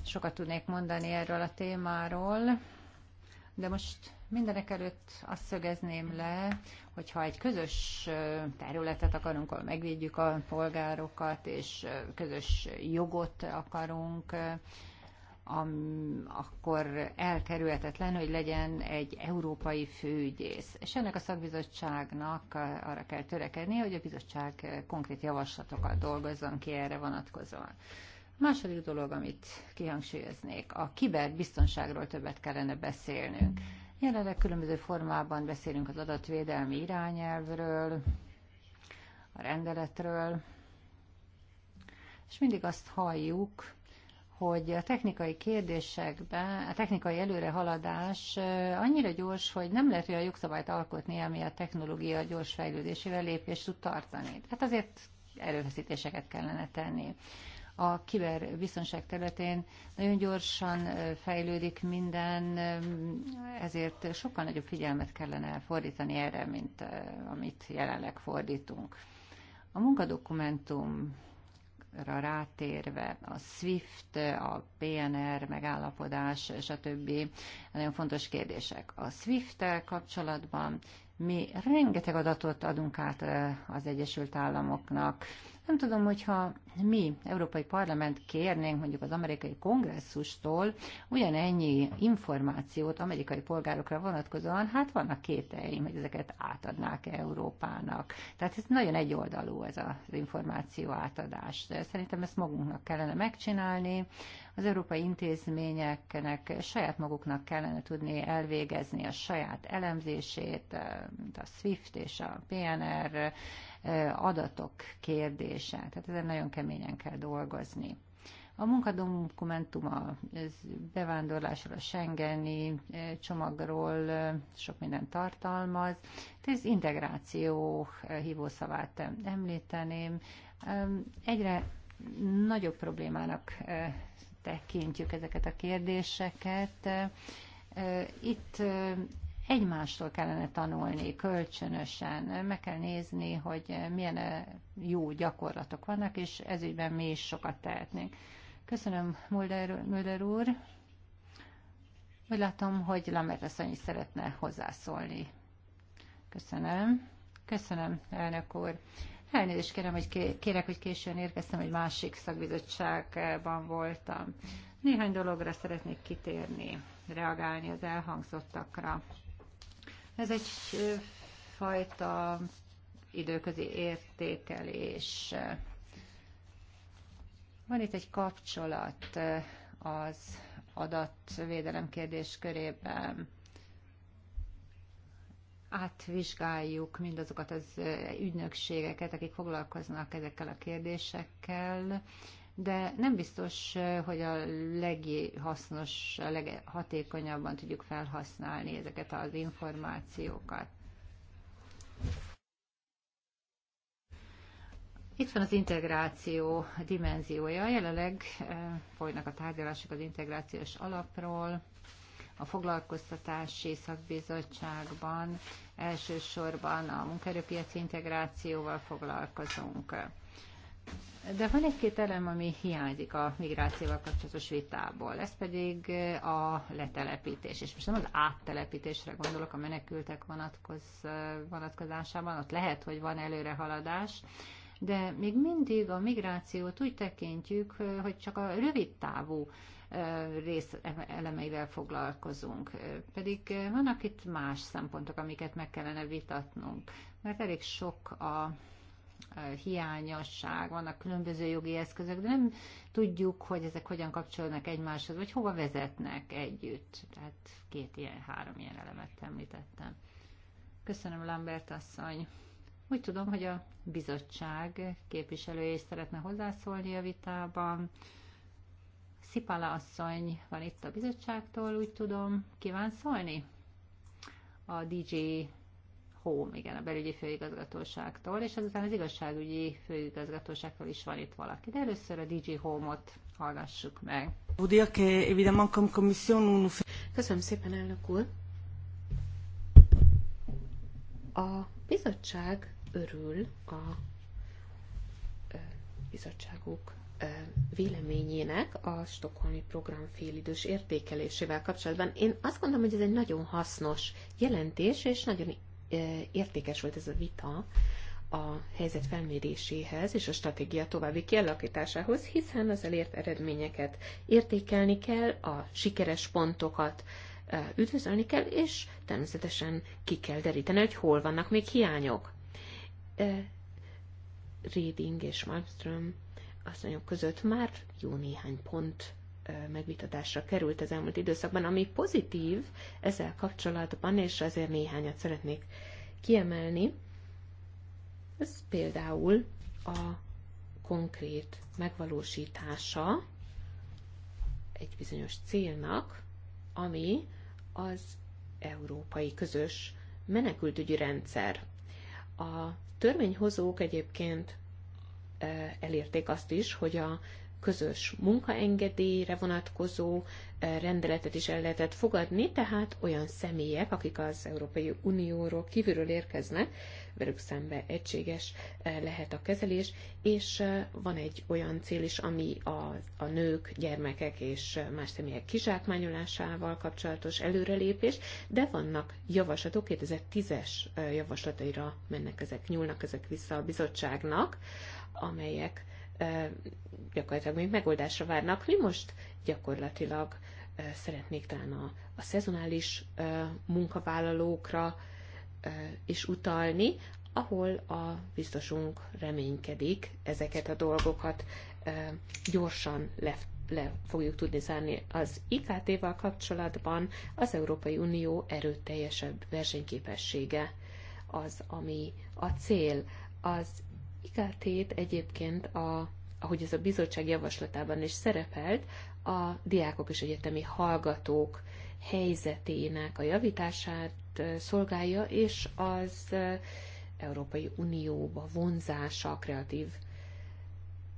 S3: Sokat tudnék mondani erről a témáról, de most Mindenek előtt azt szögezném le, hogy ha egy közös területet akarunk, ahol megvédjük a polgárokat, és közös jogot akarunk, akkor elkerülhetetlen, hogy legyen egy európai főügyész. És ennek a szakbizottságnak arra kell törekedni, hogy a bizottság konkrét javaslatokat dolgozzon ki erre vonatkozóan. A második dolog, amit kihangsúlyoznék, a kiberbiztonságról többet kellene beszélnünk. Mm Jelenleg különböző formában beszélünk az adatvédelmi irányelvről, a rendeletről, és mindig azt halljuk, hogy a technikai kérdésekben, a technikai előrehaladás annyira gyors, hogy nem lehet olyan jogszabályt alkotni, ami a technológia gyors fejlődésével lépést tud tartani. Hát azért erőfeszítéseket kellene tenni a biztonság területén nagyon gyorsan fejlődik minden, ezért sokkal nagyobb figyelmet kellene fordítani erre, mint amit jelenleg fordítunk. A munkadokumentumra rátérve, a SWIFT, a PNR megállapodás, stb. nagyon fontos kérdések. A SWIFT-tel kapcsolatban mi rengeteg adatot adunk át az Egyesült Államoknak, nem tudom, hogyha mi, Európai Parlament kérnénk mondjuk az amerikai kongresszustól ugyanennyi információt amerikai polgárokra vonatkozóan, hát vannak kételjeim, hogy ezeket átadnák -e Európának. Tehát ez nagyon egyoldalú ez az információ átadás. De szerintem ezt magunknak kellene megcsinálni, az európai intézményeknek saját maguknak kellene tudni elvégezni a saját elemzését, mint a SWIFT és a PNR adatok kérdése. Tehát ezen nagyon keményen kell dolgozni. A munkadokumentum a bevándorlásról, a Schengeni csomagról sok mindent tartalmaz. az integráció hívószavát említeném. Egyre nagyobb problémának tekintjük ezeket a kérdéseket. Itt egymástól kellene tanulni kölcsönösen, meg kell nézni, hogy milyen eh, jó gyakorlatok vannak, és ezügyben mi is sokat tehetnénk. Köszönöm, Müller, Müller úr. Úgy látom, hogy Lambert asszony is szeretne hozzászólni. Köszönöm. Köszönöm, elnök úr. Elnézést kérem, hogy kérek, hogy későn érkeztem, egy másik szakbizottságban voltam. Néhány dologra szeretnék kitérni, reagálni az elhangzottakra. Ez egy fajta időközi értékelés. Van itt egy kapcsolat az adatvédelem kérdés körében. Átvizsgáljuk mindazokat az ügynökségeket, akik foglalkoznak ezekkel a kérdésekkel, de nem biztos, hogy a leghasznos, a leghatékonyabban tudjuk felhasználni ezeket az információkat. Itt van az integráció dimenziója. Jelenleg eh, folynak a tárgyalások az integrációs alapról. A foglalkoztatási szakbizottságban elsősorban a munkaerőpiaci integrációval foglalkozunk. De van egy-két elem, ami hiányzik a migrációval kapcsolatos vitából, ez pedig a letelepítés. És most nem az áttelepítésre gondolok a menekültek vonatkoz, vonatkozásában, ott lehet, hogy van előrehaladás, de még mindig a migrációt úgy tekintjük, hogy csak a rövid távú rész elemeivel foglalkozunk. Pedig vannak itt más szempontok, amiket meg kellene vitatnunk, mert elég sok a hiányosság, vannak különböző jogi eszközök, de nem tudjuk, hogy ezek hogyan kapcsolnak egymáshoz, vagy hova vezetnek együtt. Tehát két ilyen, három ilyen elemet említettem. Köszönöm, Lambert asszony. Úgy tudom, hogy a bizottság képviselője is szeretne hozzászólni a vitában. Szipala asszony van itt a bizottságtól, úgy tudom. Kíván szólni? A DJ Home, igen, a belügyi főigazgatóságtól, és azután az igazságügyi főigazgatóságtól is van itt valaki. De először a DG Home-ot hallgassuk meg.
S1: Köszönöm szépen, elnök úr! A bizottság örül a bizottságuk véleményének a Stockholmi Program félidős értékelésével kapcsolatban. Én azt gondolom, hogy ez egy nagyon hasznos jelentés, és nagyon értékes volt ez a vita a helyzet felméréséhez és a stratégia további kialakításához, hiszen az elért eredményeket értékelni kell, a sikeres pontokat üdvözölni kell, és természetesen ki kell deríteni, hogy hol vannak még hiányok. Reading és Malmström mondjuk között már jó néhány pont megvitatásra került az elmúlt időszakban, ami pozitív ezzel kapcsolatban, és azért néhányat szeretnék kiemelni. Ez például a konkrét megvalósítása egy bizonyos célnak, ami az európai közös menekültügyi rendszer. A törvényhozók egyébként elérték azt is, hogy a közös munkaengedélyre vonatkozó eh, rendeletet is el lehetett fogadni, tehát olyan személyek, akik az Európai Unióról kívülről érkeznek, velük szembe egységes eh, lehet a kezelés, és eh, van egy olyan cél is, ami a, a nők, gyermekek és más személyek kizsákmányolásával kapcsolatos előrelépés, de vannak javaslatok, 2010-es javaslataira mennek ezek, nyúlnak ezek vissza a bizottságnak, amelyek gyakorlatilag még megoldásra várnak. Mi most gyakorlatilag szeretnék talán a, a szezonális munkavállalókra is utalni, ahol a biztosunk reménykedik ezeket a dolgokat gyorsan le, le fogjuk tudni zárni. Az IKT-val kapcsolatban az Európai Unió erőteljesebb versenyképessége az, ami a cél. Az IKT-t egyébként, a, ahogy ez a bizottság javaslatában is szerepelt, a diákok és egyetemi hallgatók helyzetének a javítását szolgálja, és az Európai Unióba vonzása kreatív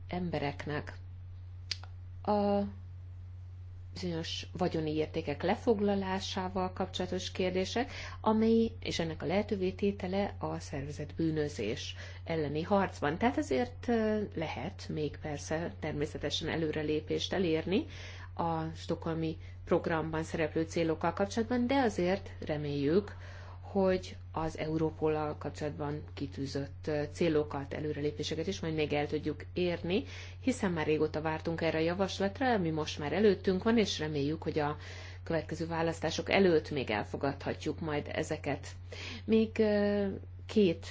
S1: embereknek. A bizonyos vagyoni értékek lefoglalásával kapcsolatos kérdések, amely, és ennek a lehetővé tétele a szervezet bűnözés elleni harcban. Tehát ezért lehet még persze természetesen előrelépést elérni a stokholmi programban szereplő célokkal kapcsolatban, de azért reméljük, hogy az Európollal kapcsolatban kitűzött célokat, előrelépéseket is majd még el tudjuk érni, hiszen már régóta vártunk erre a javaslatra, ami most már előttünk van, és reméljük, hogy a következő választások előtt még elfogadhatjuk majd ezeket. Még két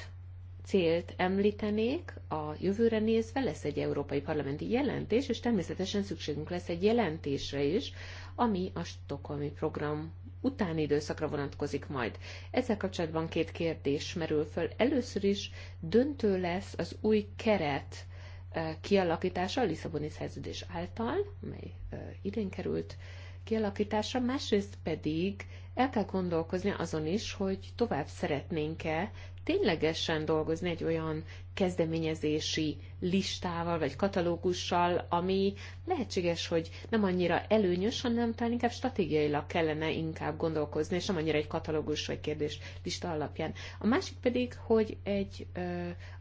S1: célt említenék, a jövőre nézve lesz egy európai parlamenti jelentés, és természetesen szükségünk lesz egy jelentésre is, ami a stokholmi program utáni időszakra vonatkozik majd. Ezzel kapcsolatban két kérdés merül föl. Először is döntő lesz az új keret e, kialakítása a Lisszaboni szerződés által, mely e, idén került kialakításra, másrészt pedig el kell gondolkozni azon is, hogy tovább szeretnénk-e ténylegesen dolgozni egy olyan kezdeményezési listával vagy katalógussal, ami lehetséges, hogy nem annyira előnyös, hanem talán inkább stratégiailag kellene inkább gondolkozni, és nem annyira egy katalógus vagy kérdés lista alapján. A másik pedig, hogy egy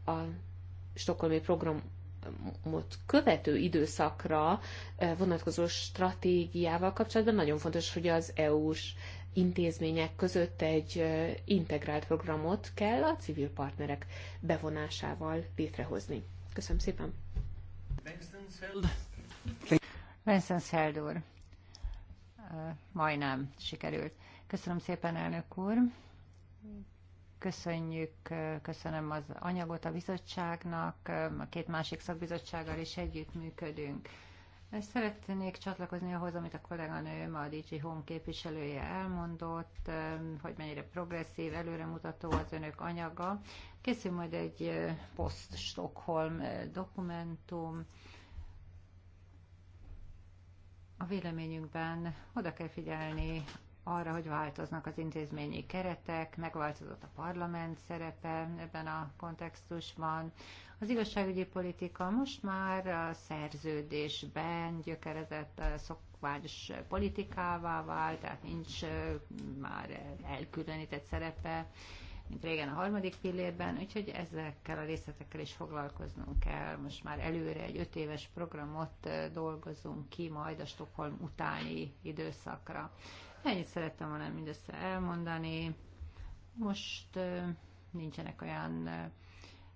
S1: a stokholmi program programot követő időszakra vonatkozó stratégiával kapcsolatban nagyon fontos, hogy az EU-s intézmények között egy integrált programot kell a civil partnerek bevonásával létrehozni. Köszönöm szépen! Wenszensfeld úr,
S3: majdnem sikerült. Köszönöm szépen, elnök úr. Köszönjük, köszönöm az anyagot a bizottságnak, a két másik szakbizottsággal is együttműködünk. Szeretnék csatlakozni ahhoz, amit a kolléganőm, a DJ Home képviselője elmondott, hogy mennyire progresszív, előremutató az önök anyaga. Készül majd egy post-Stockholm dokumentum. A véleményünkben oda kell figyelni arra, hogy változnak az intézményi keretek, megváltozott a parlament szerepe ebben a kontextusban, az igazságügyi politika most már a szerződésben gyökerezett szokványos politikává vált, tehát nincs már elkülönített szerepe, mint régen a harmadik pillérben, úgyhogy ezekkel a részletekkel is foglalkoznunk kell. Most már előre egy öt éves programot dolgozunk ki majd a Stockholm utáni időszakra. Ennyit szerettem volna mindössze elmondani. Most nincsenek olyan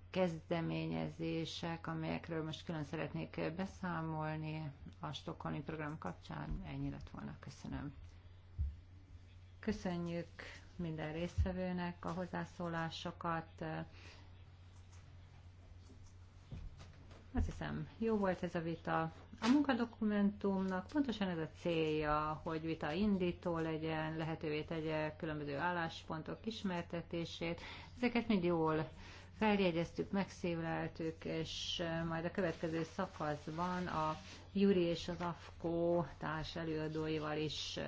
S3: kezdeményezések, amelyekről most külön szeretnék beszámolni a Stockholmi program kapcsán. Ennyi lett volna. Köszönöm. Köszönjük minden résztvevőnek a hozzászólásokat. Azt hiszem, jó volt ez a vita. A munkadokumentumnak pontosan ez a célja, hogy vita indító legyen, lehetővé tegye különböző álláspontok ismertetését. Ezeket mind jól feljegyeztük, megszívleltük, és majd a következő szakaszban a Juri és az AFKO társ előadóival is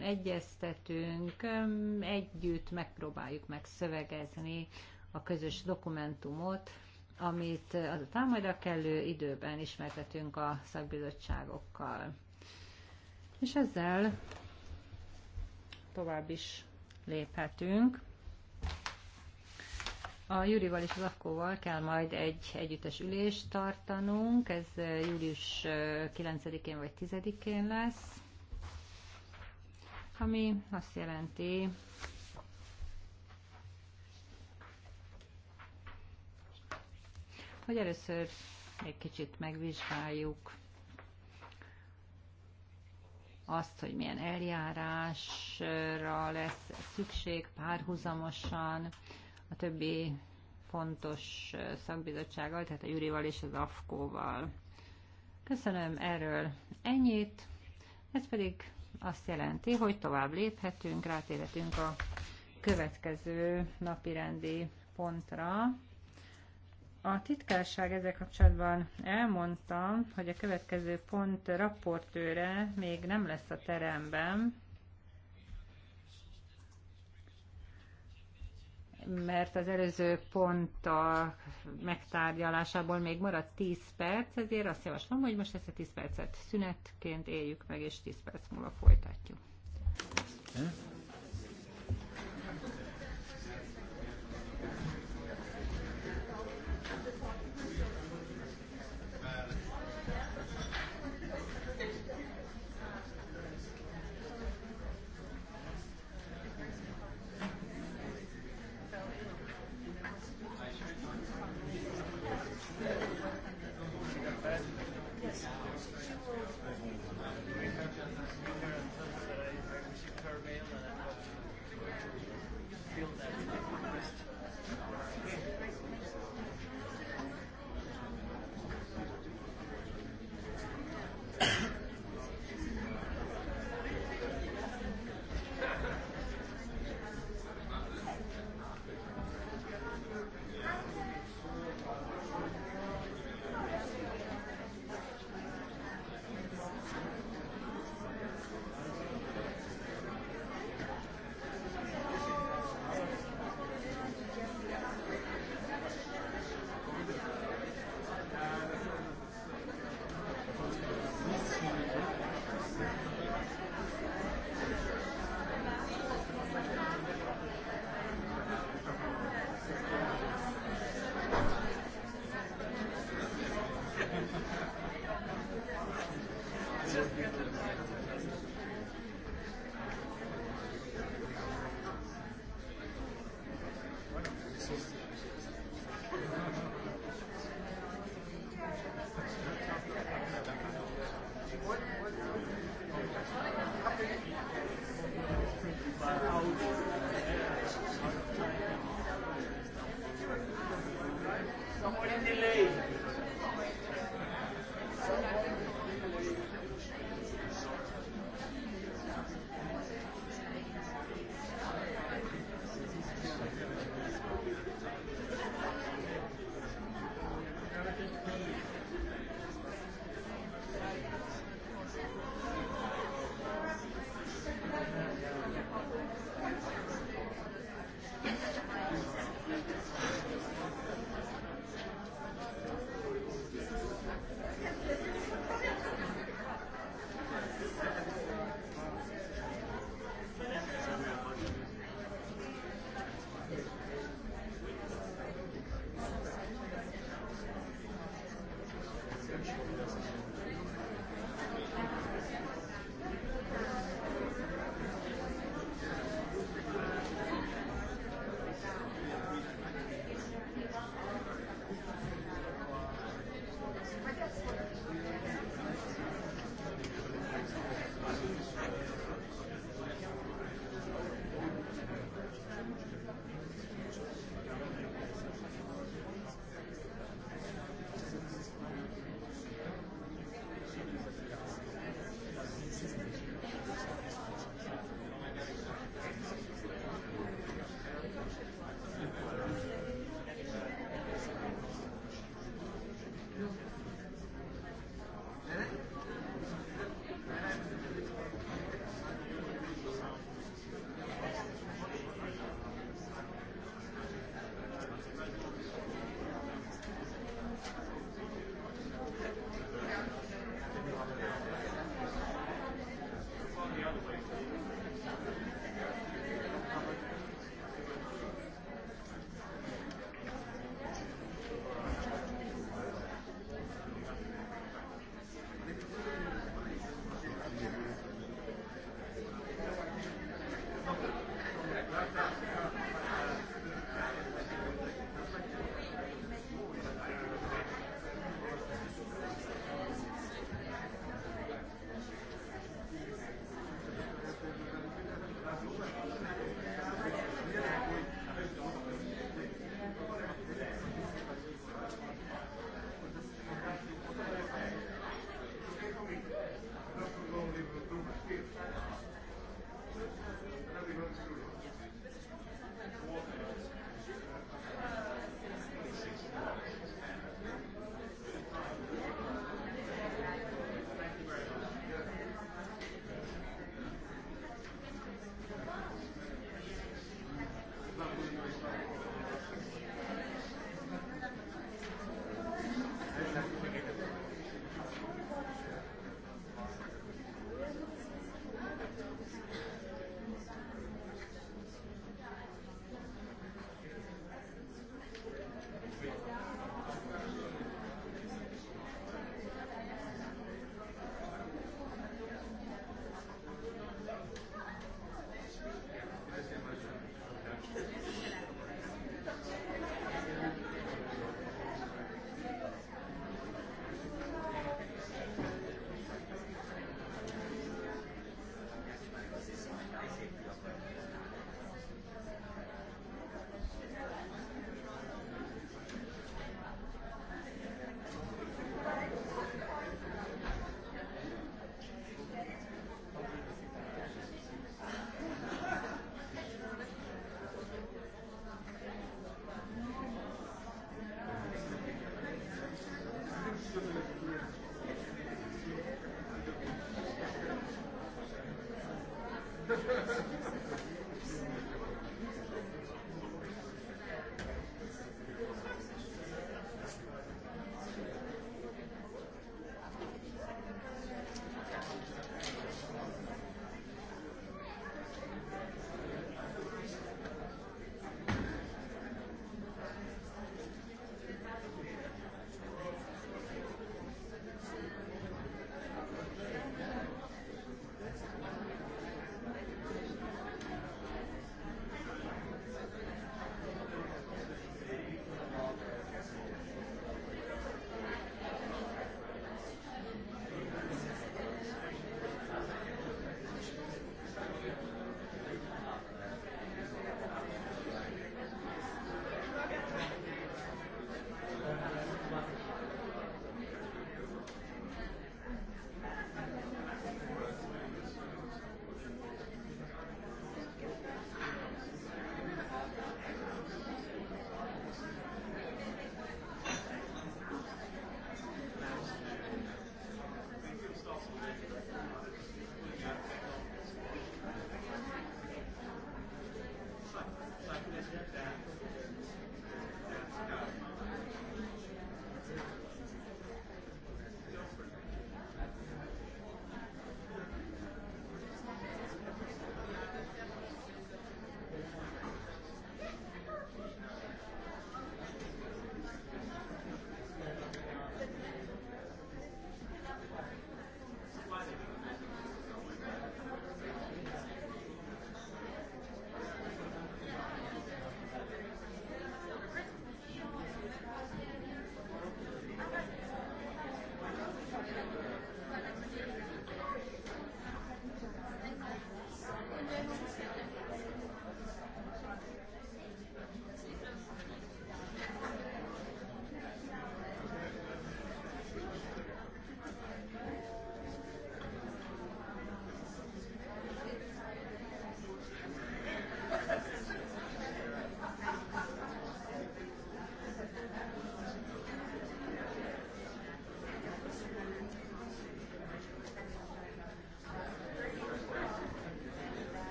S3: egyeztetünk, együtt megpróbáljuk megszövegezni a közös dokumentumot, amit azután majd a kellő időben ismertetünk a szakbizottságokkal. És ezzel tovább is léphetünk. A Júrival és az Akkóval kell majd egy együttes ülést tartanunk, ez július 9-én vagy 10-én lesz, ami azt jelenti, hogy először egy kicsit megvizsgáljuk azt, hogy milyen eljárásra lesz szükség párhuzamosan, a többi fontos szakbizottsággal, tehát a Jurival és az AFKO-val. Köszönöm erről ennyit. Ez pedig azt jelenti, hogy tovább léphetünk, rátérhetünk a következő napirendi pontra. A titkárság ezzel kapcsolatban elmondta, hogy a következő pont raportőre még nem lesz a teremben, mert az előző pont a megtárgyalásából még maradt 10 perc, ezért azt javaslom, hogy most ezt a 10 percet szünetként éljük meg, és 10 perc múlva folytatjuk.
S1: Hm?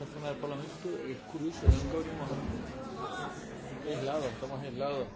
S1: esta zona del Parlamento es curioso, nunca aislado, estamos aislados.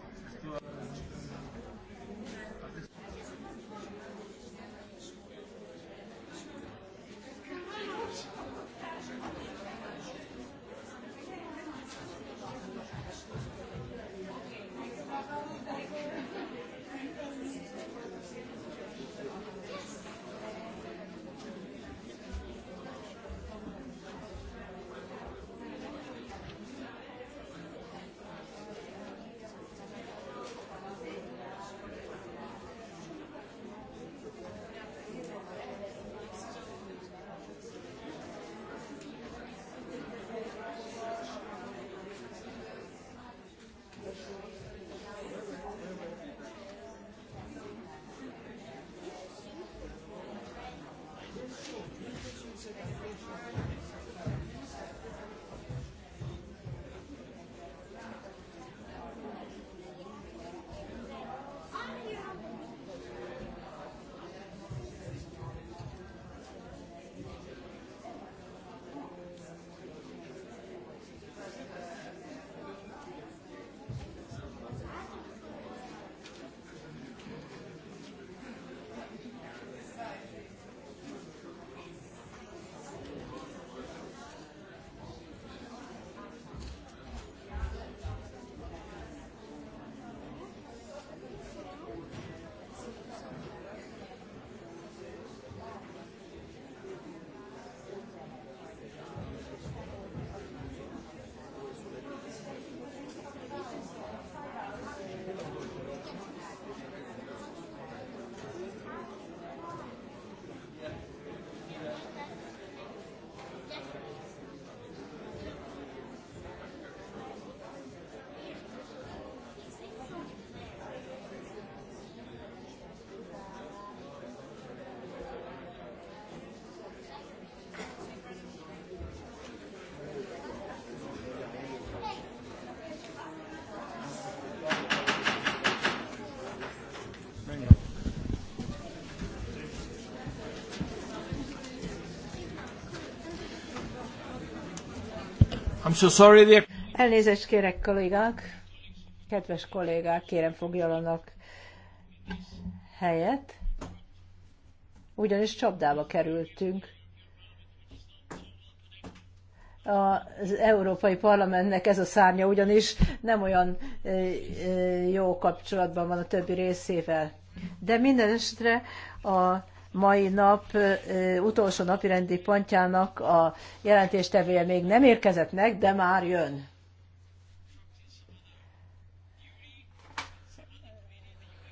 S1: I'm so sorry,
S2: Elnézést kérek, kollégák. Kedves kollégák, kérem foglaljanak helyet. Ugyanis csapdába kerültünk. Az Európai Parlamentnek ez a szárnya ugyanis nem olyan jó kapcsolatban van a többi részével. De minden esetre a mai nap utolsó napirendi pontjának a jelentéstevője még nem érkezett meg, de már jön.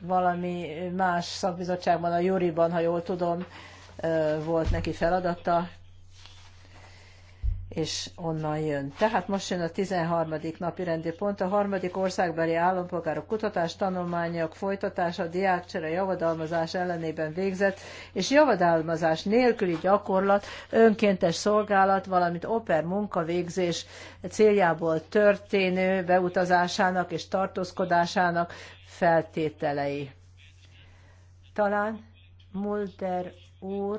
S2: Valami más szakbizottságban, a Juriban, ha jól tudom, volt neki feladata, és onnan jön. Tehát most jön a 13. napi rendi pont, a harmadik országbeli állampolgárok kutatás, tanulmányok folytatása, diákcsere, javadalmazás ellenében végzett, és javadalmazás nélküli gyakorlat, önkéntes szolgálat, valamint oper munkavégzés céljából történő beutazásának és tartózkodásának feltételei. Talán Mulder úr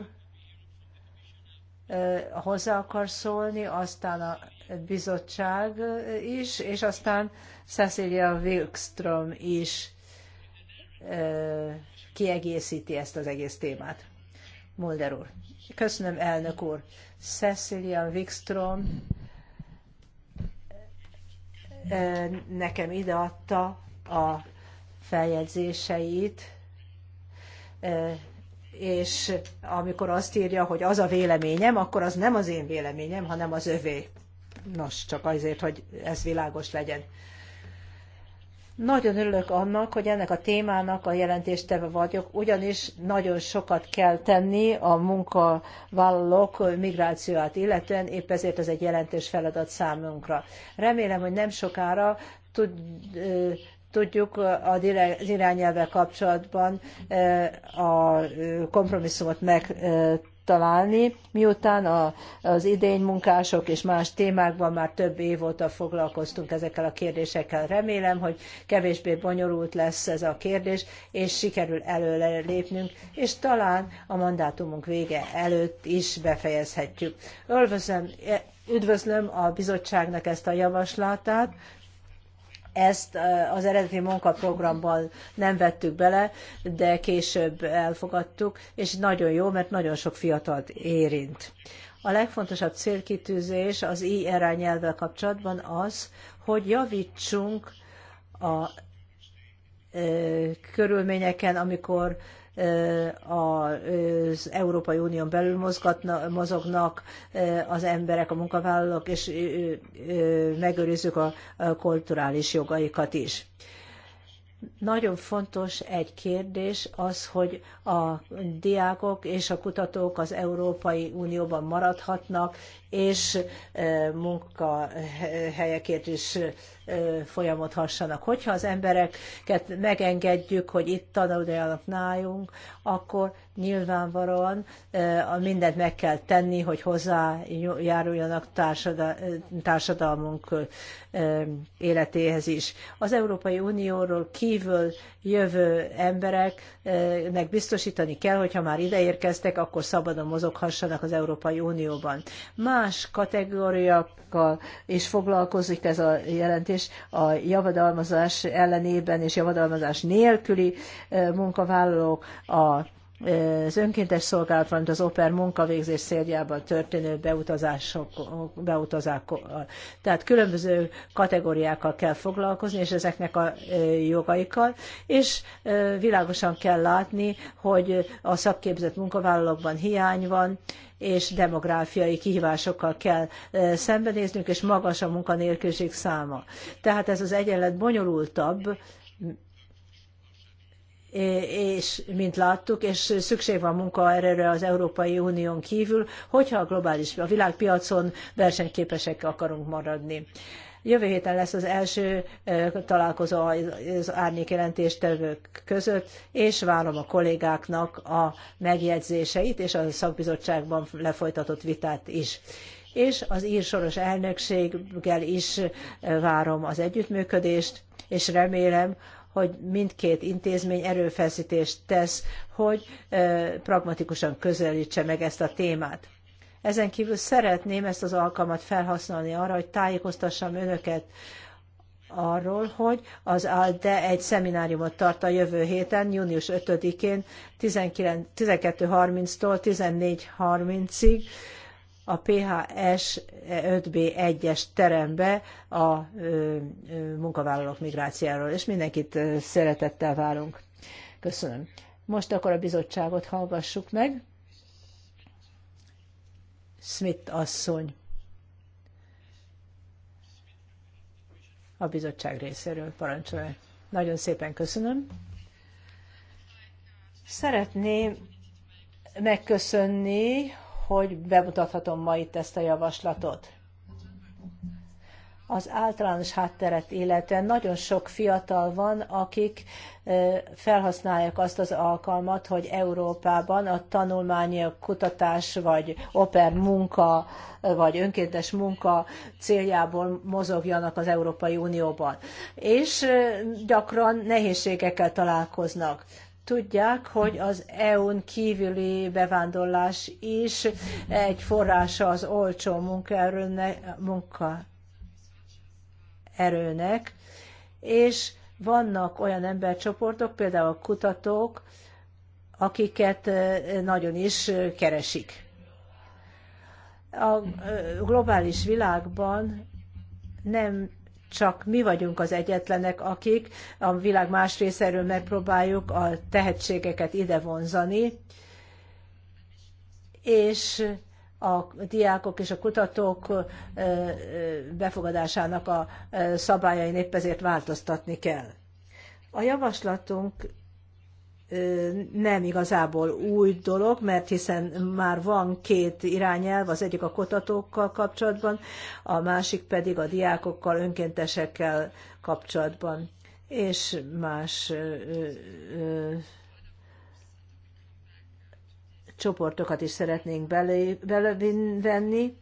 S2: hozzá akar szólni, aztán a bizottság is, és aztán Cecilia Wilkström is kiegészíti ezt az egész témát. Mulder úr. Köszönöm, elnök úr. Cecilia Wikström nekem ideadta a feljegyzéseit és amikor azt írja, hogy az a véleményem, akkor az nem az én véleményem, hanem az övé. Nos, csak azért, hogy ez világos legyen. Nagyon örülök annak, hogy ennek a témának a jelentésteve vagyok, ugyanis nagyon sokat kell tenni a munkavállalók migrációját illetően, épp ezért ez egy jelentős feladat számunkra. Remélem, hogy nem sokára tud, tudjuk az irányelvvel kapcsolatban a kompromisszumot megtalálni, miután az idény munkások és más témákban már több év óta foglalkoztunk ezekkel a kérdésekkel. Remélem, hogy kevésbé bonyolult lesz ez a kérdés, és sikerül előre lépnünk, és talán a mandátumunk vége előtt is befejezhetjük. Ölvözöm, e, üdvözlöm a bizottságnak ezt a javaslatát, ezt az eredeti munkaprogramban nem vettük bele, de később elfogadtuk, és nagyon jó, mert nagyon sok fiatalt érint. A legfontosabb célkitűzés az IRA nyelvvel kapcsolatban az, hogy javítsunk a körülményeken, amikor az Európai Unión belül mozognak az emberek, a munkavállalók, és megőrizzük a kulturális jogaikat is. Nagyon fontos egy kérdés az, hogy a diákok és a kutatók az Európai Unióban maradhatnak, és munkahelyekért is folyamodhassanak. Hogyha az embereket megengedjük, hogy itt tanuljanak nájunk, akkor nyilvánvalóan mindent meg kell tenni, hogy hozzájáruljanak társadalmunk életéhez is. Az Európai Unióról kívül jövő embereknek biztosítani kell, hogyha már ideérkeztek, akkor szabadon mozoghassanak az Európai Unióban. Más kategóriákkal is foglalkozik ez a jelentés, és a javadalmazás ellenében és javadalmazás nélküli munkavállalók, a az önkéntes szolgálat, valamint az oper munkavégzés céljában történő beutazások, beutazák, tehát különböző kategóriákkal kell foglalkozni, és ezeknek a jogaikkal, és világosan kell látni, hogy a szakképzett munkavállalókban hiány van, és demográfiai kihívásokkal kell szembenéznünk, és magas a munkanélküliség száma. Tehát ez az egyenlet bonyolultabb, és mint láttuk, és szükség van munkaerőre az Európai Unión kívül, hogyha a globális, a világpiacon versenyképesek akarunk maradni. Jövő héten lesz az első találkozó az árnyékjelentéstevők között, és várom a kollégáknak a megjegyzéseit, és a szakbizottságban lefolytatott vitát is és az ír soros elnökséggel is várom az együttműködést, és remélem, hogy mindkét intézmény erőfeszítést tesz, hogy pragmatikusan közelítse meg ezt a témát. Ezen kívül szeretném ezt az alkalmat felhasználni arra, hogy tájékoztassam önöket arról, hogy az ALDE egy szemináriumot tart a jövő héten, június 5-én 12.30-tól 14.30-ig a PHS 5B1-es terembe a munkavállalók migráciáról, és mindenkit szeretettel várunk. Köszönöm. Most akkor a bizottságot hallgassuk meg. Smith asszony a bizottság részéről parancsolja. Nagyon szépen köszönöm. Szeretném megköszönni, hogy bemutathatom ma itt ezt a javaslatot. Az általános hátteret illetően nagyon sok fiatal van, akik felhasználják azt az alkalmat, hogy Európában a a kutatás, vagy oper munka, vagy önkéntes munka céljából mozogjanak az Európai Unióban. És gyakran nehézségekkel találkoznak Tudják, hogy az EU-n kívüli bevándorlás is egy forrása az olcsó munkaerőnek, munkaerőnek és vannak olyan embercsoportok, például a kutatók, akiket nagyon is keresik. A globális világban nem csak mi vagyunk az egyetlenek, akik a világ más részéről megpróbáljuk a tehetségeket ide vonzani, és a diákok és a kutatók befogadásának a szabályain épp ezért változtatni kell. A javaslatunk nem igazából új dolog, mert hiszen már van két irányelv, az egyik a kotatókkal kapcsolatban, a másik pedig a diákokkal, önkéntesekkel kapcsolatban, és más ö, ö, csoportokat is szeretnénk belevenni,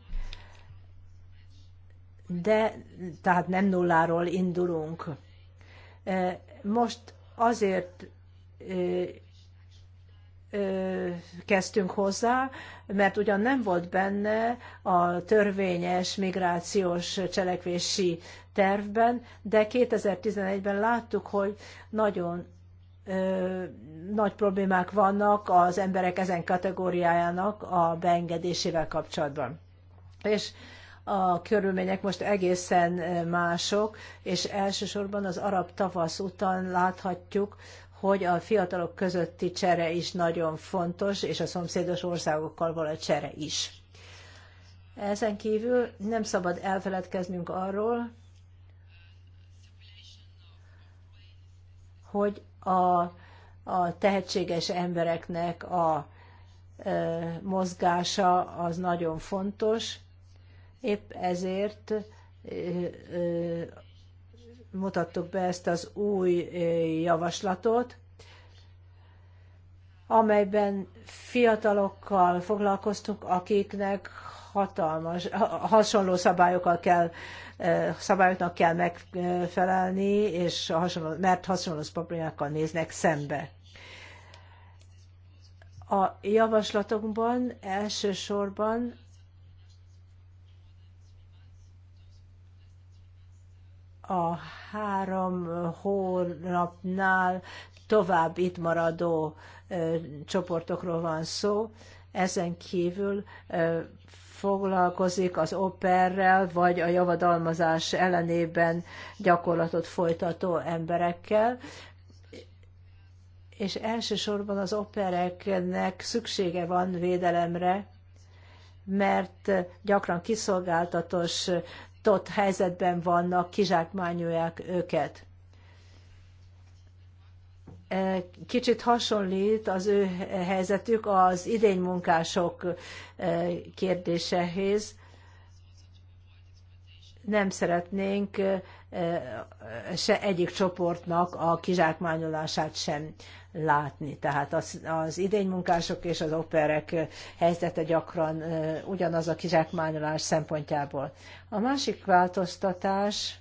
S2: de tehát nem nulláról indulunk. Most azért kezdtünk hozzá, mert ugyan nem volt benne a törvényes migrációs cselekvési tervben, de 2011-ben láttuk, hogy nagyon nagy problémák vannak az emberek ezen kategóriájának a beengedésével kapcsolatban. És a körülmények most egészen mások, és elsősorban az arab tavasz után láthatjuk, hogy a fiatalok közötti csere is nagyon fontos, és a szomszédos országokkal való csere is. Ezen kívül nem szabad elfeledkeznünk arról, hogy a, a tehetséges embereknek a e, mozgása az nagyon fontos, épp ezért mutattuk be ezt az új javaslatot, amelyben fiatalokkal foglalkoztunk, akiknek hatalmas, hasonló szabályokkal kell, szabályoknak kell megfelelni, és hasonló, mert hasonló problémákkal néznek szembe. A javaslatokban elsősorban a három hónapnál tovább itt maradó csoportokról van szó. Ezen kívül foglalkozik az operrel, vagy a javadalmazás ellenében gyakorlatot folytató emberekkel. És elsősorban az opereknek szüksége van védelemre, mert gyakran kiszolgáltatos kiszolgáltatott helyzetben vannak, kizsákmányolják őket. E, kicsit hasonlít az ő helyzetük az idénymunkások e, kérdésehez. Nem szeretnénk e, se egyik csoportnak a kizsákmányolását sem látni. Tehát az, az idénymunkások és az operek helyzete gyakran ugyanaz a kizsákmányolás szempontjából. A másik változtatás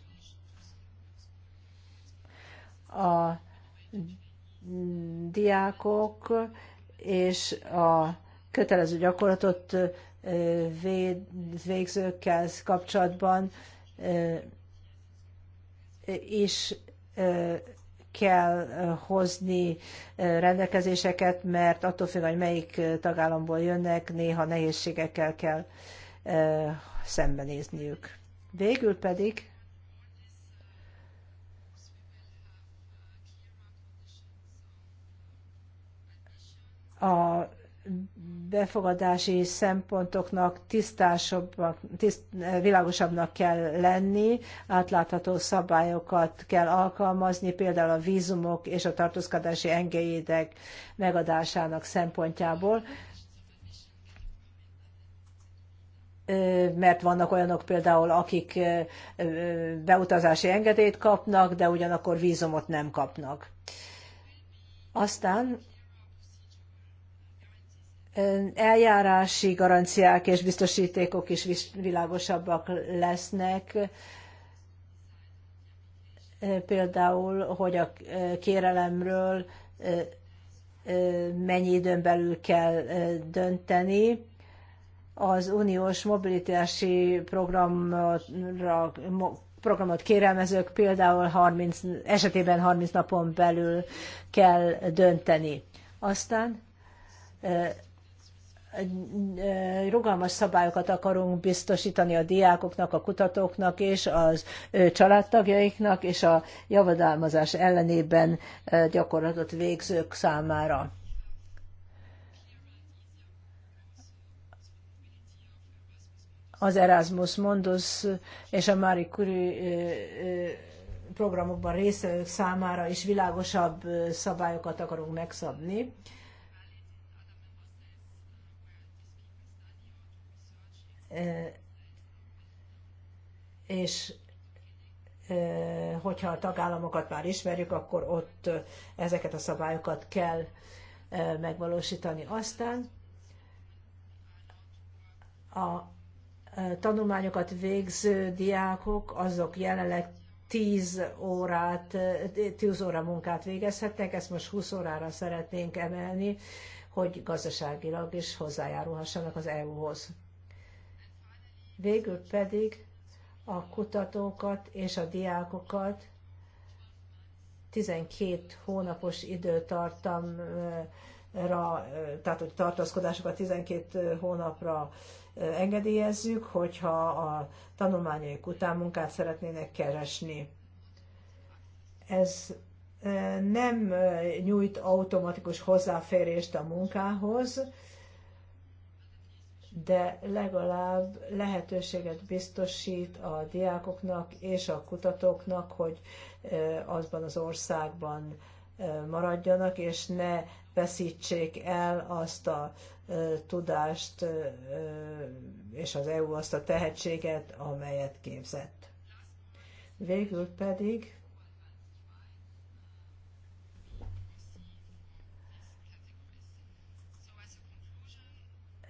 S2: a diákok és a kötelező gyakorlatot végzőkkel kapcsolatban is kell hozni rendelkezéseket, mert attól függ, hogy melyik tagállamból jönnek, néha nehézségekkel kell szembenézniük. Végül pedig a befogadási szempontoknak tisztásabbnak, tiszt, világosabbnak kell lenni, átlátható szabályokat kell alkalmazni, például a vízumok és a tartózkodási engedélyek megadásának szempontjából, mert vannak olyanok például, akik beutazási engedélyt kapnak, de ugyanakkor vízumot nem kapnak. Aztán eljárási garanciák és biztosítékok is világosabbak lesznek, például, hogy a kérelemről mennyi időn belül kell dönteni. Az uniós mobilitási programra, programot kérelmezők például 30, esetében 30 napon belül kell dönteni. Aztán rugalmas szabályokat akarunk biztosítani a diákoknak, a kutatóknak és az családtagjaiknak és a javadalmazás ellenében gyakorlatot végzők számára. Az Erasmus Mundus és a Marie Curie programokban résztvevők számára is világosabb szabályokat akarunk megszabni és hogyha a tagállamokat már ismerjük, akkor ott ezeket a szabályokat kell megvalósítani. Aztán a tanulmányokat végző diákok, azok jelenleg 10 órát, 10 óra munkát végezhetnek, ezt most 20 órára szeretnénk emelni, hogy gazdaságilag is hozzájárulhassanak az EU-hoz végül pedig a kutatókat és a diákokat 12 hónapos időtartamra, tehát hogy tartózkodásokat 12 hónapra engedélyezzük, hogyha a tanulmányaik után munkát szeretnének keresni. Ez nem nyújt automatikus hozzáférést a munkához, de legalább lehetőséget biztosít a diákoknak és a kutatóknak, hogy azban az országban maradjanak, és ne veszítsék el azt a tudást és az EU azt a tehetséget, amelyet képzett. Végül pedig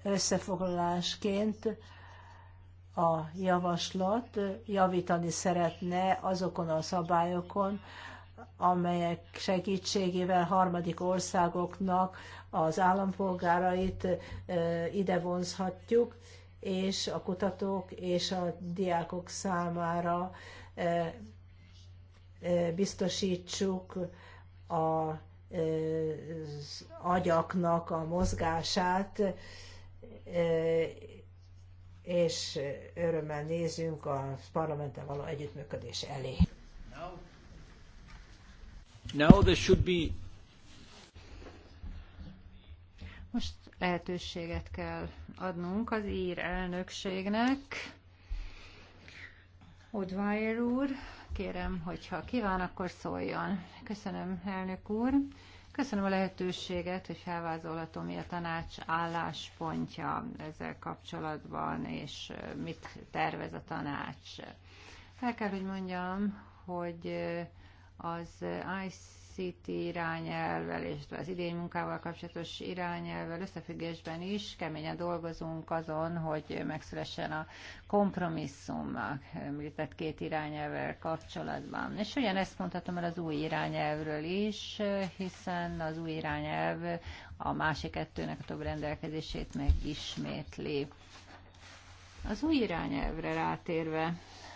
S2: összefoglalásként a javaslat javítani szeretne azokon a szabályokon, amelyek segítségével harmadik országoknak az állampolgárait ide vonzhatjuk, és a kutatók és a diákok számára biztosítsuk az agyaknak a mozgását, E, és örömmel nézünk a parlamenttel való együttműködés elé.
S3: Now there should be... Most lehetőséget kell adnunk az ír elnökségnek. Odvájer úr, kérem, hogyha kíván, akkor szóljon. Köszönöm, elnök úr. Köszönöm a lehetőséget, hogy felvázolhatom, mi a tanács álláspontja ezzel kapcsolatban, és mit tervez a tanács. Fel kell, hogy mondjam, hogy az IC ICT irányelvvel, és az idény munkával kapcsolatos irányelvvel összefüggésben is keményen dolgozunk azon, hogy megszülessen a kompromisszum a említett két irányelvvel kapcsolatban. És ezt mondhatom el az új irányelvről is, hiszen az új irányelv a másik kettőnek a több rendelkezését megismétli. Az új irányelvre rátérve,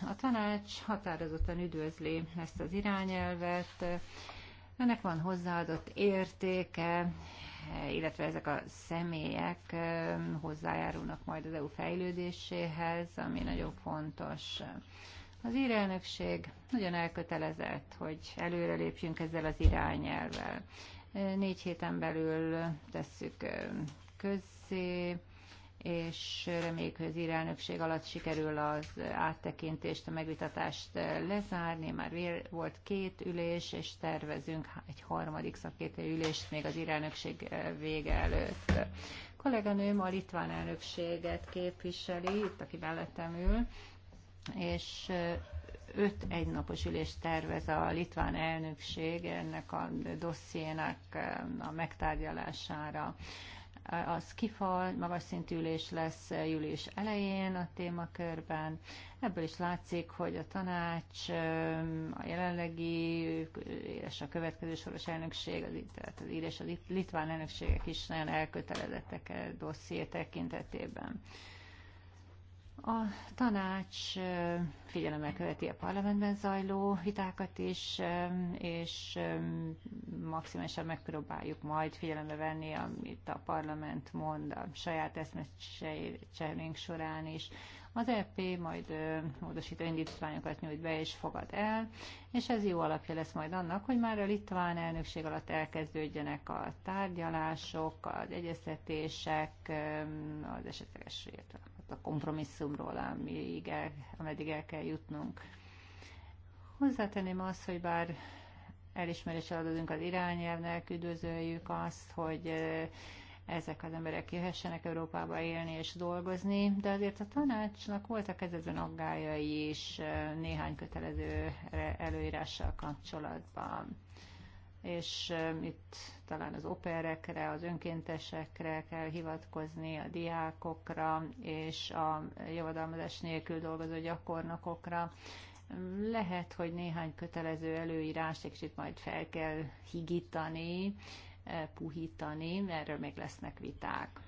S3: a tanács határozottan üdvözli ezt az irányelvet, ennek van hozzáadott értéke, illetve ezek a személyek hozzájárulnak majd az EU fejlődéséhez, ami nagyon fontos. Az írelnökség nagyon elkötelezett, hogy előrelépjünk ezzel az irányelvel. Négy héten belül tesszük közzé, és reméljük, hogy az irelnökség alatt sikerül az áttekintést, a megvitatást lezárni. Már volt két ülés, és tervezünk egy harmadik szakértői ülést még az irelnökség vége előtt. A kolléganőm a litván elnökséget képviseli, itt aki mellettem ül, és öt egynapos ülést tervez a litván elnökség ennek a dossziénak a megtárgyalására az kifal, magas szintű ülés lesz eh, július elején a témakörben. Ebből is látszik, hogy a tanács, eh, a jelenlegi eh, és a következő soros elnökség, az, tehát az ír és a litván elnökségek is nagyon elkötelezettek a e dosszié tekintetében. A tanács figyelemmel követi a parlamentben zajló vitákat is, és maximálisan megpróbáljuk majd figyelembe venni, amit a parlament mond a saját eszmecserénk során is. Az EP majd módosító indítványokat nyújt be és fogad el, és ez jó alapja lesz majd annak, hogy már a litván elnökség alatt elkezdődjenek a tárgyalások, az egyeztetések, az esetleges a kompromisszumról, amíg el, ameddig el kell jutnunk. Hozzátenném azt, hogy bár elismeréssel adunk az irányelvnek, üdvözöljük azt, hogy ezek az emberek jöhessenek Európába élni és dolgozni, de azért a tanácsnak voltak ezekben aggájai is néhány kötelező előírással kapcsolatban és itt talán az operekre, az önkéntesekre kell hivatkozni, a diákokra és a javadalmazás nélkül dolgozó gyakornokokra. Lehet, hogy néhány kötelező előírást egy kicsit majd fel kell higítani, e, puhítani, erről még lesznek viták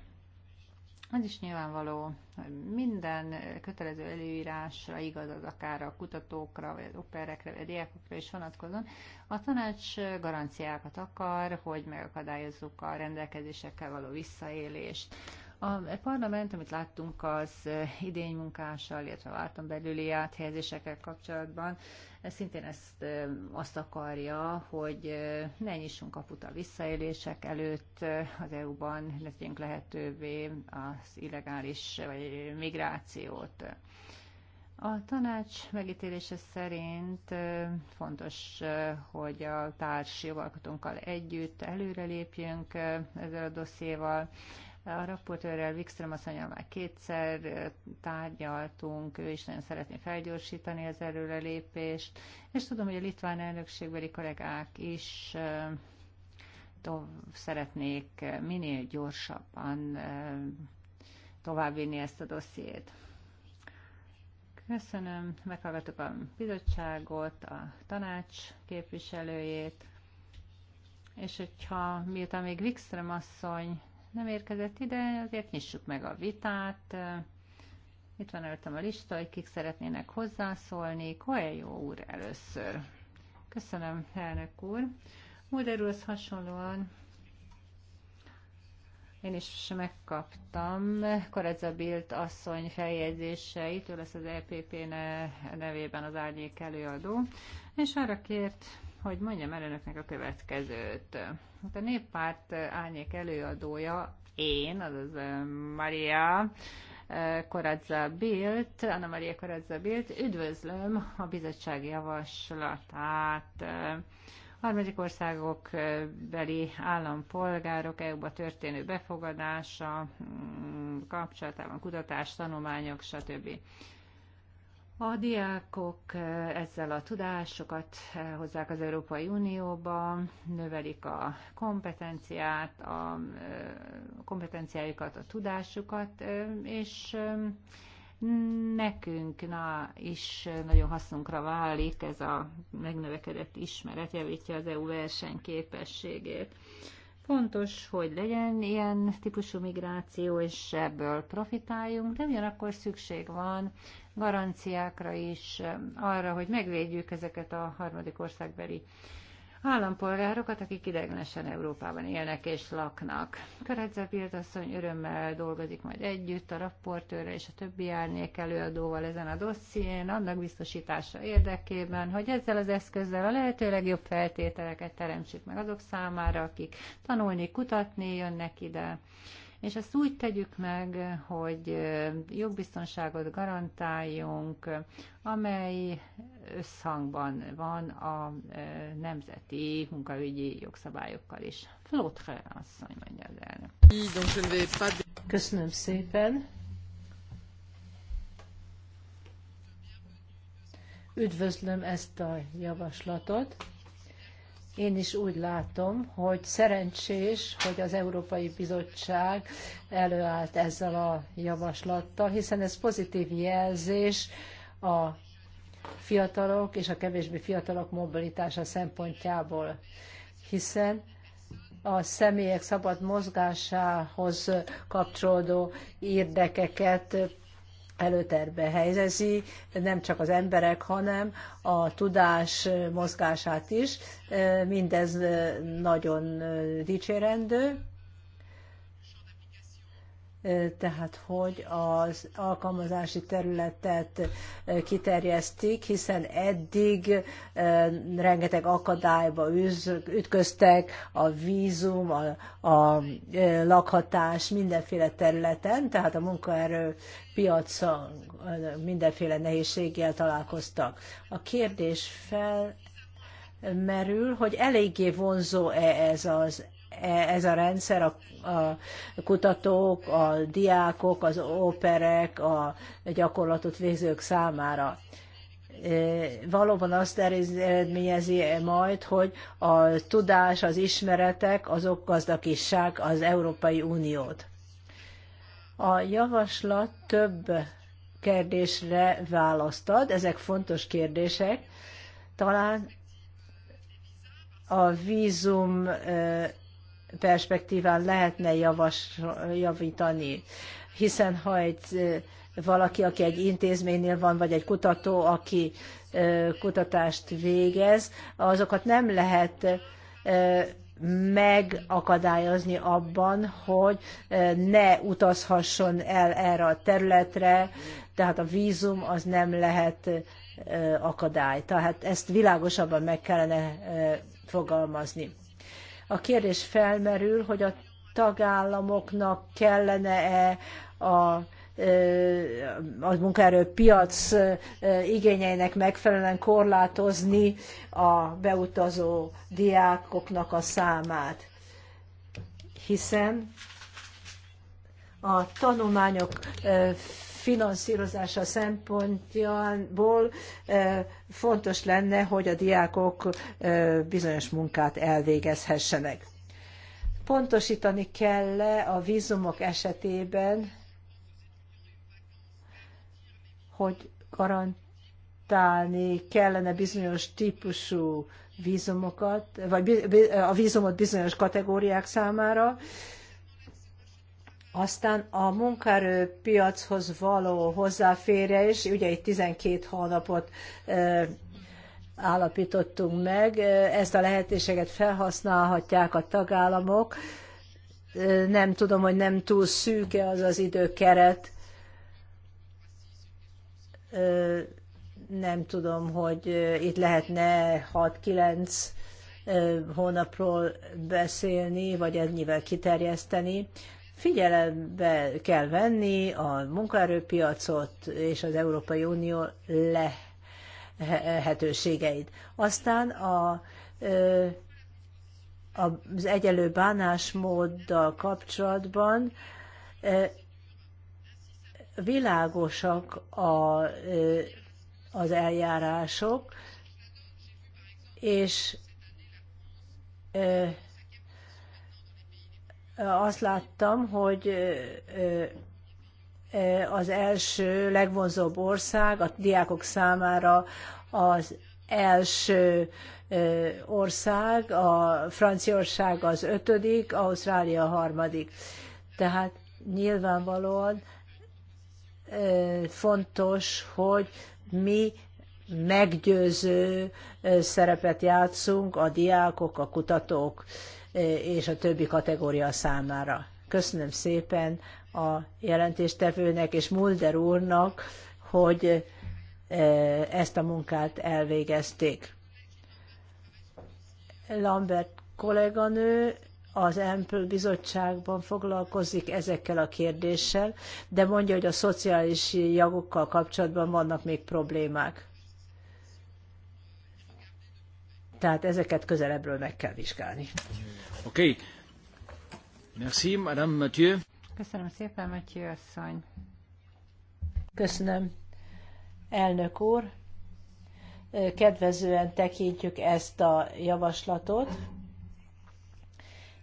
S3: az is nyilvánvaló, hogy minden kötelező előírásra igaz az akár a kutatókra, vagy az operekre, vagy a diákokra is vonatkozóan. A tanács garanciákat akar, hogy megakadályozzuk a rendelkezésekkel való visszaélést. A parlament, amit láttunk az eh, idény munkással, illetve váltam belüli áthelyezésekkel kapcsolatban, eh, szintén ezt eh, azt akarja, hogy ne nyissunk kaput a visszaélések előtt az EU-ban, ne tegyünk lehetővé az illegális vagy migrációt. A tanács megítélése szerint fontos, hogy a társ jogalkotónkkal együtt előrelépjünk ezzel a dosszéval, a rapportőrrel Wikström asszonyal már kétszer tárgyaltunk, ő is nagyon szeretné felgyorsítani az előrelépést, és tudom, hogy a litván elnökségbeli kollégák is tov, szeretnék minél gyorsabban továbbvinni ezt a dossziét. Köszönöm, meghallgattuk a bizottságot, a tanács képviselőjét, és hogyha miután még Wikström asszony nem érkezett ide, azért nyissuk meg a vitát. Itt van előttem a lista, hogy kik szeretnének hozzászólni. jó úr először. Köszönöm, elnök úr. Mulder úr, hasonlóan én is megkaptam Koredza Bilt asszony feljegyzéseit, ő lesz az EPP nevében az árnyék előadó, és arra kért, hogy mondjam el önöknek a következőt. Hát a néppárt eh, álnyék előadója, én, azaz eh, Maria Koradza eh, Bilt, Anna Maria Koradza Bilt, üdvözlöm a bizottság javaslatát harmadik országok beli állampolgárok EU-ba történő befogadása, mm, kapcsolatában kutatás, tanulmányok, stb. A diákok eh, ezzel a tudásokat eh, hozzák az Európai Unióba, növelik a kompetenciát, a eh, kompetenciájukat, a tudásukat, és nekünk na, is nagyon hasznunkra válik ez a megnövekedett ismeret, javítja az EU versenyképességét. Fontos, hogy legyen ilyen típusú migráció, és ebből profitáljunk, de ugyanakkor szükség van garanciákra is, eh, arra, hogy megvédjük ezeket a harmadik országbeli állampolgárokat, akik ideiglenesen Európában élnek és laknak. Karadza asszony örömmel dolgozik majd együtt a rapportőre és a többi árnyék előadóval ezen a dosszién, annak biztosítása érdekében, hogy ezzel az eszközzel a lehető legjobb feltételeket teremtsük meg azok számára, akik tanulni, kutatni jönnek ide, és ezt úgy tegyük meg, hogy jogbiztonságot garantáljunk, amely összhangban van a e, nemzeti munkaügyi jogszabályokkal is. Flotre asszony mondja az elnök.
S2: Köszönöm szépen. Üdvözlöm ezt a javaslatot én is úgy látom, hogy szerencsés, hogy az Európai Bizottság előállt ezzel a javaslattal, hiszen ez pozitív jelzés a fiatalok és a kevésbé fiatalok mobilitása szempontjából, hiszen a személyek szabad mozgásához kapcsolódó érdekeket előterbe helyezi nem csak az emberek, hanem a tudás mozgását is. Mindez nagyon dicsérendő tehát hogy az alkalmazási területet kiterjesztik, hiszen eddig rengeteg akadályba ütköztek a vízum, a, a lakhatás mindenféle területen, tehát a munkaerő piacon mindenféle nehézséggel találkoztak. A kérdés fel merül, hogy eléggé vonzó-e ez az ez a rendszer a, a kutatók, a diákok, az óperek, a gyakorlatot végzők számára e, valóban azt eredményezi majd, hogy a tudás, az ismeretek, azok gazdagisság az Európai Uniót. A javaslat több kérdésre választad. ezek fontos kérdések. Talán a vízum e, perspektíván lehetne javas, javítani. Hiszen ha egy valaki, aki egy intézménynél van, vagy egy kutató, aki kutatást végez, azokat nem lehet megakadályozni abban, hogy ne utazhasson el erre a területre, tehát a vízum az nem lehet akadály. Tehát ezt világosabban meg kellene fogalmazni. A kérdés felmerül, hogy a tagállamoknak kellene-e a az munkaerőpiac igényeinek megfelelően korlátozni a beutazó diákoknak a számát. Hiszen a tanulmányok finanszírozása szempontjából eh, fontos lenne, hogy a diákok eh, bizonyos munkát elvégezhessenek. Pontosítani kell -e a vízumok esetében, hogy garantálni kellene bizonyos típusú vízumokat, vagy a vízumot bizonyos kategóriák számára, aztán a munkaerőpiachoz való hozzáférés, ugye itt 12 hónapot állapítottunk meg, ezt a lehetőséget felhasználhatják a tagállamok. Nem tudom, hogy nem túl szűke az az időkeret. Nem tudom, hogy itt lehetne 6-9 hónapról beszélni, vagy ennyivel kiterjeszteni Figyelembe kell venni a munkaerőpiacot és az Európai Unió lehetőségeit. Aztán a az egyelő bánásmóddal kapcsolatban világosak a, az eljárások, és azt láttam, hogy az első legvonzóbb ország a diákok számára az első ország, a Franciaország az ötödik, Ausztrália a harmadik. Tehát nyilvánvalóan fontos, hogy mi meggyőző szerepet játszunk, a diákok, a kutatók és a többi kategória számára. Köszönöm szépen a jelentéstevőnek és Mulder úrnak, hogy e, ezt a munkát elvégezték. Lambert kolléganő az Ample bizottságban foglalkozik ezekkel a kérdéssel, de mondja, hogy a szociális jogokkal kapcsolatban vannak még problémák. Tehát ezeket közelebbről meg kell vizsgálni.
S1: Oké. Okay. Merci, Madame Mathieu.
S2: Köszönöm szépen, Mathieu asszony. Köszönöm, elnök úr. Kedvezően tekintjük ezt a javaslatot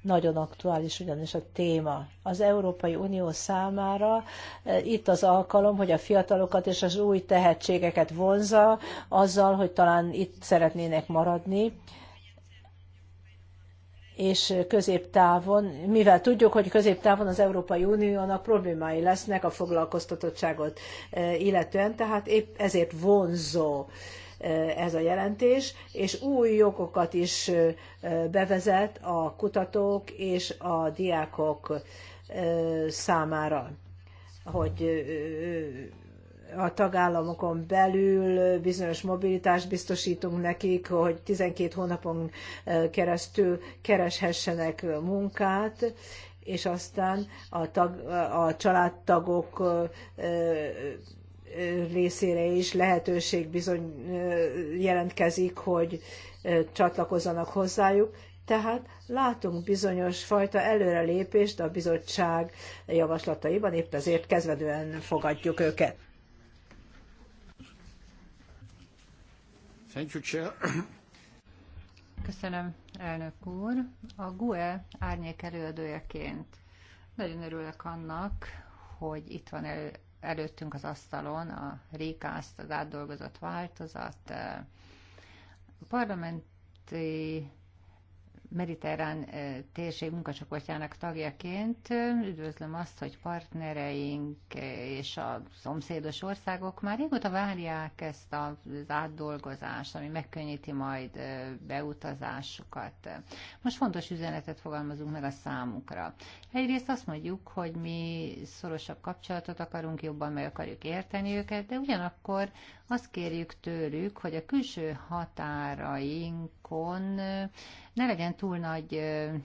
S2: nagyon aktuális ugyanis a téma. Az Európai Unió számára e, itt az alkalom, hogy a fiatalokat és az új tehetségeket vonza azzal, hogy talán itt szeretnének maradni és középtávon, mivel tudjuk, hogy középtávon az Európai Uniónak problémái lesznek a foglalkoztatottságot e, illetően, tehát épp ezért vonzó Eh, ez a jelentés, és új jogokat is eh, bevezet a kutatók és a diákok eh, számára, hogy a tagállamokon belül bizonyos mobilitást biztosítunk nekik, hogy 12 hónapon keresztül kereshessenek munkát, és aztán a, tag, a családtagok részére is lehetőség bizony jelentkezik, hogy csatlakozzanak hozzájuk. Tehát látunk bizonyos fajta előrelépést a bizottság javaslataiban, épp ezért kezdvedően fogadjuk őket.
S1: Thank you, Chair.
S2: Köszönöm, elnök
S3: úr. A GUE árnyék előadójaként nagyon örülök annak, hogy itt van el előttünk az asztalon a rékászt, az átdolgozott változat. A parlamenti mediterrán térség munkacsoportjának tagjaként üdvözlöm azt, hogy partnereink és a szomszédos országok már régóta várják ezt az átdolgozást, ami megkönnyíti majd beutazásukat. Most fontos üzenetet fogalmazunk meg a számukra. Egyrészt azt mondjuk, hogy mi szorosabb kapcsolatot akarunk, jobban meg akarjuk érteni őket, de ugyanakkor azt kérjük tőlük, hogy a külső határainkon ne legyen túl nagy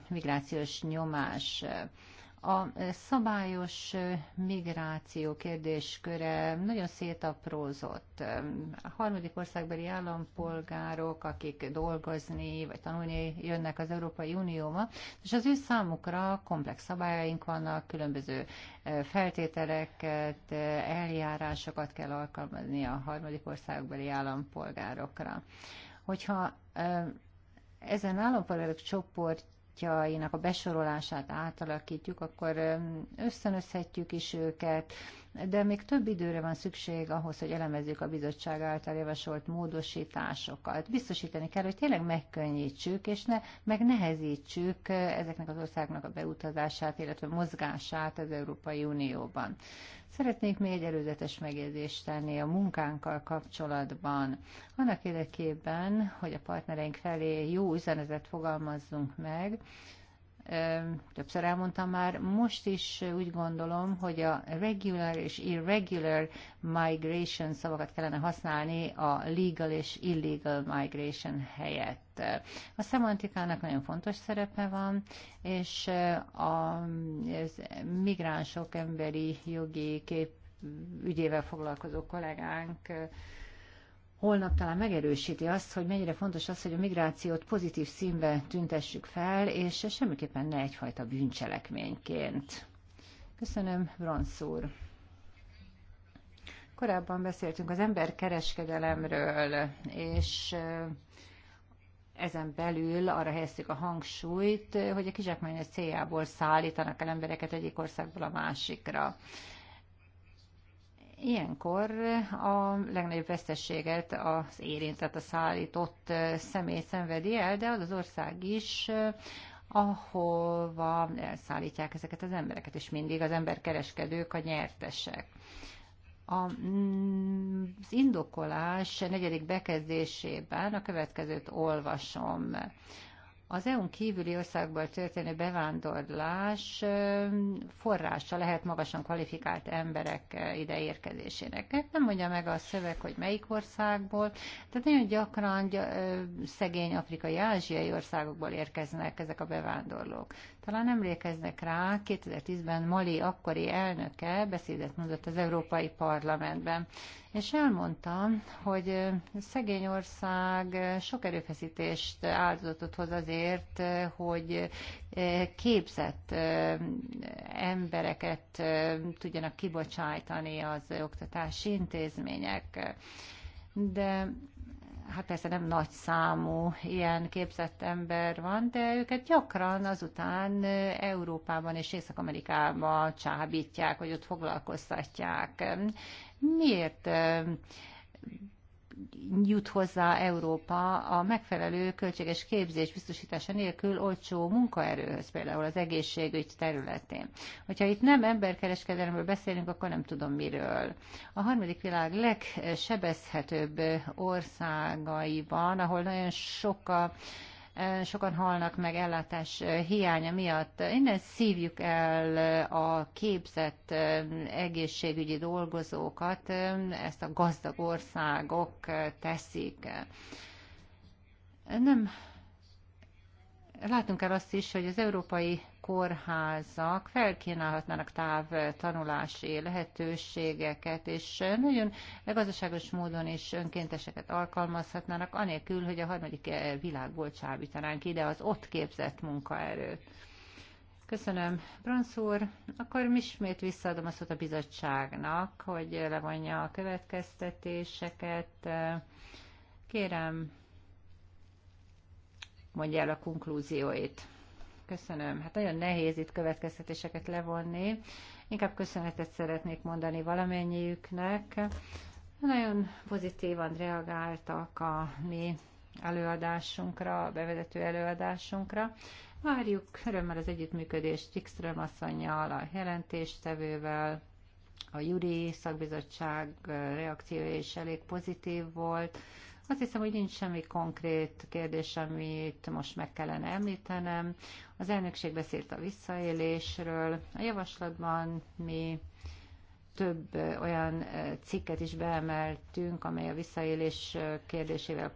S3: migrációs nyomás. A szabályos migráció kérdésköre nagyon szétaprózott. A harmadik országbeli állampolgárok, akik dolgozni vagy tanulni jönnek az Európai Unióba, és az ő számukra komplex szabályaink vannak, különböző feltételeket, eljárásokat kell alkalmazni a harmadik országbeli állampolgárokra. Hogyha ezen állampolgárok csoport csoportjainak a besorolását átalakítjuk, akkor ösztönözhetjük is őket, de még több időre van szükség ahhoz, hogy elemezzük a bizottság által javasolt módosításokat. Biztosítani kell, hogy tényleg megkönnyítsük, és ne, megnehezítsük ezeknek az országnak a beutazását, illetve mozgását az Európai Unióban. Szeretnék még egy előzetes megjegyzést tenni a munkánkkal kapcsolatban. Annak érdekében, hogy a partnereink felé jó üzenetet fogalmazzunk meg, többször elmondtam már, most is úgy gondolom, hogy a regular és irregular migration szavakat kellene használni a legal és illegal migration helyett. A szemantikának nagyon fontos szerepe van, és a migránsok emberi jogi kép ügyével foglalkozó kollégánk holnap talán megerősíti azt, hogy mennyire fontos az, hogy a migrációt pozitív színbe tüntessük fel, és semmiképpen ne egyfajta bűncselekményként. Köszönöm, Bronsz úr. Korábban beszéltünk az emberkereskedelemről, és eh, ezen belül arra helyeztük a hangsúlyt, hogy a kizsákmányos céljából szállítanak el embereket egyik országból a másikra. Ilyenkor a legnagyobb vesztességet az érintett, a szállított személy szenvedi el, de az az ország is, ahova elszállítják ezeket az embereket, és mindig az emberkereskedők a nyertesek. A, az indokolás negyedik bekezdésében a következőt olvasom. Az EU-n kívüli országból történő bevándorlás forrása lehet magasan kvalifikált emberek ide érkezésének. Hát nem mondja meg a szöveg, hogy melyik országból, tehát nagyon gyakran szegény afrikai, ázsiai országokból érkeznek ezek a bevándorlók. Talán emlékeznek rá, 2010-ben Mali akkori elnöke beszédet mondott az Európai Parlamentben, és elmondta, hogy szegény ország sok erőfeszítést áldozatot hoz azért, hogy képzett eh, embereket eh, tudjanak kibocsájtani az oktatási intézmények. De hát persze nem nagy számú ilyen képzett ember van, de őket gyakran azután Európában és Észak-Amerikában csábítják, hogy ott foglalkoztatják. Miért jut hozzá Európa a megfelelő költséges képzés biztosítása nélkül olcsó munkaerőhöz, például az egészségügy területén. Hogyha itt nem emberkereskedelemről beszélünk, akkor nem tudom miről. A harmadik világ legsebezhetőbb országaiban, ahol nagyon sok a sokan halnak meg ellátás hiánya miatt. Innen szívjuk el a képzett egészségügyi dolgozókat, ezt a gazdag országok teszik. Nem Látunk el azt is, hogy az Európai kórházak felkínálhatnának táv tanulási lehetőségeket, és nagyon gazdaságos módon is önkénteseket alkalmazhatnának, anélkül, hogy a harmadik világból csábítanánk ide az ott képzett munkaerőt. Köszönöm, Bronsz úr. Akkor ismét visszaadom a szót a bizottságnak, hogy levonja a következtetéseket. Kérem, mondja el a konklúzióit. Köszönöm. Hát nagyon nehéz itt következtetéseket levonni. Inkább köszönetet szeretnék mondani valamennyiüknek. Nagyon pozitívan reagáltak a mi előadásunkra, a bevezető előadásunkra. Várjuk örömmel az együttműködést Wikström asszonynal, a jelentéstevővel, a Juri szakbizottság reakciója is elég pozitív volt. Azt hiszem, hogy nincs semmi konkrét kérdés, amit most meg kellene említenem. Az elnökség beszélt a visszaélésről. A javaslatban mi több olyan cikket is beemeltünk, amely a visszaélés kérdésével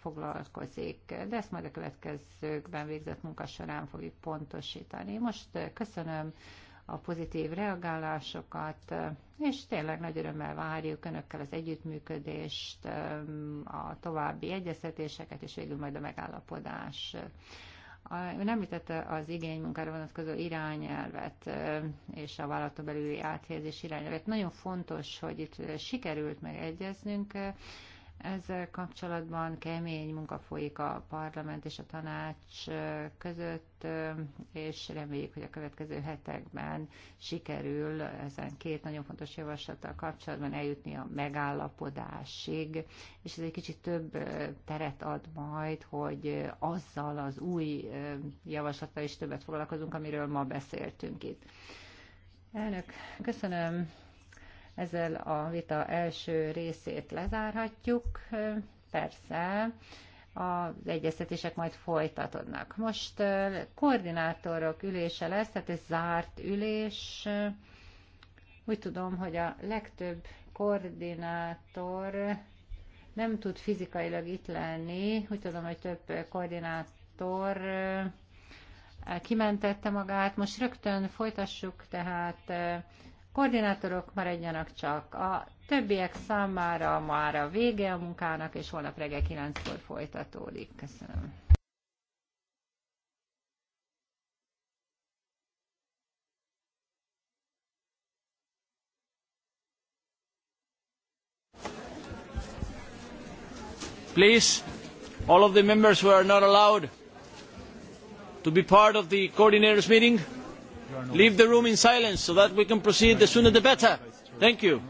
S3: foglalkozik, de ezt majd a következőkben végzett munka során fogjuk pontosítani. Most köszönöm a pozitív reagálásokat, és tényleg nagy örömmel várjuk önökkel az együttműködést, a további egyeztetéseket, és végül majd a megállapodás. Ön említette az igénymunkára vonatkozó irányelvet és a vállalatobelüli áthelyezés irányelvet. Nagyon fontos, hogy itt sikerült megegyeznünk ezzel kapcsolatban kemény munka folyik a parlament és a tanács között, és reméljük, hogy a következő hetekben sikerül ezen két nagyon fontos javaslattal kapcsolatban eljutni a megállapodásig, és ez egy kicsit több teret ad majd, hogy azzal az új javaslattal is többet foglalkozunk, amiről ma beszéltünk itt. Elnök, köszönöm. Ezzel a vita első részét lezárhatjuk. Persze, az egyeztetések majd folytatodnak Most koordinátorok ülése lesz, tehát ez zárt ülés. Úgy tudom, hogy a legtöbb koordinátor nem tud fizikailag itt lenni. Úgy tudom, hogy több koordinátor kimentette magát. Most rögtön folytassuk tehát koordinátorok maradjanak csak, a többiek számára már a vége a munkának, és holnap reggel 9-kor folytatódik. Köszönöm. Please, all of the members who are not allowed to be part of the coordinators meeting. Leave the room in silence so that we can proceed the
S2: sooner the better. Thank
S1: you.